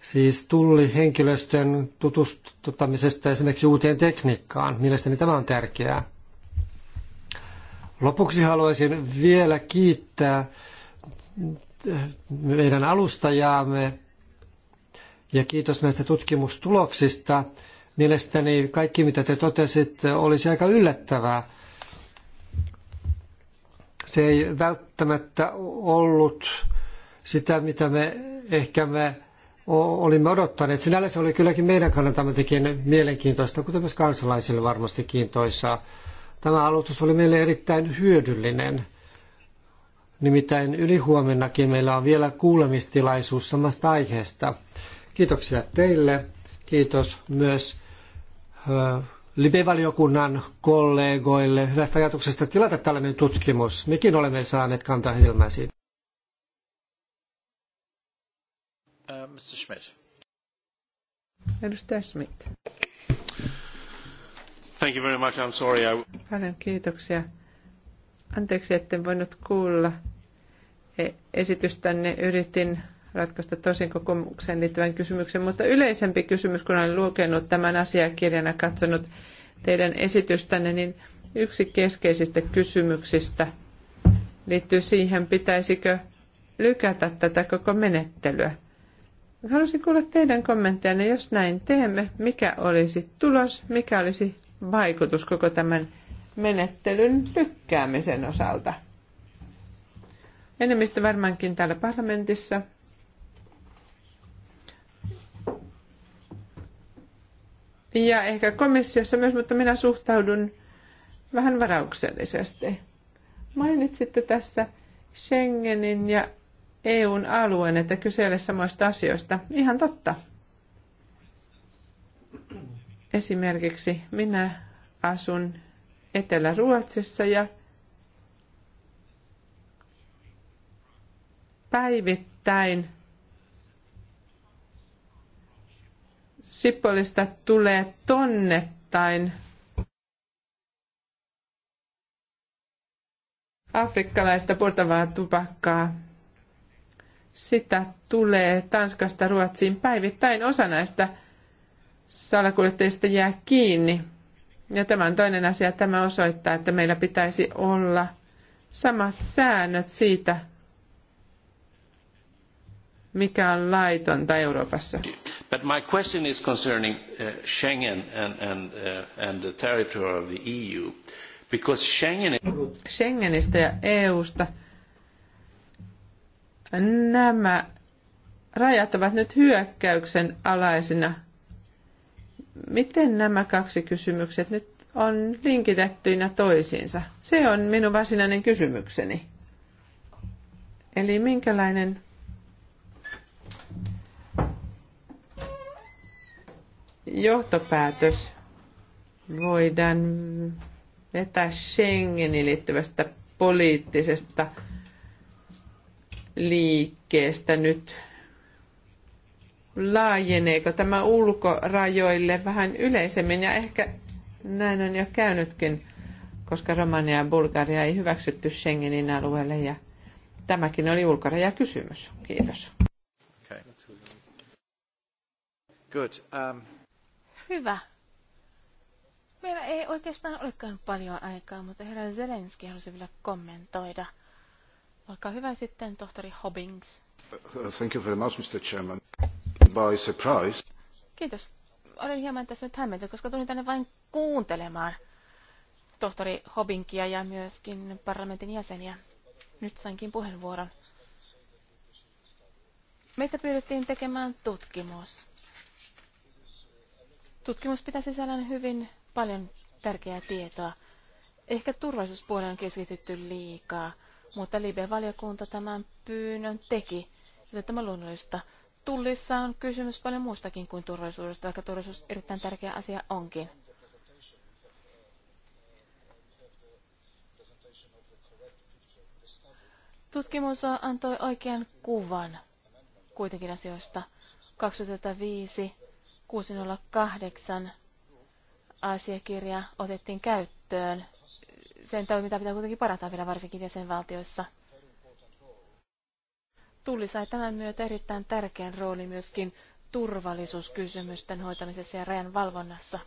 siis tullihenkilöstön tutustuttamisesta esimerkiksi uuteen tekniikkaan. Mielestäni tämä on tärkeää. Lopuksi haluaisin vielä kiittää meidän alustajaamme ja kiitos näistä tutkimustuloksista. Mielestäni kaikki, mitä te totesitte, olisi aika yllättävää. Se ei välttämättä ollut sitä, mitä me ehkä me olimme odottaneet. Sinällä se oli kylläkin meidän kannaltamme tekin mielenkiintoista, kuten myös kansalaisille varmasti kiintoisaa. Tämä alustus oli meille erittäin hyödyllinen. Nimittäin ylihuomennakin meillä on vielä kuulemistilaisuus samasta aiheesta. Kiitoksia teille. Kiitos myös Libe-valiokunnan kollegoille hyvästä ajatuksesta tilata tällainen tutkimus. Mekin olemme saaneet kantaa hedelmää siitä. Uh, äh, Mr. Schmidt. Edustaja Schmidt. Thank you very much. I'm sorry. I... Paljon kiitoksia. Anteeksi, etten voinut kuulla e- esitystänne. Yritin ratkaista tosin kokoomukseen liittyvän kysymyksen, mutta yleisempi kysymys, kun olen lukenut tämän asiakirjan ja katsonut teidän esitystänne, niin yksi keskeisistä kysymyksistä liittyy siihen, pitäisikö lykätä tätä koko menettelyä. Haluaisin kuulla teidän kommenttianne, jos näin teemme, mikä olisi tulos, mikä olisi vaikutus koko tämän menettelyn lykkäämisen osalta. Enemmistö varmaankin täällä parlamentissa ja ehkä komissiossa myös, mutta minä suhtaudun vähän varauksellisesti. Mainitsitte tässä Schengenin ja EUn alueen, että kyselee samoista asioista. Ihan totta. Esimerkiksi minä asun Etelä-Ruotsissa ja päivittäin Sipolista tulee tonnettain afrikkalaista purtavaa tupakkaa. Sitä tulee Tanskasta Ruotsiin päivittäin. Osa näistä salakuljettajista jää kiinni ja tämä on toinen asia. Tämä osoittaa, että meillä pitäisi olla samat säännöt siitä, mikä on laitonta Euroopassa. But my question is concerning uh, Schengen and, and, uh, and the territory of the EU. Because Schengen... Schengenistä ja EUsta nämä rajat ovat nyt hyökkäyksen alaisina – Miten nämä kaksi kysymykset nyt on linkitettyinä toisiinsa? Se on minun varsinainen kysymykseni. Eli minkälainen johtopäätös voidaan vetää Schengenin liittyvästä poliittisesta liikkeestä nyt laajeneeko tämä ulkorajoille vähän yleisemmin ja ehkä näin on jo käynytkin, koska Romania ja Bulgaria ei hyväksytty Schengenin alueelle ja tämäkin oli ulkorajakysymys. Kiitos. Okay. Good. Um... Hyvä. Meillä ei oikeastaan olekaan paljon aikaa, mutta herra Zelenski halusi vielä kommentoida. Olkaa hyvä sitten, tohtori Hobbings. Uh, thank you very much, Mr. Chairman by surprise. Kiitos. Olen hieman tässä nyt hämmentynyt, koska tulin tänne vain kuuntelemaan tohtori Hobinkia ja myöskin parlamentin jäseniä. Nyt sainkin puheenvuoron. Meitä pyydettiin tekemään tutkimus. Tutkimus pitää sisällään hyvin paljon tärkeää tietoa. Ehkä turvallisuuspuoleen on keskitytty liikaa, mutta Libe-valiokunta tämän pyynnön teki, joten tämä luonnollista tullissa on kysymys paljon muustakin kuin turvallisuudesta, vaikka turvallisuus erittäin tärkeä asia onkin. Tutkimus antoi oikean kuvan kuitenkin asioista. 2005 608 asiakirja otettiin käyttöön. Sen toiminta pitää kuitenkin parantaa vielä varsinkin jäsenvaltioissa – Tulli sai tämän myötä erittäin tärkeän roolin myöskin turvallisuuskysymysten hoitamisessa ja rajan valvonnassa.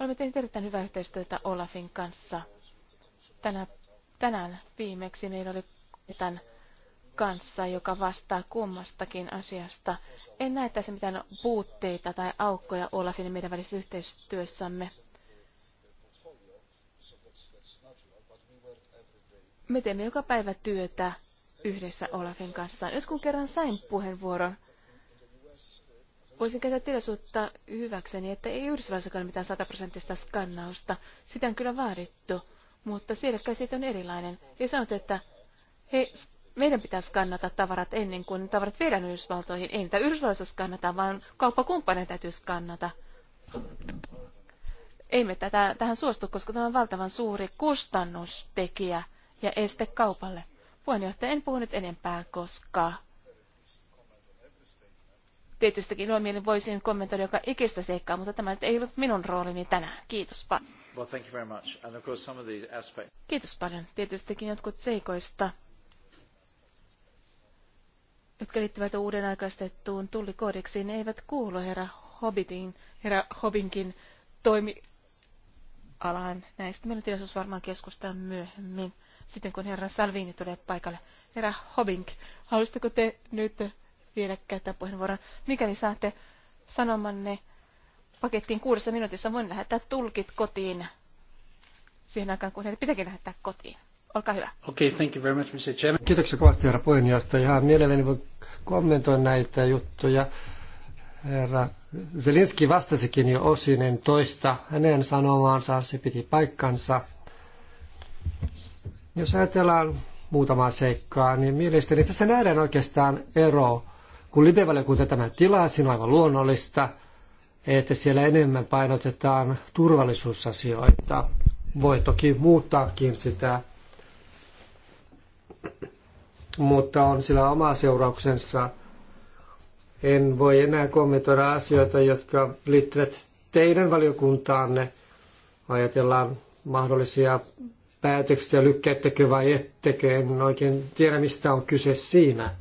Olemme tehneet erittäin hyvää yhteistyötä Olafin kanssa. Tänä, tänään viimeksi meillä oli tämän kanssa, joka vastaa kummastakin asiasta. En näe tässä mitään puutteita tai aukkoja Olafin meidän välisessä yhteistyössämme. Me teemme joka päivä työtä yhdessä Olafin kanssa. Nyt kun kerran sain puheenvuoron, voisin käyttää tilaisuutta hyväkseni, että ei Yhdysvalloissa ole mitään sataprosenttista skannausta. Sitä on kyllä vaadittu, mutta siellä käsit on erilainen. Ja sanot, että he, meidän pitää skannata tavarat ennen kuin tavarat viedään Yhdysvaltoihin. Ei niitä Yhdysvalloissa skannata, vaan kauppakumppaneiden täytyy skannata. Ei me tätä, tähän suostu, koska tämä on valtavan suuri kustannustekijä ja este kaupalle. Puheenjohtaja, en puhunut enempää, koska tietystikin ilomielin voisin kommentoida joka ikistä seikkaa, mutta tämä ei ollut minun roolini tänään. Kiitos paljon. Kiitos paljon. Tietystikin jotkut seikoista, jotka liittyvät uuden aikaistettuun tullikoodiksiin, eivät kuulu herra Hobbitin, herra Hobinkin toimialaan. Näistä meillä on tilaisuus varmaan keskustella myöhemmin sitten kun herra Salvini tulee paikalle. Herra Hobink, haluaisitteko te nyt vielä käyttää puheenvuoron? Mikäli saatte sanomanne pakettiin kuudessa minuutissa, voin lähettää tulkit kotiin siihen aikaan, kun heidät pitääkin lähettää kotiin. Olkaa hyvä. Okay, thank you very much, Mr. Chairman. Kiitoksia kovasti, herra puheenjohtaja. Ihan mielelläni voin kommentoida näitä juttuja. Herra Zelinski vastasikin jo osin, en toista hänen sanomaansa, se piti paikkansa. Jos ajatellaan muutamaa seikkaa, niin mielestäni tässä nähdään oikeastaan ero. Kun libevaliokunta tämä tilaa, tilaa, on aivan luonnollista, että siellä enemmän painotetaan turvallisuusasioita. Voi toki muuttaakin sitä, mutta on sillä oma seurauksensa. En voi enää kommentoida asioita, jotka liittyvät teidän valiokuntaanne. Ajatellaan mahdollisia päätöksiä lykkäättekö vai ettekö. En oikein tiedä, mistä on kyse siinä.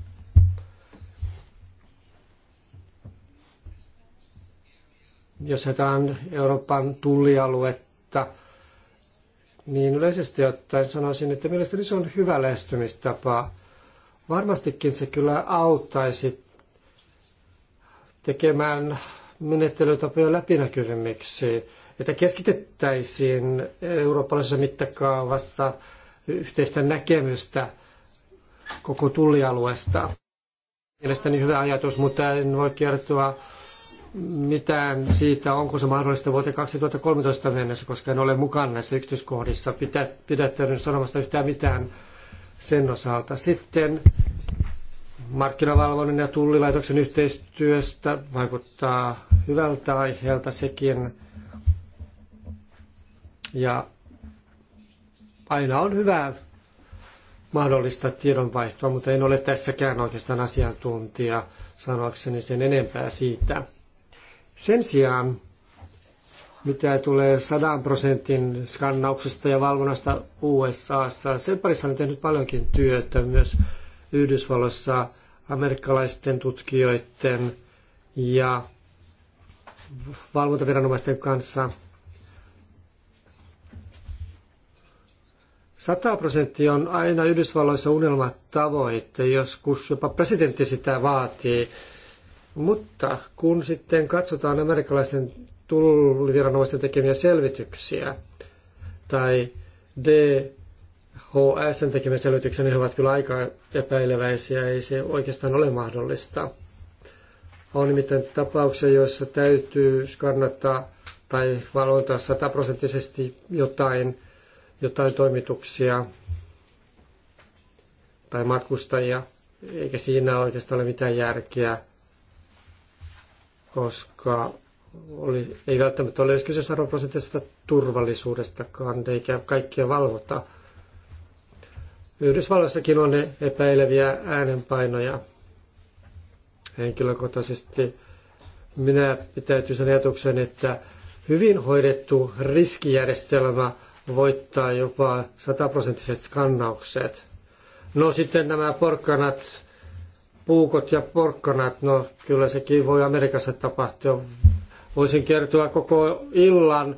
Jos ajatellaan Euroopan tullialuetta, niin yleisesti ottaen sanoisin, että mielestäni se on hyvä lähestymistapa. Varmastikin se kyllä auttaisi tekemään menettelytapoja läpinäkyvimmiksi että keskitettäisiin eurooppalaisessa mittakaavassa yhteistä näkemystä koko tullialueesta. Mielestäni hyvä ajatus, mutta en voi kertoa mitään siitä, onko se mahdollista vuoteen 2013 mennessä, koska en ole mukana näissä yksityiskohdissa pitä, pidättänyt sanomasta yhtään mitään sen osalta. Sitten markkinavalvonnan ja tullilaitoksen yhteistyöstä vaikuttaa hyvältä aiheelta sekin. Ja aina on hyvä mahdollista tiedonvaihtoa, mutta en ole tässäkään oikeastaan asiantuntija sanoakseni sen enempää siitä. Sen sijaan, mitä tulee sadan prosentin skannauksesta ja valvonnasta USAssa, sen parissa on tehnyt paljonkin työtä myös Yhdysvalloissa amerikkalaisten tutkijoiden ja valvontaviranomaisten kanssa – 100 prosenttia on aina Yhdysvalloissa unelmatavoite, joskus jopa presidentti sitä vaatii. Mutta kun sitten katsotaan amerikkalaisten tulliviranomaisten tekemiä selvityksiä tai DHSn tekemiä selvityksiä, niin he ovat kyllä aika epäileväisiä, ei se oikeastaan ole mahdollista. On nimittäin tapauksia, joissa täytyy skannata tai valvontaa sataprosenttisesti jotain – jotain toimituksia tai matkustajia, eikä siinä oikeastaan ole mitään järkeä, koska oli, ei välttämättä ole edes kyse 100 prosenttisesta turvallisuudestakaan, eikä kaikkia valvota. Yhdysvalloissakin on ne epäileviä äänenpainoja henkilökohtaisesti. Minä pitäytyisin ajatuksen, että hyvin hoidettu riskijärjestelmä voittaa jopa sataprosenttiset skannaukset. No sitten nämä porkkanat, puukot ja porkkanat, no kyllä sekin voi Amerikassa tapahtua. Voisin kertoa koko illan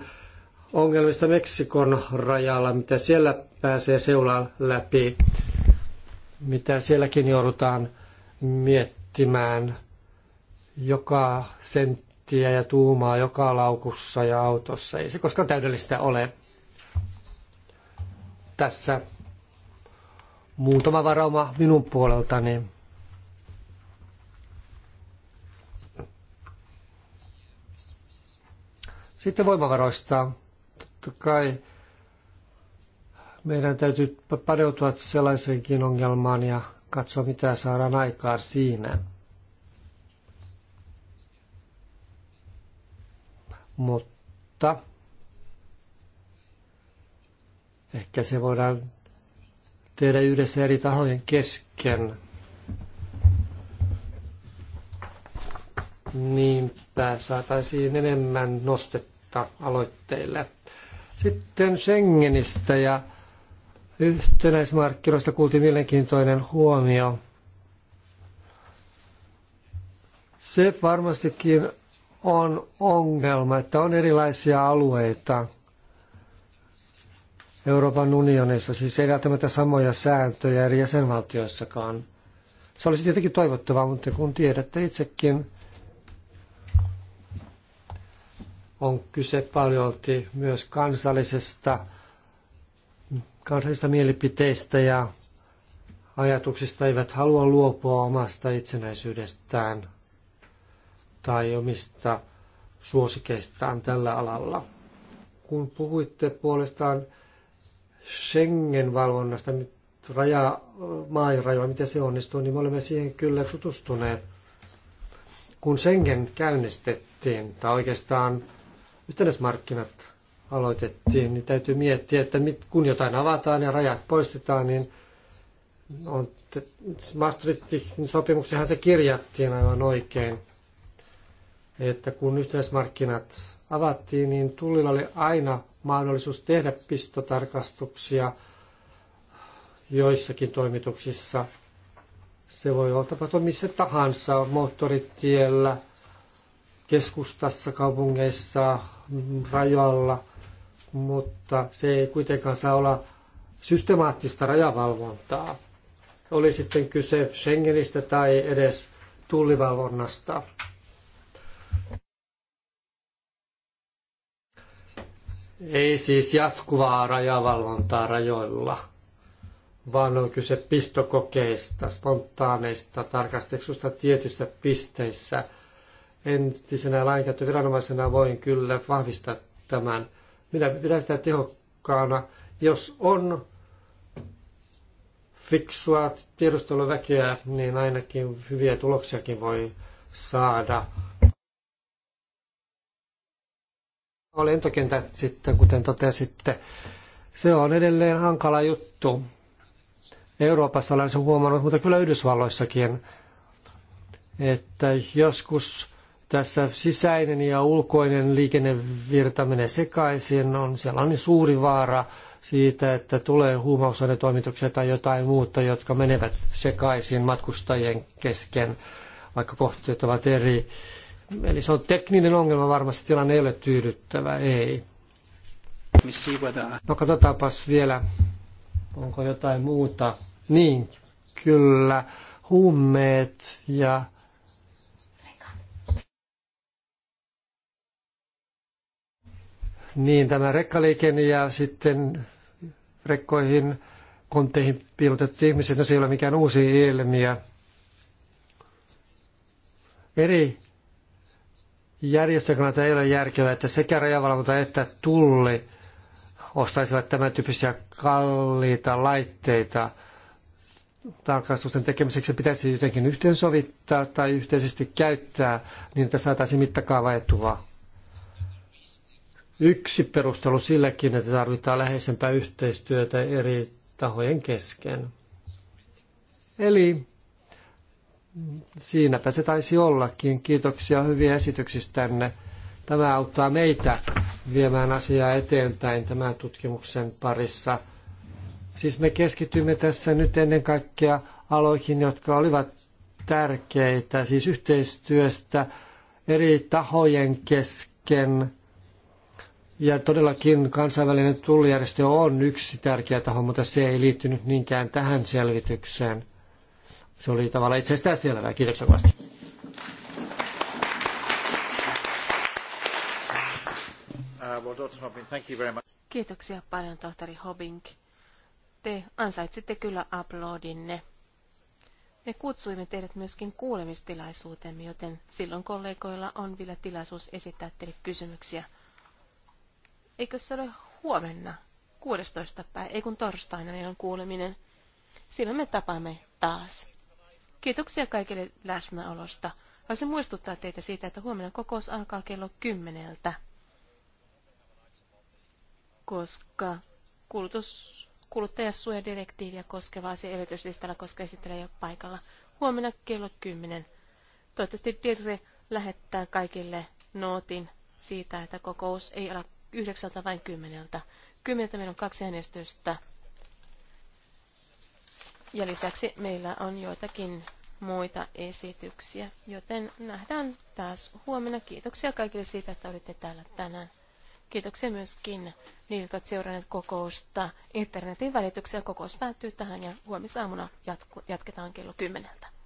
ongelmista Meksikon rajalla, mitä siellä pääsee seulaan läpi, mitä sielläkin joudutaan miettimään joka senttiä ja tuumaa joka laukussa ja autossa. Ei se koskaan täydellistä ole tässä muutama varauma minun puoleltani. Sitten voimavaroista. Totta kai meidän täytyy paneutua sellaiseenkin ongelmaan ja katsoa, mitä saadaan aikaan siinä. Mutta Ehkä se voidaan tehdä yhdessä eri tahojen kesken. Niinpä saataisiin enemmän nostetta aloitteille. Sitten Schengenistä ja yhtenäismarkkinoista kuultiin mielenkiintoinen huomio. Se varmastikin on ongelma, että on erilaisia alueita, Euroopan unionissa, siis ei välttämättä samoja sääntöjä eri jäsenvaltioissakaan. Se olisi tietenkin toivottavaa, mutta kun tiedätte itsekin, on kyse paljolti myös kansallisesta, kansallisista mielipiteistä ja ajatuksista eivät halua luopua omasta itsenäisyydestään tai omista suosikeistaan tällä alalla. Kun puhuitte puolestaan Schengen-valvonnasta nyt raja, maa ja rajoja, miten se onnistuu, niin me olemme siihen kyllä tutustuneet. Kun Schengen käynnistettiin, tai oikeastaan yhtenäismarkkinat aloitettiin, niin täytyy miettiä, että mit, kun jotain avataan ja rajat poistetaan, niin on, Maastrichtin sopimuksenhan se kirjattiin aivan oikein että kun yhteismarkkinat avattiin, niin tullilla oli aina mahdollisuus tehdä pistotarkastuksia joissakin toimituksissa. Se voi olla tapahtunut missä tahansa, moottoritiellä, keskustassa, kaupungeissa, rajalla, mutta se ei kuitenkaan saa olla systemaattista rajavalvontaa. Oli sitten kyse Schengenistä tai edes tullivalvonnasta. Ei siis jatkuvaa rajavalvontaa rajoilla, vaan on kyse pistokokeista, spontaaneista tarkastuksista tietyissä pisteissä. Entisenä lainkäyttöviranomaisena voin kyllä vahvistaa tämän. Minä pidän sitä tehokkaana, jos on fiksua tiedusteluväkeä, niin ainakin hyviä tuloksiakin voi saada lentokentä sitten, kuten totesitte, se on edelleen hankala juttu. Euroopassa olen sen huomannut, mutta kyllä Yhdysvalloissakin, että joskus tässä sisäinen ja ulkoinen liikennevirta menee sekaisin, on siellä niin suuri vaara siitä, että tulee huumausainetoimituksia tai jotain muuta, jotka menevät sekaisin matkustajien kesken, vaikka kohteet ovat eri Eli se on tekninen ongelma varmasti, tilanne ei ole tyydyttävä, ei. Uh, no katsotaanpas vielä, onko jotain muuta. Niin, kyllä, hummeet ja Niin, tämä rekkaliikenne ja sitten rekkoihin, konteihin piilotettu ihmiset, no se ei ole mikään uusi ilmiö. Eri järjestöjen kannalta ei ole järkevää, että sekä rajavalvonta että tulli ostaisivat tämän tyyppisiä kalliita laitteita tarkastusten tekemiseksi pitäisi jotenkin yhteensovittaa tai yhteisesti käyttää, niin että saataisiin mittakaavaetua. Yksi perustelu sillekin, että tarvitaan läheisempää yhteistyötä eri tahojen kesken. Eli Siinäpä se taisi ollakin. Kiitoksia hyviä esityksistänne. Tämä auttaa meitä viemään asiaa eteenpäin tämän tutkimuksen parissa. Siis me keskitymme tässä nyt ennen kaikkea aloihin, jotka olivat tärkeitä, siis yhteistyöstä eri tahojen kesken. Ja todellakin kansainvälinen tullijärjestö on yksi tärkeä taho, mutta se ei liittynyt niinkään tähän selvitykseen. Se oli tavallaan itsestään selvää. Kiitoksia kovasti. Kiitoksia paljon, tohtori Hobbing. Te ansaitsitte kyllä aplodinne. Me kutsuimme teidät myöskin kuulemistilaisuuteen, joten silloin kollegoilla on vielä tilaisuus esittää teille kysymyksiä. Eikö se ole huomenna, 16. päivä, ei kun torstaina meillä niin on kuuleminen. Silloin me tapaamme taas. Kiitoksia kaikille läsnäolosta. Haluaisin muistuttaa teitä siitä, että huomenna kokous alkaa kello kymmeneltä, koska kulutus, kuluttajasuojadirektiiviä koskeva asia erityislistalla, koska esittelee jo paikalla. Huomenna kello kymmenen. Toivottavasti Dirre lähettää kaikille nootin siitä, että kokous ei ala yhdeksältä vain kymmeneltä. Kymmeneltä meillä on kaksi äänestystä. Ja lisäksi meillä on joitakin muita esityksiä, joten nähdään taas huomenna. Kiitoksia kaikille siitä, että olitte täällä tänään. Kiitoksia myöskin niille, jotka seuranneet kokousta internetin välityksellä. Kokous päättyy tähän ja huomisaamuna jatku- jatketaan kello kymmeneltä.